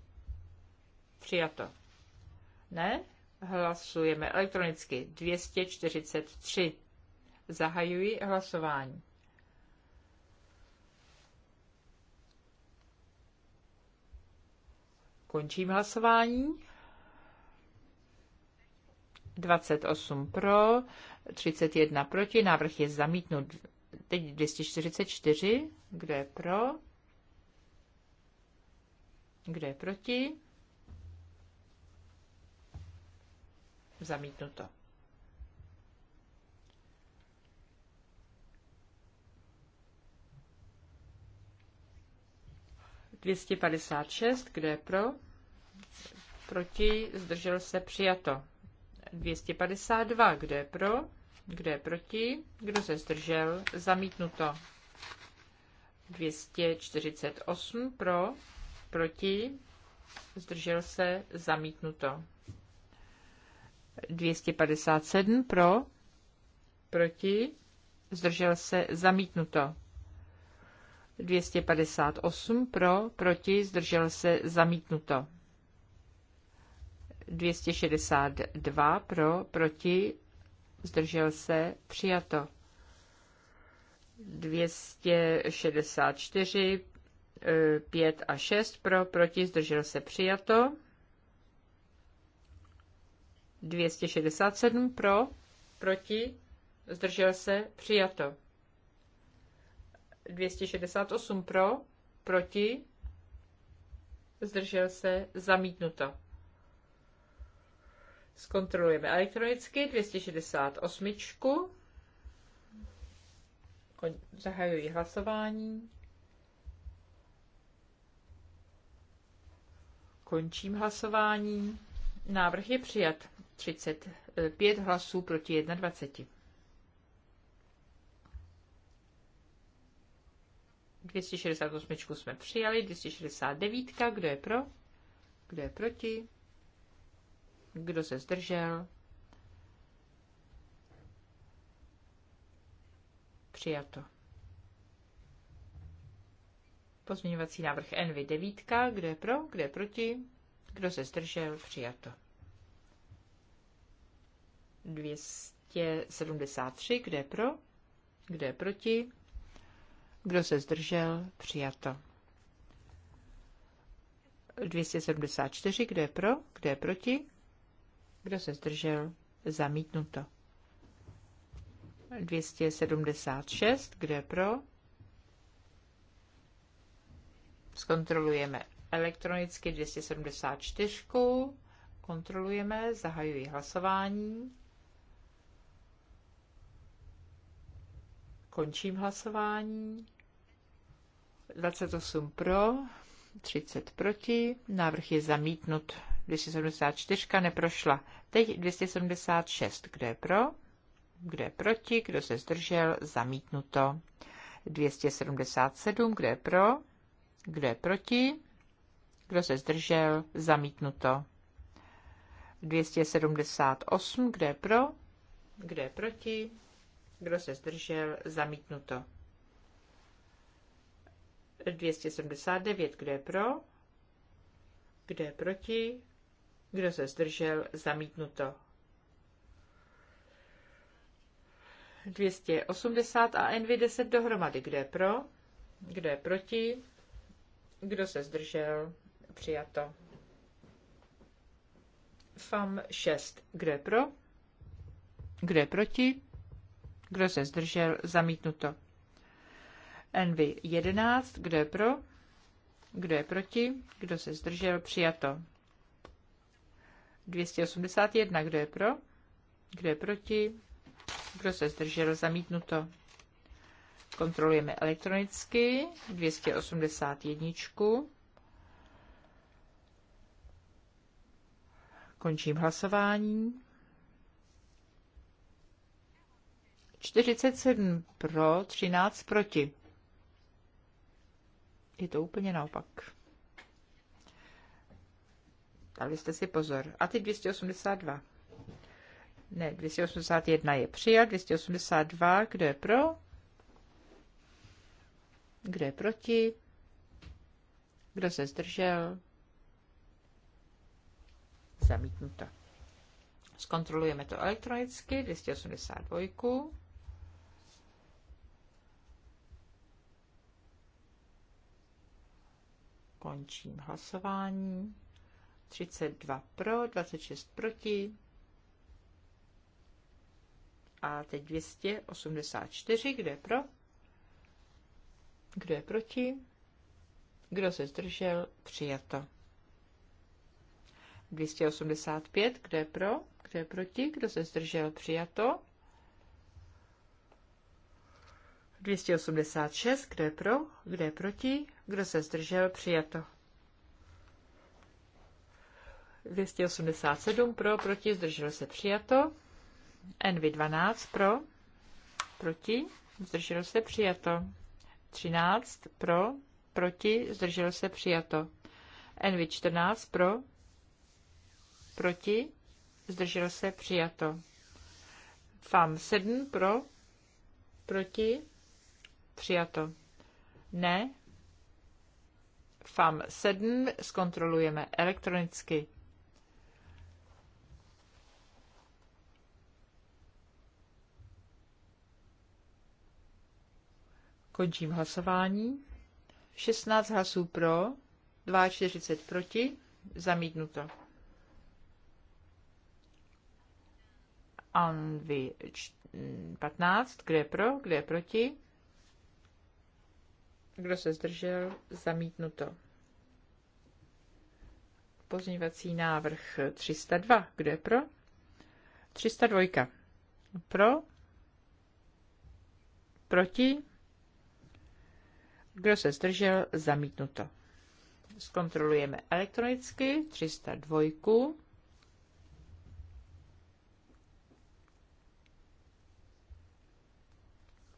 přijato. Ne, hlasujeme elektronicky 243. Zahajuji hlasování. Končím hlasování. 28 pro, 31 proti, návrh je zamítnut. Teď 244. Kdo je pro? Kdo je proti? Zamítnuto. Dvěstě padesát šest, kdo je pro? Proti, zdržel se, přijato. Dvěstě padesát dva, kdo je pro? Kdo je proti? Kdo se zdržel? Zamítnuto. 248 pro, proti, zdržel se, zamítnuto. 257 pro, proti, zdržel se, zamítnuto. 258 pro, proti, zdržel se, zamítnuto. 262 pro, proti, zdržel se, přijato. 264, 5 eh, a 6 pro, proti, zdržel se, přijato. 267 pro, proti, zdržel se, přijato. 268 pro, proti, zdržel se, zamítnuto. Zkontrolujeme elektronicky 268. Zahajuji hlasování. Končím hlasování. Návrh je přijat. 35 hlasů proti 21. 268 jsme přijali, 269, kdo je pro, kdo je proti, kdo se zdržel? Přijato. Pozměňovací návrh NV 9. Kdo je pro? Kdo je proti? Kdo se zdržel? Přijato. 273. Kdo je pro? Kdo je proti? Kdo se zdržel? Přijato. 274. Kdo je pro? Kdo je proti? Kdo se zdržel? Zamítnuto. 276. Kdo je pro? Zkontrolujeme elektronicky 274. Kontrolujeme, zahajuji hlasování. Končím hlasování. 28 pro, 30 proti. Návrh je zamítnut. 274 neprošla. Teď 276. Kdo je pro? Kdo je proti? Kdo se zdržel? Zamítnuto. 277. Kdo je pro? Kdo je proti? Kdo se zdržel? Zamítnuto. 278. Kdo je pro? Kdo je proti? Kdo se zdržel? Zamítnuto. 279. Kdo je pro? Kdo je proti? Kdo se zdržel? Zamítnuto. 280 a NV10 dohromady. Kdo je pro? Kdo je proti? Kdo se zdržel? Přijato. FAM 6. Kdo je pro? Kdo je proti? Kdo se zdržel? Zamítnuto. NV 11. Kdo je pro? Kdo je proti? Kdo se zdržel? Přijato. 281. Kdo je pro? Kdo je proti? Kdo se zdržel? Zamítnuto. Kontrolujeme elektronicky 281. Končím hlasování. 47 pro, 13 proti. Je to úplně naopak. Dali jste si pozor. A ty 282. Ne, 281 je přijat, 282, kdo je pro? Kdo je proti? Kdo se zdržel? Zamítnuto. Zkontrolujeme to elektronicky, 282. Končím hlasování. 32 pro, 26 proti. A teď 284, kdo je pro? Kdo je proti? Kdo se zdržel? Přijato. 285, kdo je pro? Kdo je proti? Kdo se zdržel? Přijato. 286, kdo je pro? Kdo je proti? Kdo se zdržel? Přijato. 287 pro, proti, zdrželo se přijato. NV12 pro, proti, zdrželo se přijato. 13 pro, proti, zdrželo se přijato. NV14 pro, proti, zdrželo se přijato. FAM 7 pro, proti, přijato. Ne. FAM 7 zkontrolujeme elektronicky. Končím hlasování. 16 hlasů pro, 42 proti, zamítnuto. Anvi 15, kde je pro, kde je proti. Kdo se zdržel, zamítnuto. Pozměňovací návrh 302, kde je pro? 302. Pro? Proti? Kdo se zdržel? Zamítnuto. Zkontrolujeme elektronicky 302.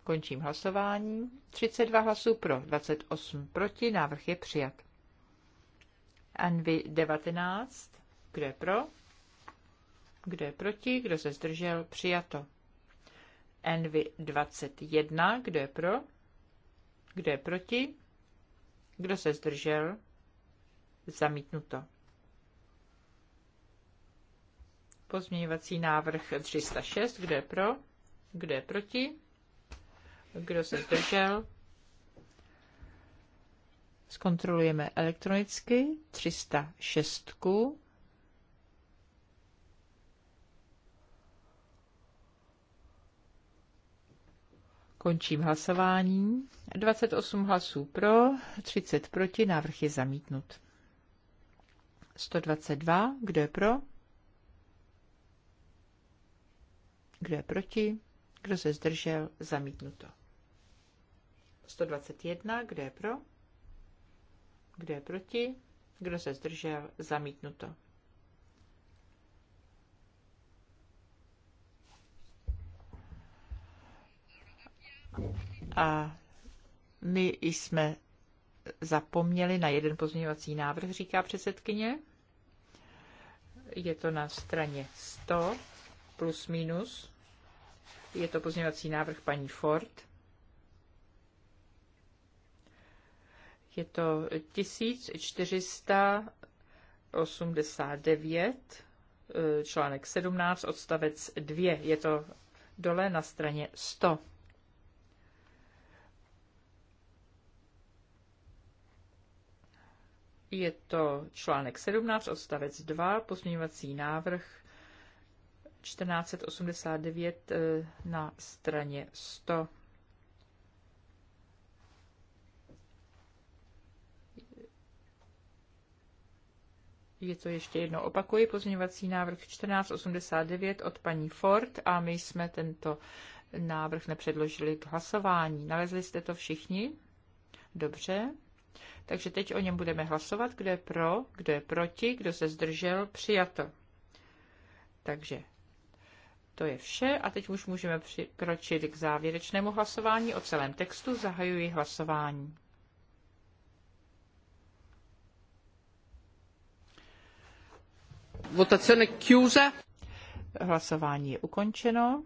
Končím hlasování. 32 hlasů pro, 28 proti, návrh je přijat. Envy 19, kdo je pro? Kdo je proti? Kdo se zdržel? Přijato. Envy 21, kdo je pro? Kdo je proti? Kdo se zdržel? Zamítnuto. Pozměňovací návrh 306. Kdo je pro? Kdo je proti? Kdo se zdržel? Zkontrolujeme elektronicky 306. Končím hlasování. 28 hlasů pro, 30 proti, návrh je zamítnut. 122, kdo je pro? Kdo je proti? Kdo se zdržel? Zamítnuto. 121, kdo je pro? Kdo je proti? Kdo se zdržel? Zamítnuto. A my jsme zapomněli na jeden pozměňovací návrh, říká předsedkyně. Je to na straně 100 plus minus. Je to pozměňovací návrh paní Ford. Je to 1489, eh, článek 17, odstavec 2. Je to dole na straně 100. Je to článek 17, odstavec 2, pozměňovací návrh 1489 eh, na straně 100. Je to ještě jedno opakuji, pozměňovací návrh 1489 od paní Ford a my jsme tento návrh nepředložili k hlasování. Nalezli jste to všichni? Dobře. Takže teď o něm budeme hlasovat, kdo je pro, kdo je proti, kdo se zdržel, přijato. Takže to je vše a teď už můžeme přikročit k závěrečnému hlasování o celém textu. Zahajuji hlasování. Votazione chiusa. Hlasování je ukončeno.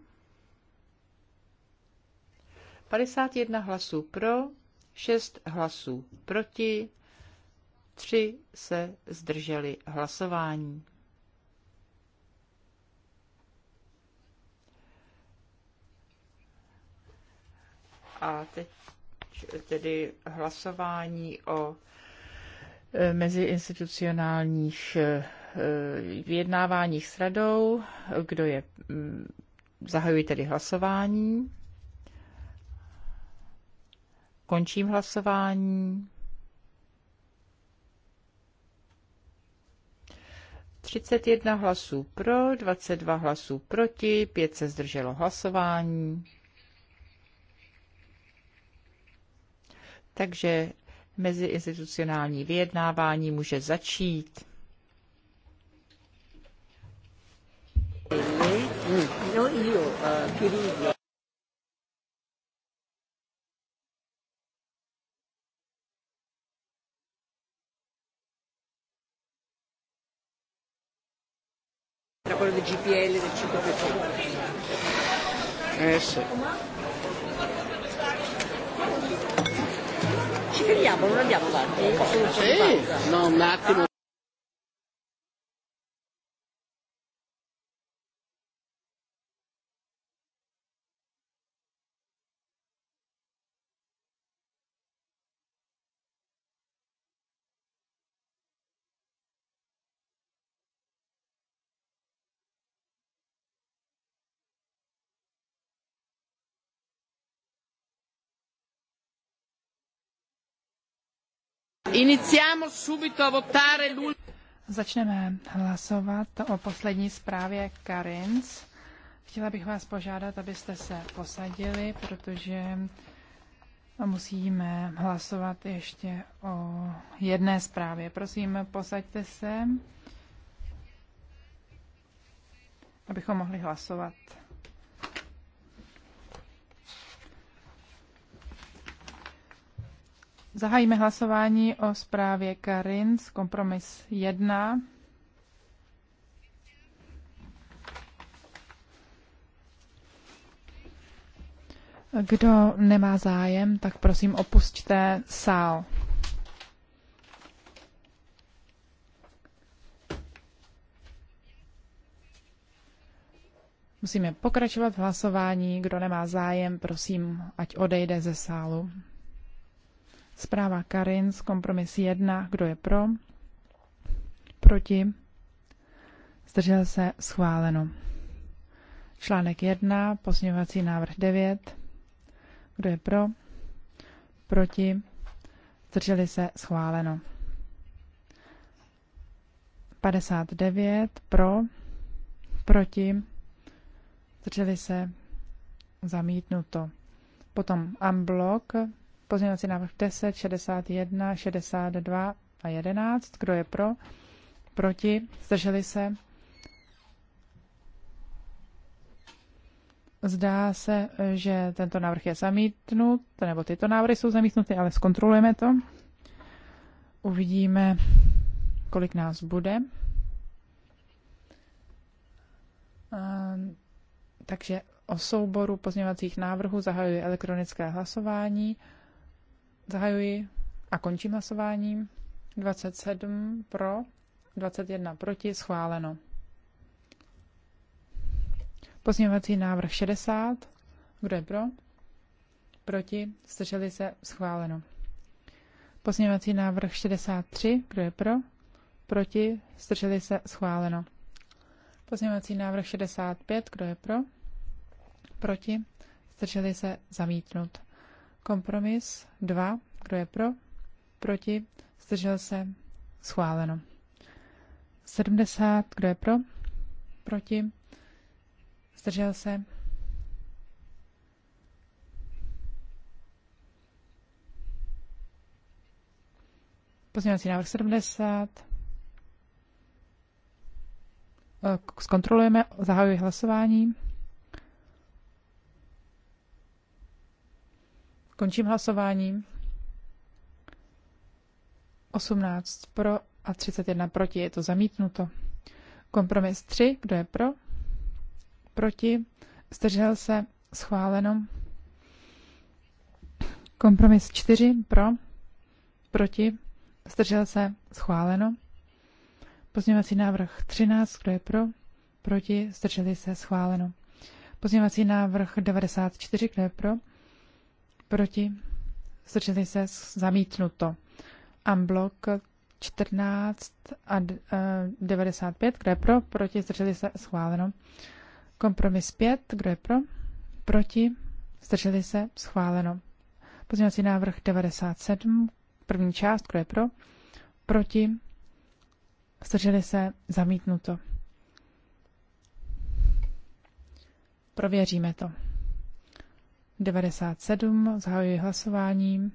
51 hlasů pro, 6 hlasů proti, 3 se zdrželi hlasování. A teď tedy hlasování o e, meziinstitucionálních e, e, vyjednáváních s radou, kdo je, zahajuji tedy hlasování. Končím hlasování. 31 hlasů pro, 22 hlasů proti, pět se zdrželo hlasování. Takže meziinstitucionální vyjednávání může začít. No, eh, quello del GPL del 5%. Eh sì. Ci fermiamo, non andiamo avanti? Sì, no, un attimo. subito a votare Začneme hlasovat o poslední zprávě Karins. Chtěla bych vás požádat, abyste se posadili, protože musíme hlasovat ještě o jedné zprávě. Prosím, posaďte se, abychom mohli hlasovat. Zahájíme hlasování o zprávě Karins, kompromis 1. Kdo nemá zájem, tak prosím opusťte sál. Musíme pokračovat v hlasování. Kdo nemá zájem, prosím, ať odejde ze sálu. Zpráva Karin z kompromis 1, kdo je pro? Proti? Zdržel se schváleno. Článek 1, pozměňovací návrh 9. Kdo je pro? Proti? Zdrželi se schváleno. 59 pro, proti, zdrželi se zamítnuto. Potom unblock Pozměňovací návrh 10, 61, 62 a 11. Kdo je pro? Proti? Zdrželi se? Zdá se, že tento návrh je zamítnut, nebo tyto návrhy jsou zamítnuty, ale zkontrolujeme to. Uvidíme, kolik nás bude. Takže o souboru pozměňovacích návrhů zahajuje elektronické hlasování. Zahajuji a končím hlasování. 27 pro, 21 proti, schváleno. Pozměňovací návrh 60. Kdo je pro? Proti, zdrželi se, schváleno. Pozměňovací návrh 63. Kdo je pro? Proti, zdrželi se, schváleno. Pozměňovací návrh 65. Kdo je pro? Proti, zdrželi se, zamítnut. Kompromis 2. Kdo je pro? Proti? Zdržel se? Schváleno. 70. Kdo je pro? Proti? Zdržel se? Pozměňovací návrh 70. Eh, zkontrolujeme, zahajuji hlasování. Končím hlasování. 18 pro a 31 proti. Je to zamítnuto. Kompromis 3. Kdo je pro? Proti. Zdržel se. Schváleno. Kompromis 4. Pro. Proti. Zdržel se. Schváleno. Pozměňovací návrh 13. Kdo je pro? Proti. Zdrželi se. Schváleno. Pozměňovací návrh 94. Kdo je pro? proti, zdrželi se, zamítnuto. Amblok 14 a 95, kdo je pro, proti, zdrželi se, schváleno. Kompromis 5, kdo je pro, proti, zdrželi se, schváleno. Pozměňovací návrh 97, první část, kdo je pro, proti, zdrželi se, zamítnuto. Prověříme to. 97. Zahajuji hlasování.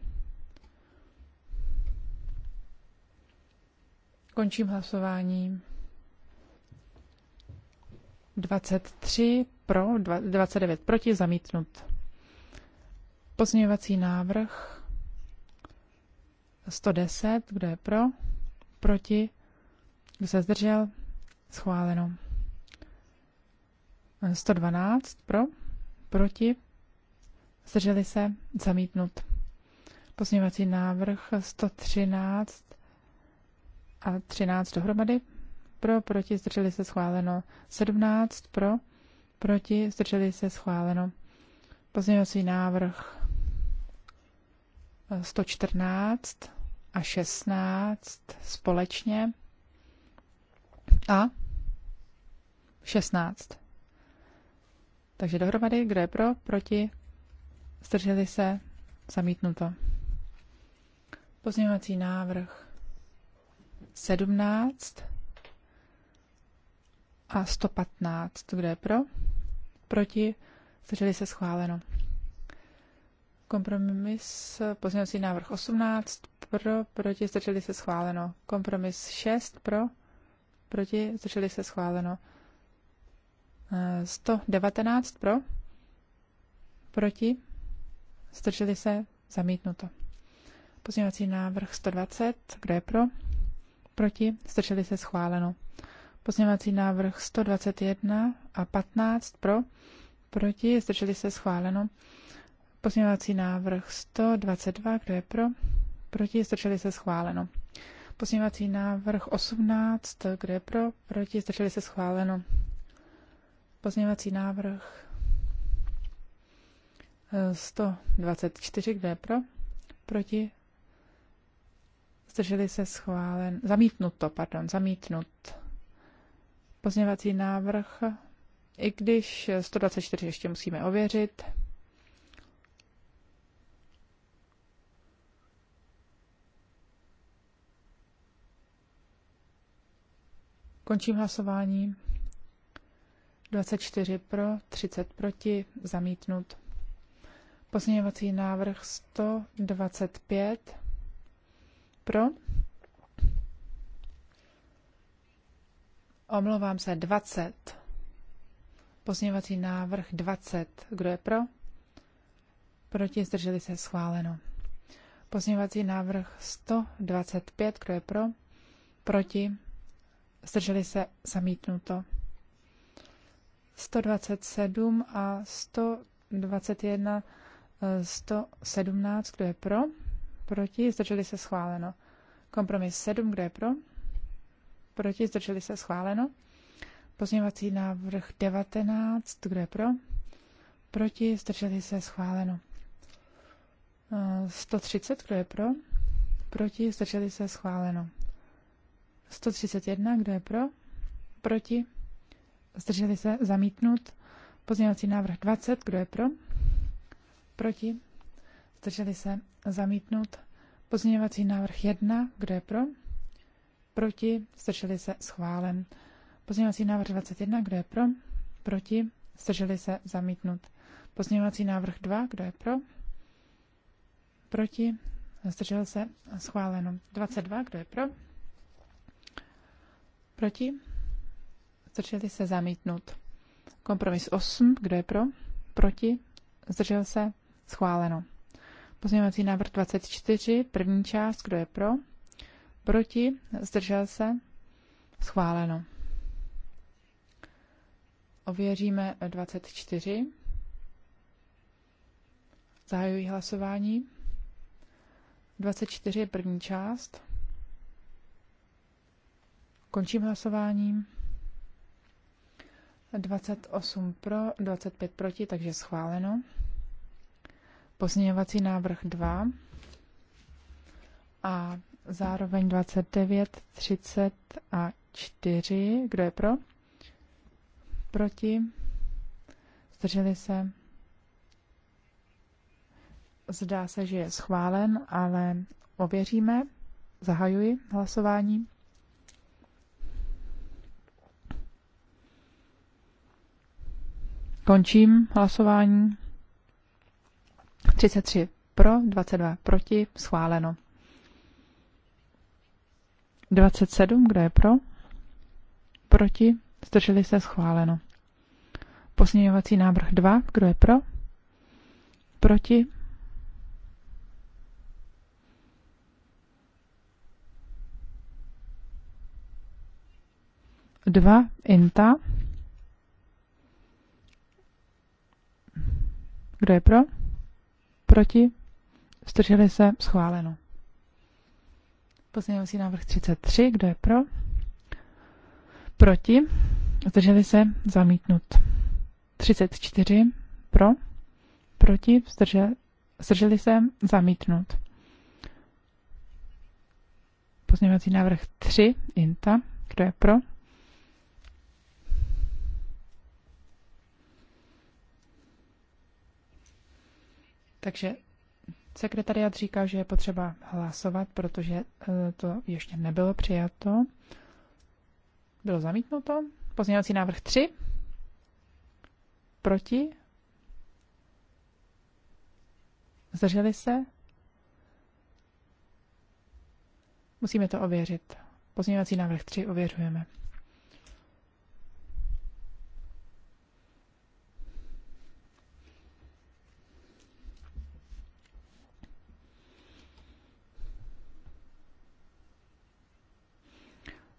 Končím hlasování. 23 pro, 29 proti, zamítnut. Pozměňovací návrh 110, kdo je pro, proti, kdo se zdržel, schváleno. 112 pro, proti, Zdrželi se? Zamítnut. Pozměňovací návrh 113 a 13 dohromady. Pro, proti, zdrželi se schváleno. 17 pro, proti, zdrželi se schváleno. Pozměňovací návrh 114 a 16 společně. A 16. Takže dohromady, kdo je pro, proti, Zdrželi se? Zamítnuto. Pozměňovací návrh 17 a 115. Kdo je pro? Proti? Zdrželi se? Schváleno. Kompromis pozměňovací návrh 18 pro, proti, zdrželi se schváleno. Kompromis 6 pro, proti, zdrželi se schváleno. 119 eh, pro, proti, Zdrželi se? Zamítnuto. Pozměňovací návrh 120. Kdo je pro? Proti? Zdrželi se? Schváleno. Pozměňovací návrh 121 a 15 pro? Proti? Zdrželi se? Schváleno. Pozměňovací návrh 122. Kdo je pro? Proti? Zdrželi se? Schváleno. Pozměňovací návrh 18. Kdo je pro? Proti? Zdrželi se? Schváleno. Pozměňovací návrh 124, kde je pro? Proti? Zdrželi se schválen. Zamítnuto, pardon, zamítnut. Pozměvací návrh, i když 124 ještě musíme ověřit. Končím hlasování. 24 pro, 30 proti, zamítnut. Pozměňovací návrh 125 pro. Omlouvám se, 20. Pozměňovací návrh 20. Kdo je pro? Proti zdrželi se schváleno. Pozměňovací návrh 125. Kdo je pro? Proti zdrželi se zamítnuto. 127 a 121 117, kdo je pro, proti, zdrželi se schváleno. Kompromis 7, kdo je pro, proti, zdrželi se schváleno. Pozměňovací návrh 19, kdo je pro, proti, zdrželi se schváleno. 130, eh, kdo je pro, proti, zdrželi se schváleno. 131, kdo je pro, proti, zdrželi se zamítnut. Pozměňovací návrh 20, kdo je pro, Proti? Zdrželi se? Zamítnout? Pozměňovací návrh 1. Kdo je pro? Proti? Zdrželi se? Schválen. Pozměňovací návrh 21. Kdo je pro? Proti? Zdrželi se? Zamítnout. Pozměňovací návrh 2. Kdo je pro? Proti? Zdržel se? Schváleno. 22. Kdo je pro? Proti? Zdrželi se? Zamítnout. Kompromis 8. Kdo je pro? Proti? Zdržel se? Schváleno. Pozměňovací návrh 24, první část, kdo je pro? Proti? Zdržel se? Schváleno. Ověříme 24. Zahajuji hlasování. 24 je první část. Končím hlasování. 28 pro, 25 proti, takže schváleno pozměňovací návrh 2 a zároveň 29, 30 a 4. Kdo je pro? Proti? Zdrželi se? Zdá se, že je schválen, ale ověříme. Zahajuji hlasování. Končím hlasování. 33 pro, 22 proti, schváleno. 27, kdo je pro? Proti, zdrželi se, schváleno. Posměňovací návrh 2, kdo je pro? Proti, Dva inta. Kdo je pro? Proti? Zdrželi se? Schváleno. Pozměňovací návrh 33. Kdo je pro? Proti? Zdrželi se? Zamítnut. 34. Pro? Proti? Zdrželi, zdrželi se? Zamítnut. Pozměňovací návrh 3. Inta. Kdo je pro? Takže sekretariat říká, že je potřeba hlasovat, protože eh, to ještě nebylo přijato. Bylo zamítnuto. Pozměňovací návrh 3. Proti. Zdrželi se? Musíme to ověřit. Pozměňovací návrh 3 ověřujeme.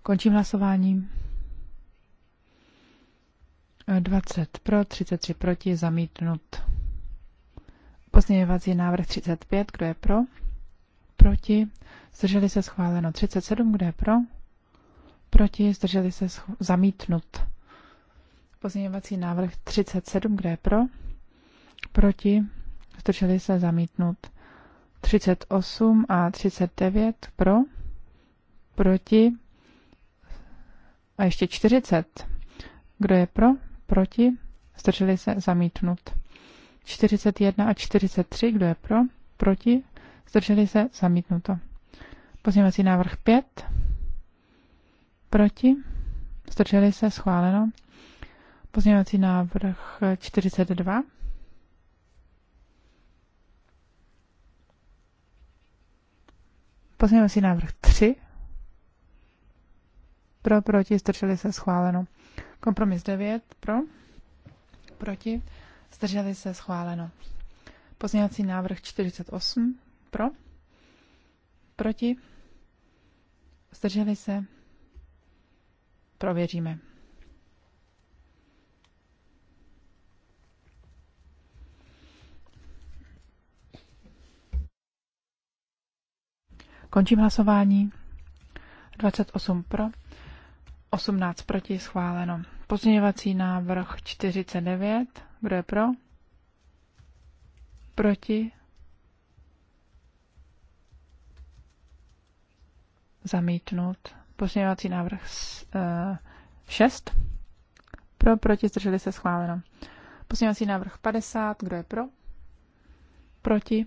Končím hlasováním. 20 pro, 33 proti, zamítnut. Pozměňovací návrh 35, kdo je pro? Proti, zdrželi se schváleno. 37, kdo je pro? Proti, zdrželi se zamítnut. Pozměňovací návrh 37, kdo je pro? Proti, zdrželi se zamítnut. 38 a 39 pro? Proti, a ještě 40. Kdo je pro? Proti? Zdrželi se zamítnut. 41 a 43. Kdo je pro? Proti? Zdrželi se zamítnuto. Pozměňovací návrh 5. Proti? Zdrželi se schváleno. Pozměňovací návrh 42. Pozměňovací návrh 3 pro, proti, zdrželi se, schváleno. Kompromis 9, pro, proti, zdrželi se, schváleno. Pozměňovací návrh 48, pro, proti, zdrželi se, prověříme. Končím hlasování. 28 pro, 18 proti, schváleno. Pozměňovací návrh 49, kdo je pro? Proti? Zamítnut. Pozměňovací návrh 6. Eh, pro, proti, zdrželi se, schváleno. Pozměňovací návrh 50, kdo je pro? Proti?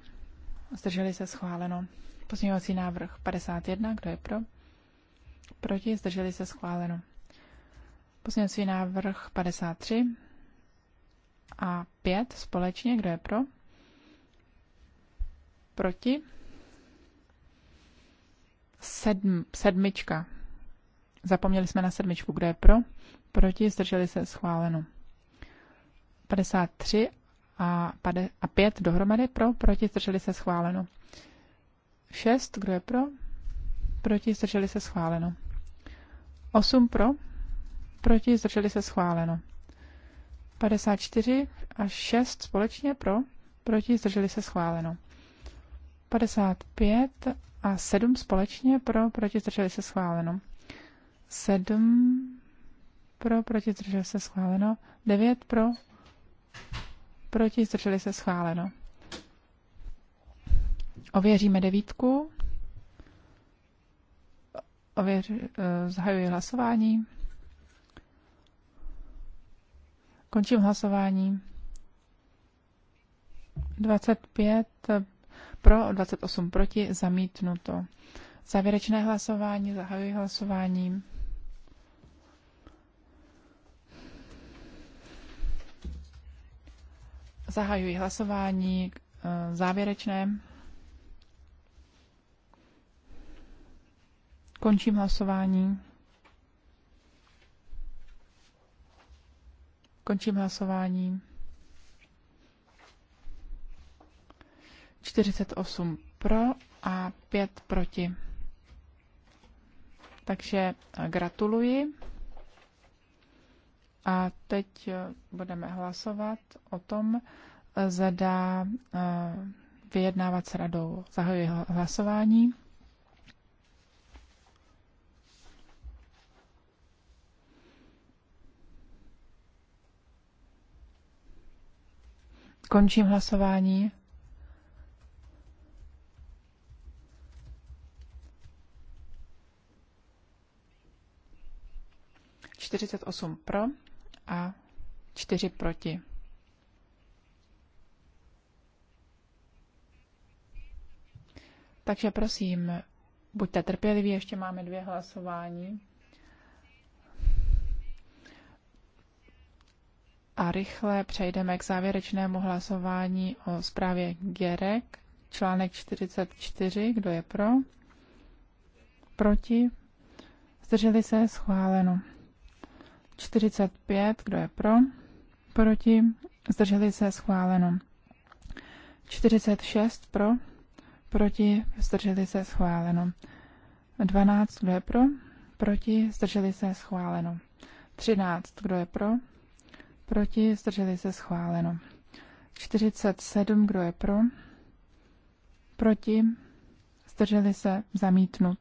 Zdrželi se, schváleno. Pozměňovací návrh 51, kdo je pro? proti, zdrželi se schváleno. Pozměňovací návrh 53 a 5 společně, kdo je pro? Proti? Sedm, sedmička. Zapomněli jsme na sedmičku, kdo je pro? Proti, zdrželi se schváleno. 53 a, pade, a 5 dohromady pro, proti, zdrželi se schváleno. 6, kdo je pro? Proti, zdrželi se schváleno. 8 pro, proti, zdrželi se schváleno. 54 až 6 společně pro, proti, zdrželi se schváleno. 55 a 7 společně pro, proti, zdrželi se schváleno. 7 pro, proti, zdrželi se schváleno. 9 pro, proti, zdrželi se schváleno. Ověříme devítku. Ověř, eh, zahajuji hlasování. Končím hlasování. 25 eh, pro, 28 proti, zamítnuto. Závěrečné hlasování, zahajuji hlasování. Zahajuji hlasování eh, závěrečné. Končím hlasování. Končím hlasování. 48 pro a 5 proti. Takže eh, gratuluji. A teď eh, budeme hlasovat o tom, eh, zda vyjednávat s radou. Zahajuji hlasování. Končím hlasování. Čtyřicet osm pro a čtyři proti. Takže prosím, buďte trpěliví, ještě máme dvě hlasování. a rychle přejdeme k závěrečnému hlasování o zprávě Gerek, článek 44, kdo je pro, proti, zdrželi se, schváleno. 45, kdo je pro, proti, zdrželi se, schváleno. 46 pro, proti, zdrželi se, schváleno. 12, kdo je pro, proti, zdrželi se, schváleno. 13, kdo je pro, Proti? Zdrželi se schváleno. 47. Kdo je pro? Proti? Zdrželi se zamítnut.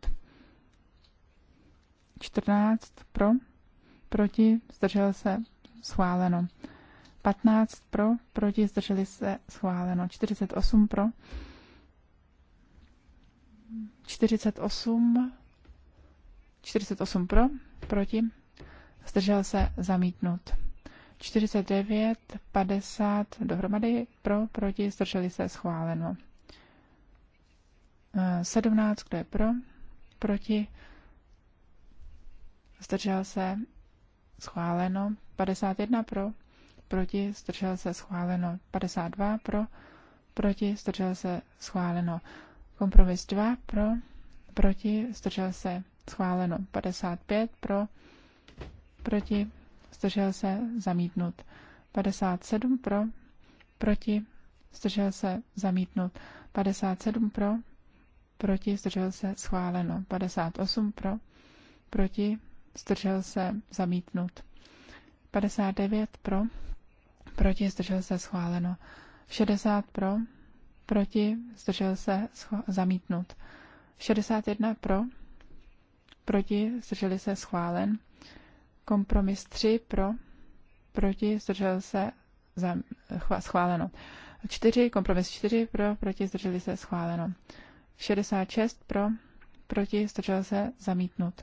14. Pro? Proti? Zdržel se schváleno. 15 pro, proti zdrželi se schváleno. 48 pro, 48, 48 pro, proti, zdržel se zamítnut. 49, 50 dohromady pro, proti, zdrželi se, schváleno. 17, eh, kdo je pro, proti, zdržel se, schváleno. 51 pro, proti, zdržel se, schváleno. 52 pro, proti, zdržel se, schváleno. Kompromis 2 pro, proti, zdržel se, schváleno. 55 pro, proti, zdržel se, zamítnut. 57 pro, proti, zdržel se, zamítnut. 57 pro, proti, zdržel se, schváleno. 58 pro, proti, zdržel se, zamítnut. 59 pro, proti, zdržel se, schváleno. 60 pro, proti, zdržel se, zamítnut. 61 pro, proti, zdrželi se, schválen. Kompromis 3 pro, proti, zdržel se, za, schváleno. 4, kompromis 4 pro, proti, zdrželi se, schváleno. 66 pro, proti, zdržel se, zamítnut.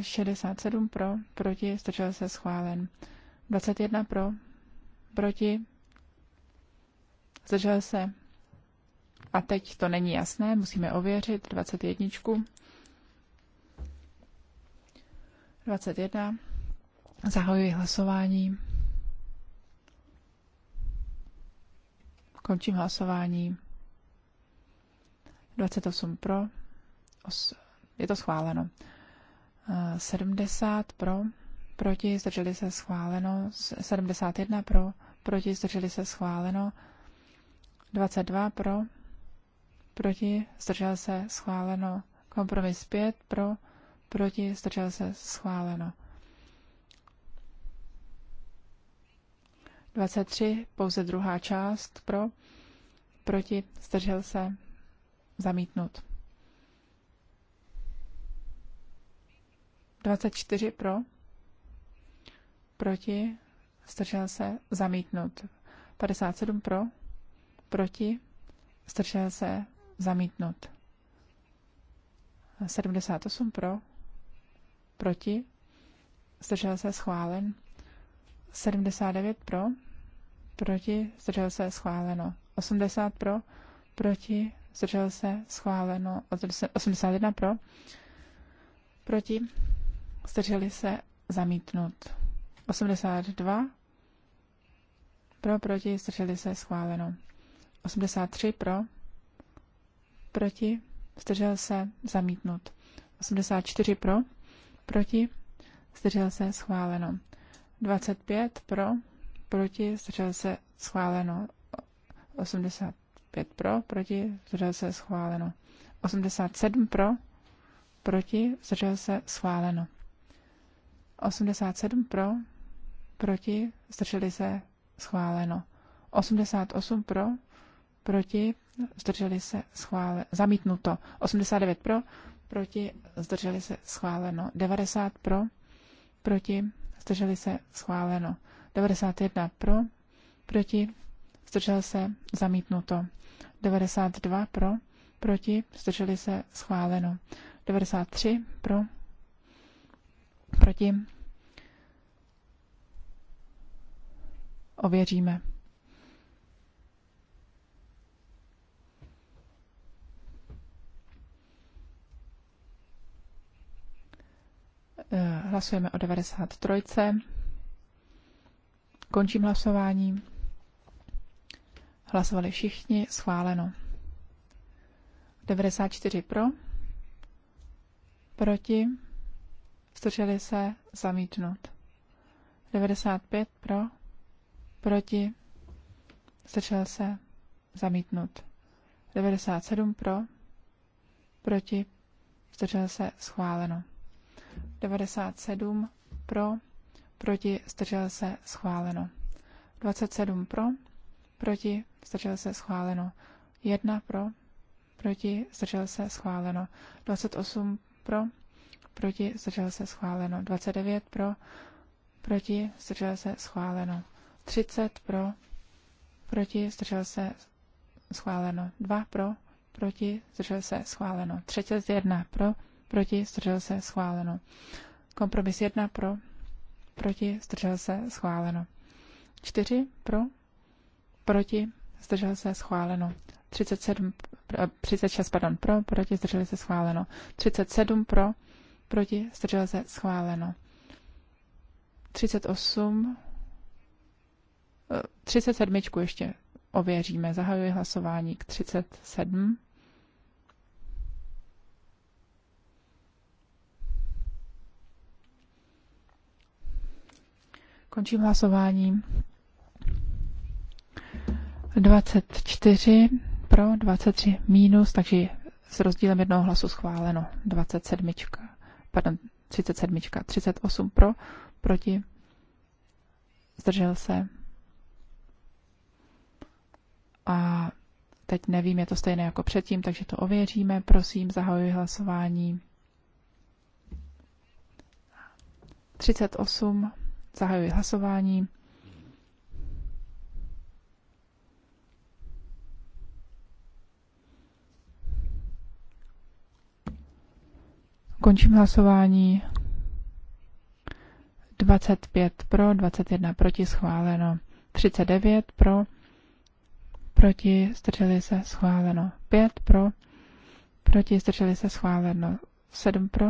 67 eh, pro, proti, zdržel se, schválen. 21 pro, proti, zdržel se. A teď to není jasné, musíme ověřit 21. 21. Zahajuji hlasování. Končím hlasování. 28 pro. Je to schváleno. 70 eh, pro. Proti zdrželi se schváleno. 71 pro. Proti zdrželi se schváleno. 22 pro. Proti zdržel se schváleno. Kompromis 5 pro proti, zdržel se, schváleno. 23, pouze druhá část, pro, proti, zdržel se, zamítnut. 24 pro, proti, zdržel se, zamítnut. 57 pro, proti, zdržel se, zamítnut. 78 pro, proti, zdržel se schválen. 79 pro, proti, zdržel se schváleno. 80 pro, proti, zdržel se schváleno. 81 pro, proti, zdrželi se zamítnut. 82 pro, proti, zdrželi se schváleno. 83 pro, proti, zdržel se zamítnut. 84 pro, proti, zdržel se, schváleno. 25 pro, proti, zdržel se, schváleno. 85 pro, proti, zdržel se, schváleno. 87 pro, proti, zdržel se, schváleno. 87 pro, proti, zdrželi se, schváleno. 88 pro, proti, zdrželi se, schváleno. zamítnuto. 89 pro, proti, zdrželi se schváleno. 90 pro, proti, zdrželi se schváleno. 91 pro, proti, zdržel se zamítnuto. 92 pro, proti, zdrželi se schváleno. 93 pro, proti, ověříme. Hlasujeme o 93. Končím hlasování. Hlasovali všichni, schváleno. 94 pro, proti, zdrželi se, zamítnut. 95 pro, proti, zdržel se, zamítnut. 97 pro, proti, zdržel se, schváleno. 97 pro, proti, zdržel se, schváleno. 27 pro, proti, zdržel se, schváleno. 1 pro, proti, zdržel se, schváleno. 28 pro, proti, zdržel se, schváleno. 29 pro, proti, zdržel se, schváleno. 30 pro, proti, zdržel se, schváleno. 2 pro, proti, zdržel se, schváleno. 31 pro, proti, zdržel se, schváleno. Kompromis 1 pro, proti, zdržel se, schváleno. 4 pro, proti, zdržel se, schváleno. 37, 36 eh, pardon, pro, proti, zdržel se, schváleno. 37 pro, proti, zdržel se, schváleno. 38, 37 ještě ověříme. Zahajuji hlasování k 37. Končím hlasování. 24 pro, 23 minus, takže s rozdílem jednoho hlasu schváleno. 27, pardon, 37, 38 pro, proti, zdržel se. A teď nevím, je to stejné jako předtím, takže to ověříme. Prosím, zahajuji hlasování. 38 Zahajuji hlasování. Končím hlasování. 25 pro, 21 proti, schváleno. 39 pro, proti, strželi se, schváleno. 5 pro, proti, strželi se, schváleno. 7 pro,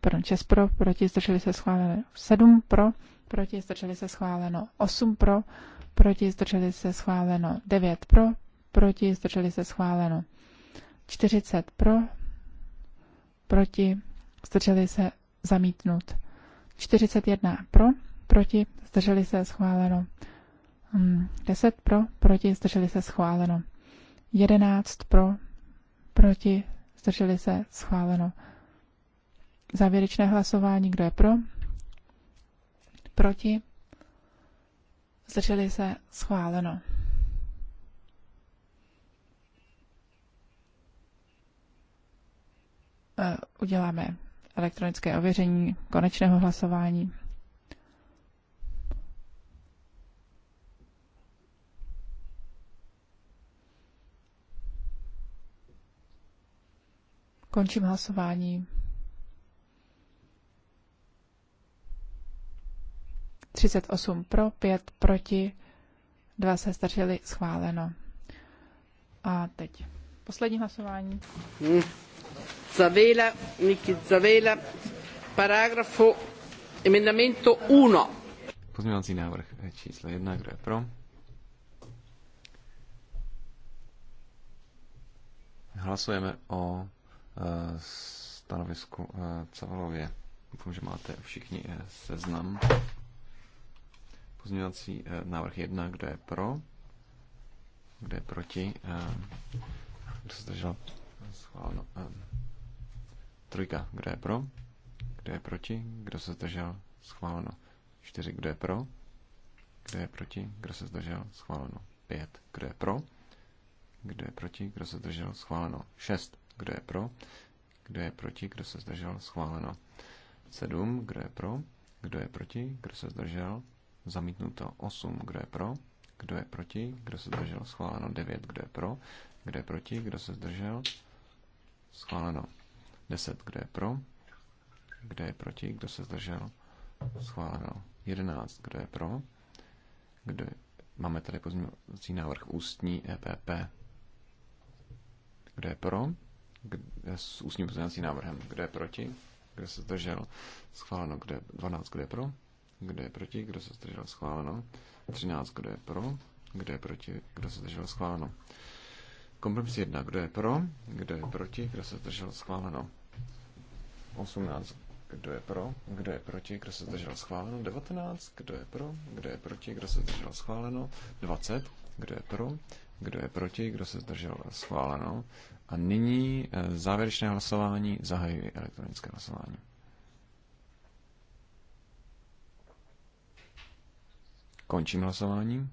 pro 6 pro, proti, strželi se, schváleno. 7 pro, proti, zdrželi se schváleno 8 pro, proti, zdrželi se schváleno 9 pro, proti, zdrželi se schváleno 40 pro, proti, zdrželi se zamítnut 41 pro, proti, zdrželi se schváleno 10 mm, pro, proti, zdrželi se schváleno 11 pro, proti, zdrželi se schváleno. Závěrečné hlasování, kdo je pro, Proti? Zdrželi se schváleno. Eh, uděláme elektronické ověření konečného hlasování. Končím hlasování. 38 pro, 5 proti, 2 se stařili, schváleno. A teď poslední hlasování. Zavěla hmm. Zavela, zavěla Zavela, paragrafu emendamento 1. Pozměňovací návrh číslo 1, kdo je pro? Hlasujeme o eh, stanovisku e, Cavalově. Doufám, že máte všichni eh, seznam. Pozměňovací eh, návrh 1, kdo je pro, kdo je proti, eh, kdo se zdržel, schváleno. Ehm, trojka, kdo je pro, kdo je proti, kdo se zdržel, schváleno. 4, kdo je pro, kdo je proti, kdo se zdržel, schváleno. 5, kdo je pro, kdo je proti, kdo se zdržel, schváleno. 6, kdo je pro, kdo je proti, kdo se zdržel, schváleno. 7. Kdo je pro? Kdo je proti? Kdo se zdržel? Zamítnuto 8. Kdo je pro? Kdo je proti? Kdo se zdržel? Schváleno 9. Kdo je pro? Kdo je proti? Kdo se zdržel? Schváleno 10. Kdo je pro? Kdo je proti? Kdo se zdržel? Schváleno 11. Kdo je pro? Kdo je... Máme tady pozměňovací návrh ústní EPP. Kdo je pro? Kdo je s ústním pozměňovacím návrhem. Kdo je proti? Kdo se zdržel? Schváleno. kde 12. Kdo je pro? kdo je proti, kdo se zdržel schváleno. 13, kdo je pro, kdo je proti, kdo se zdržel schváleno. Kompromis 1, kdo je pro, kdo je proti, kdo se zdržel schváleno. 18, kdo je pro, kdo je proti, kdo se zdržel schváleno. 19, kdo je pro, kdo je proti, kdo se zdržel schváleno. 20, kdo je pro, kdo je proti, kdo se zdržel schváleno. A nyní závěrečné hlasování zahajuji elektronické hlasování. Končím hlasováním.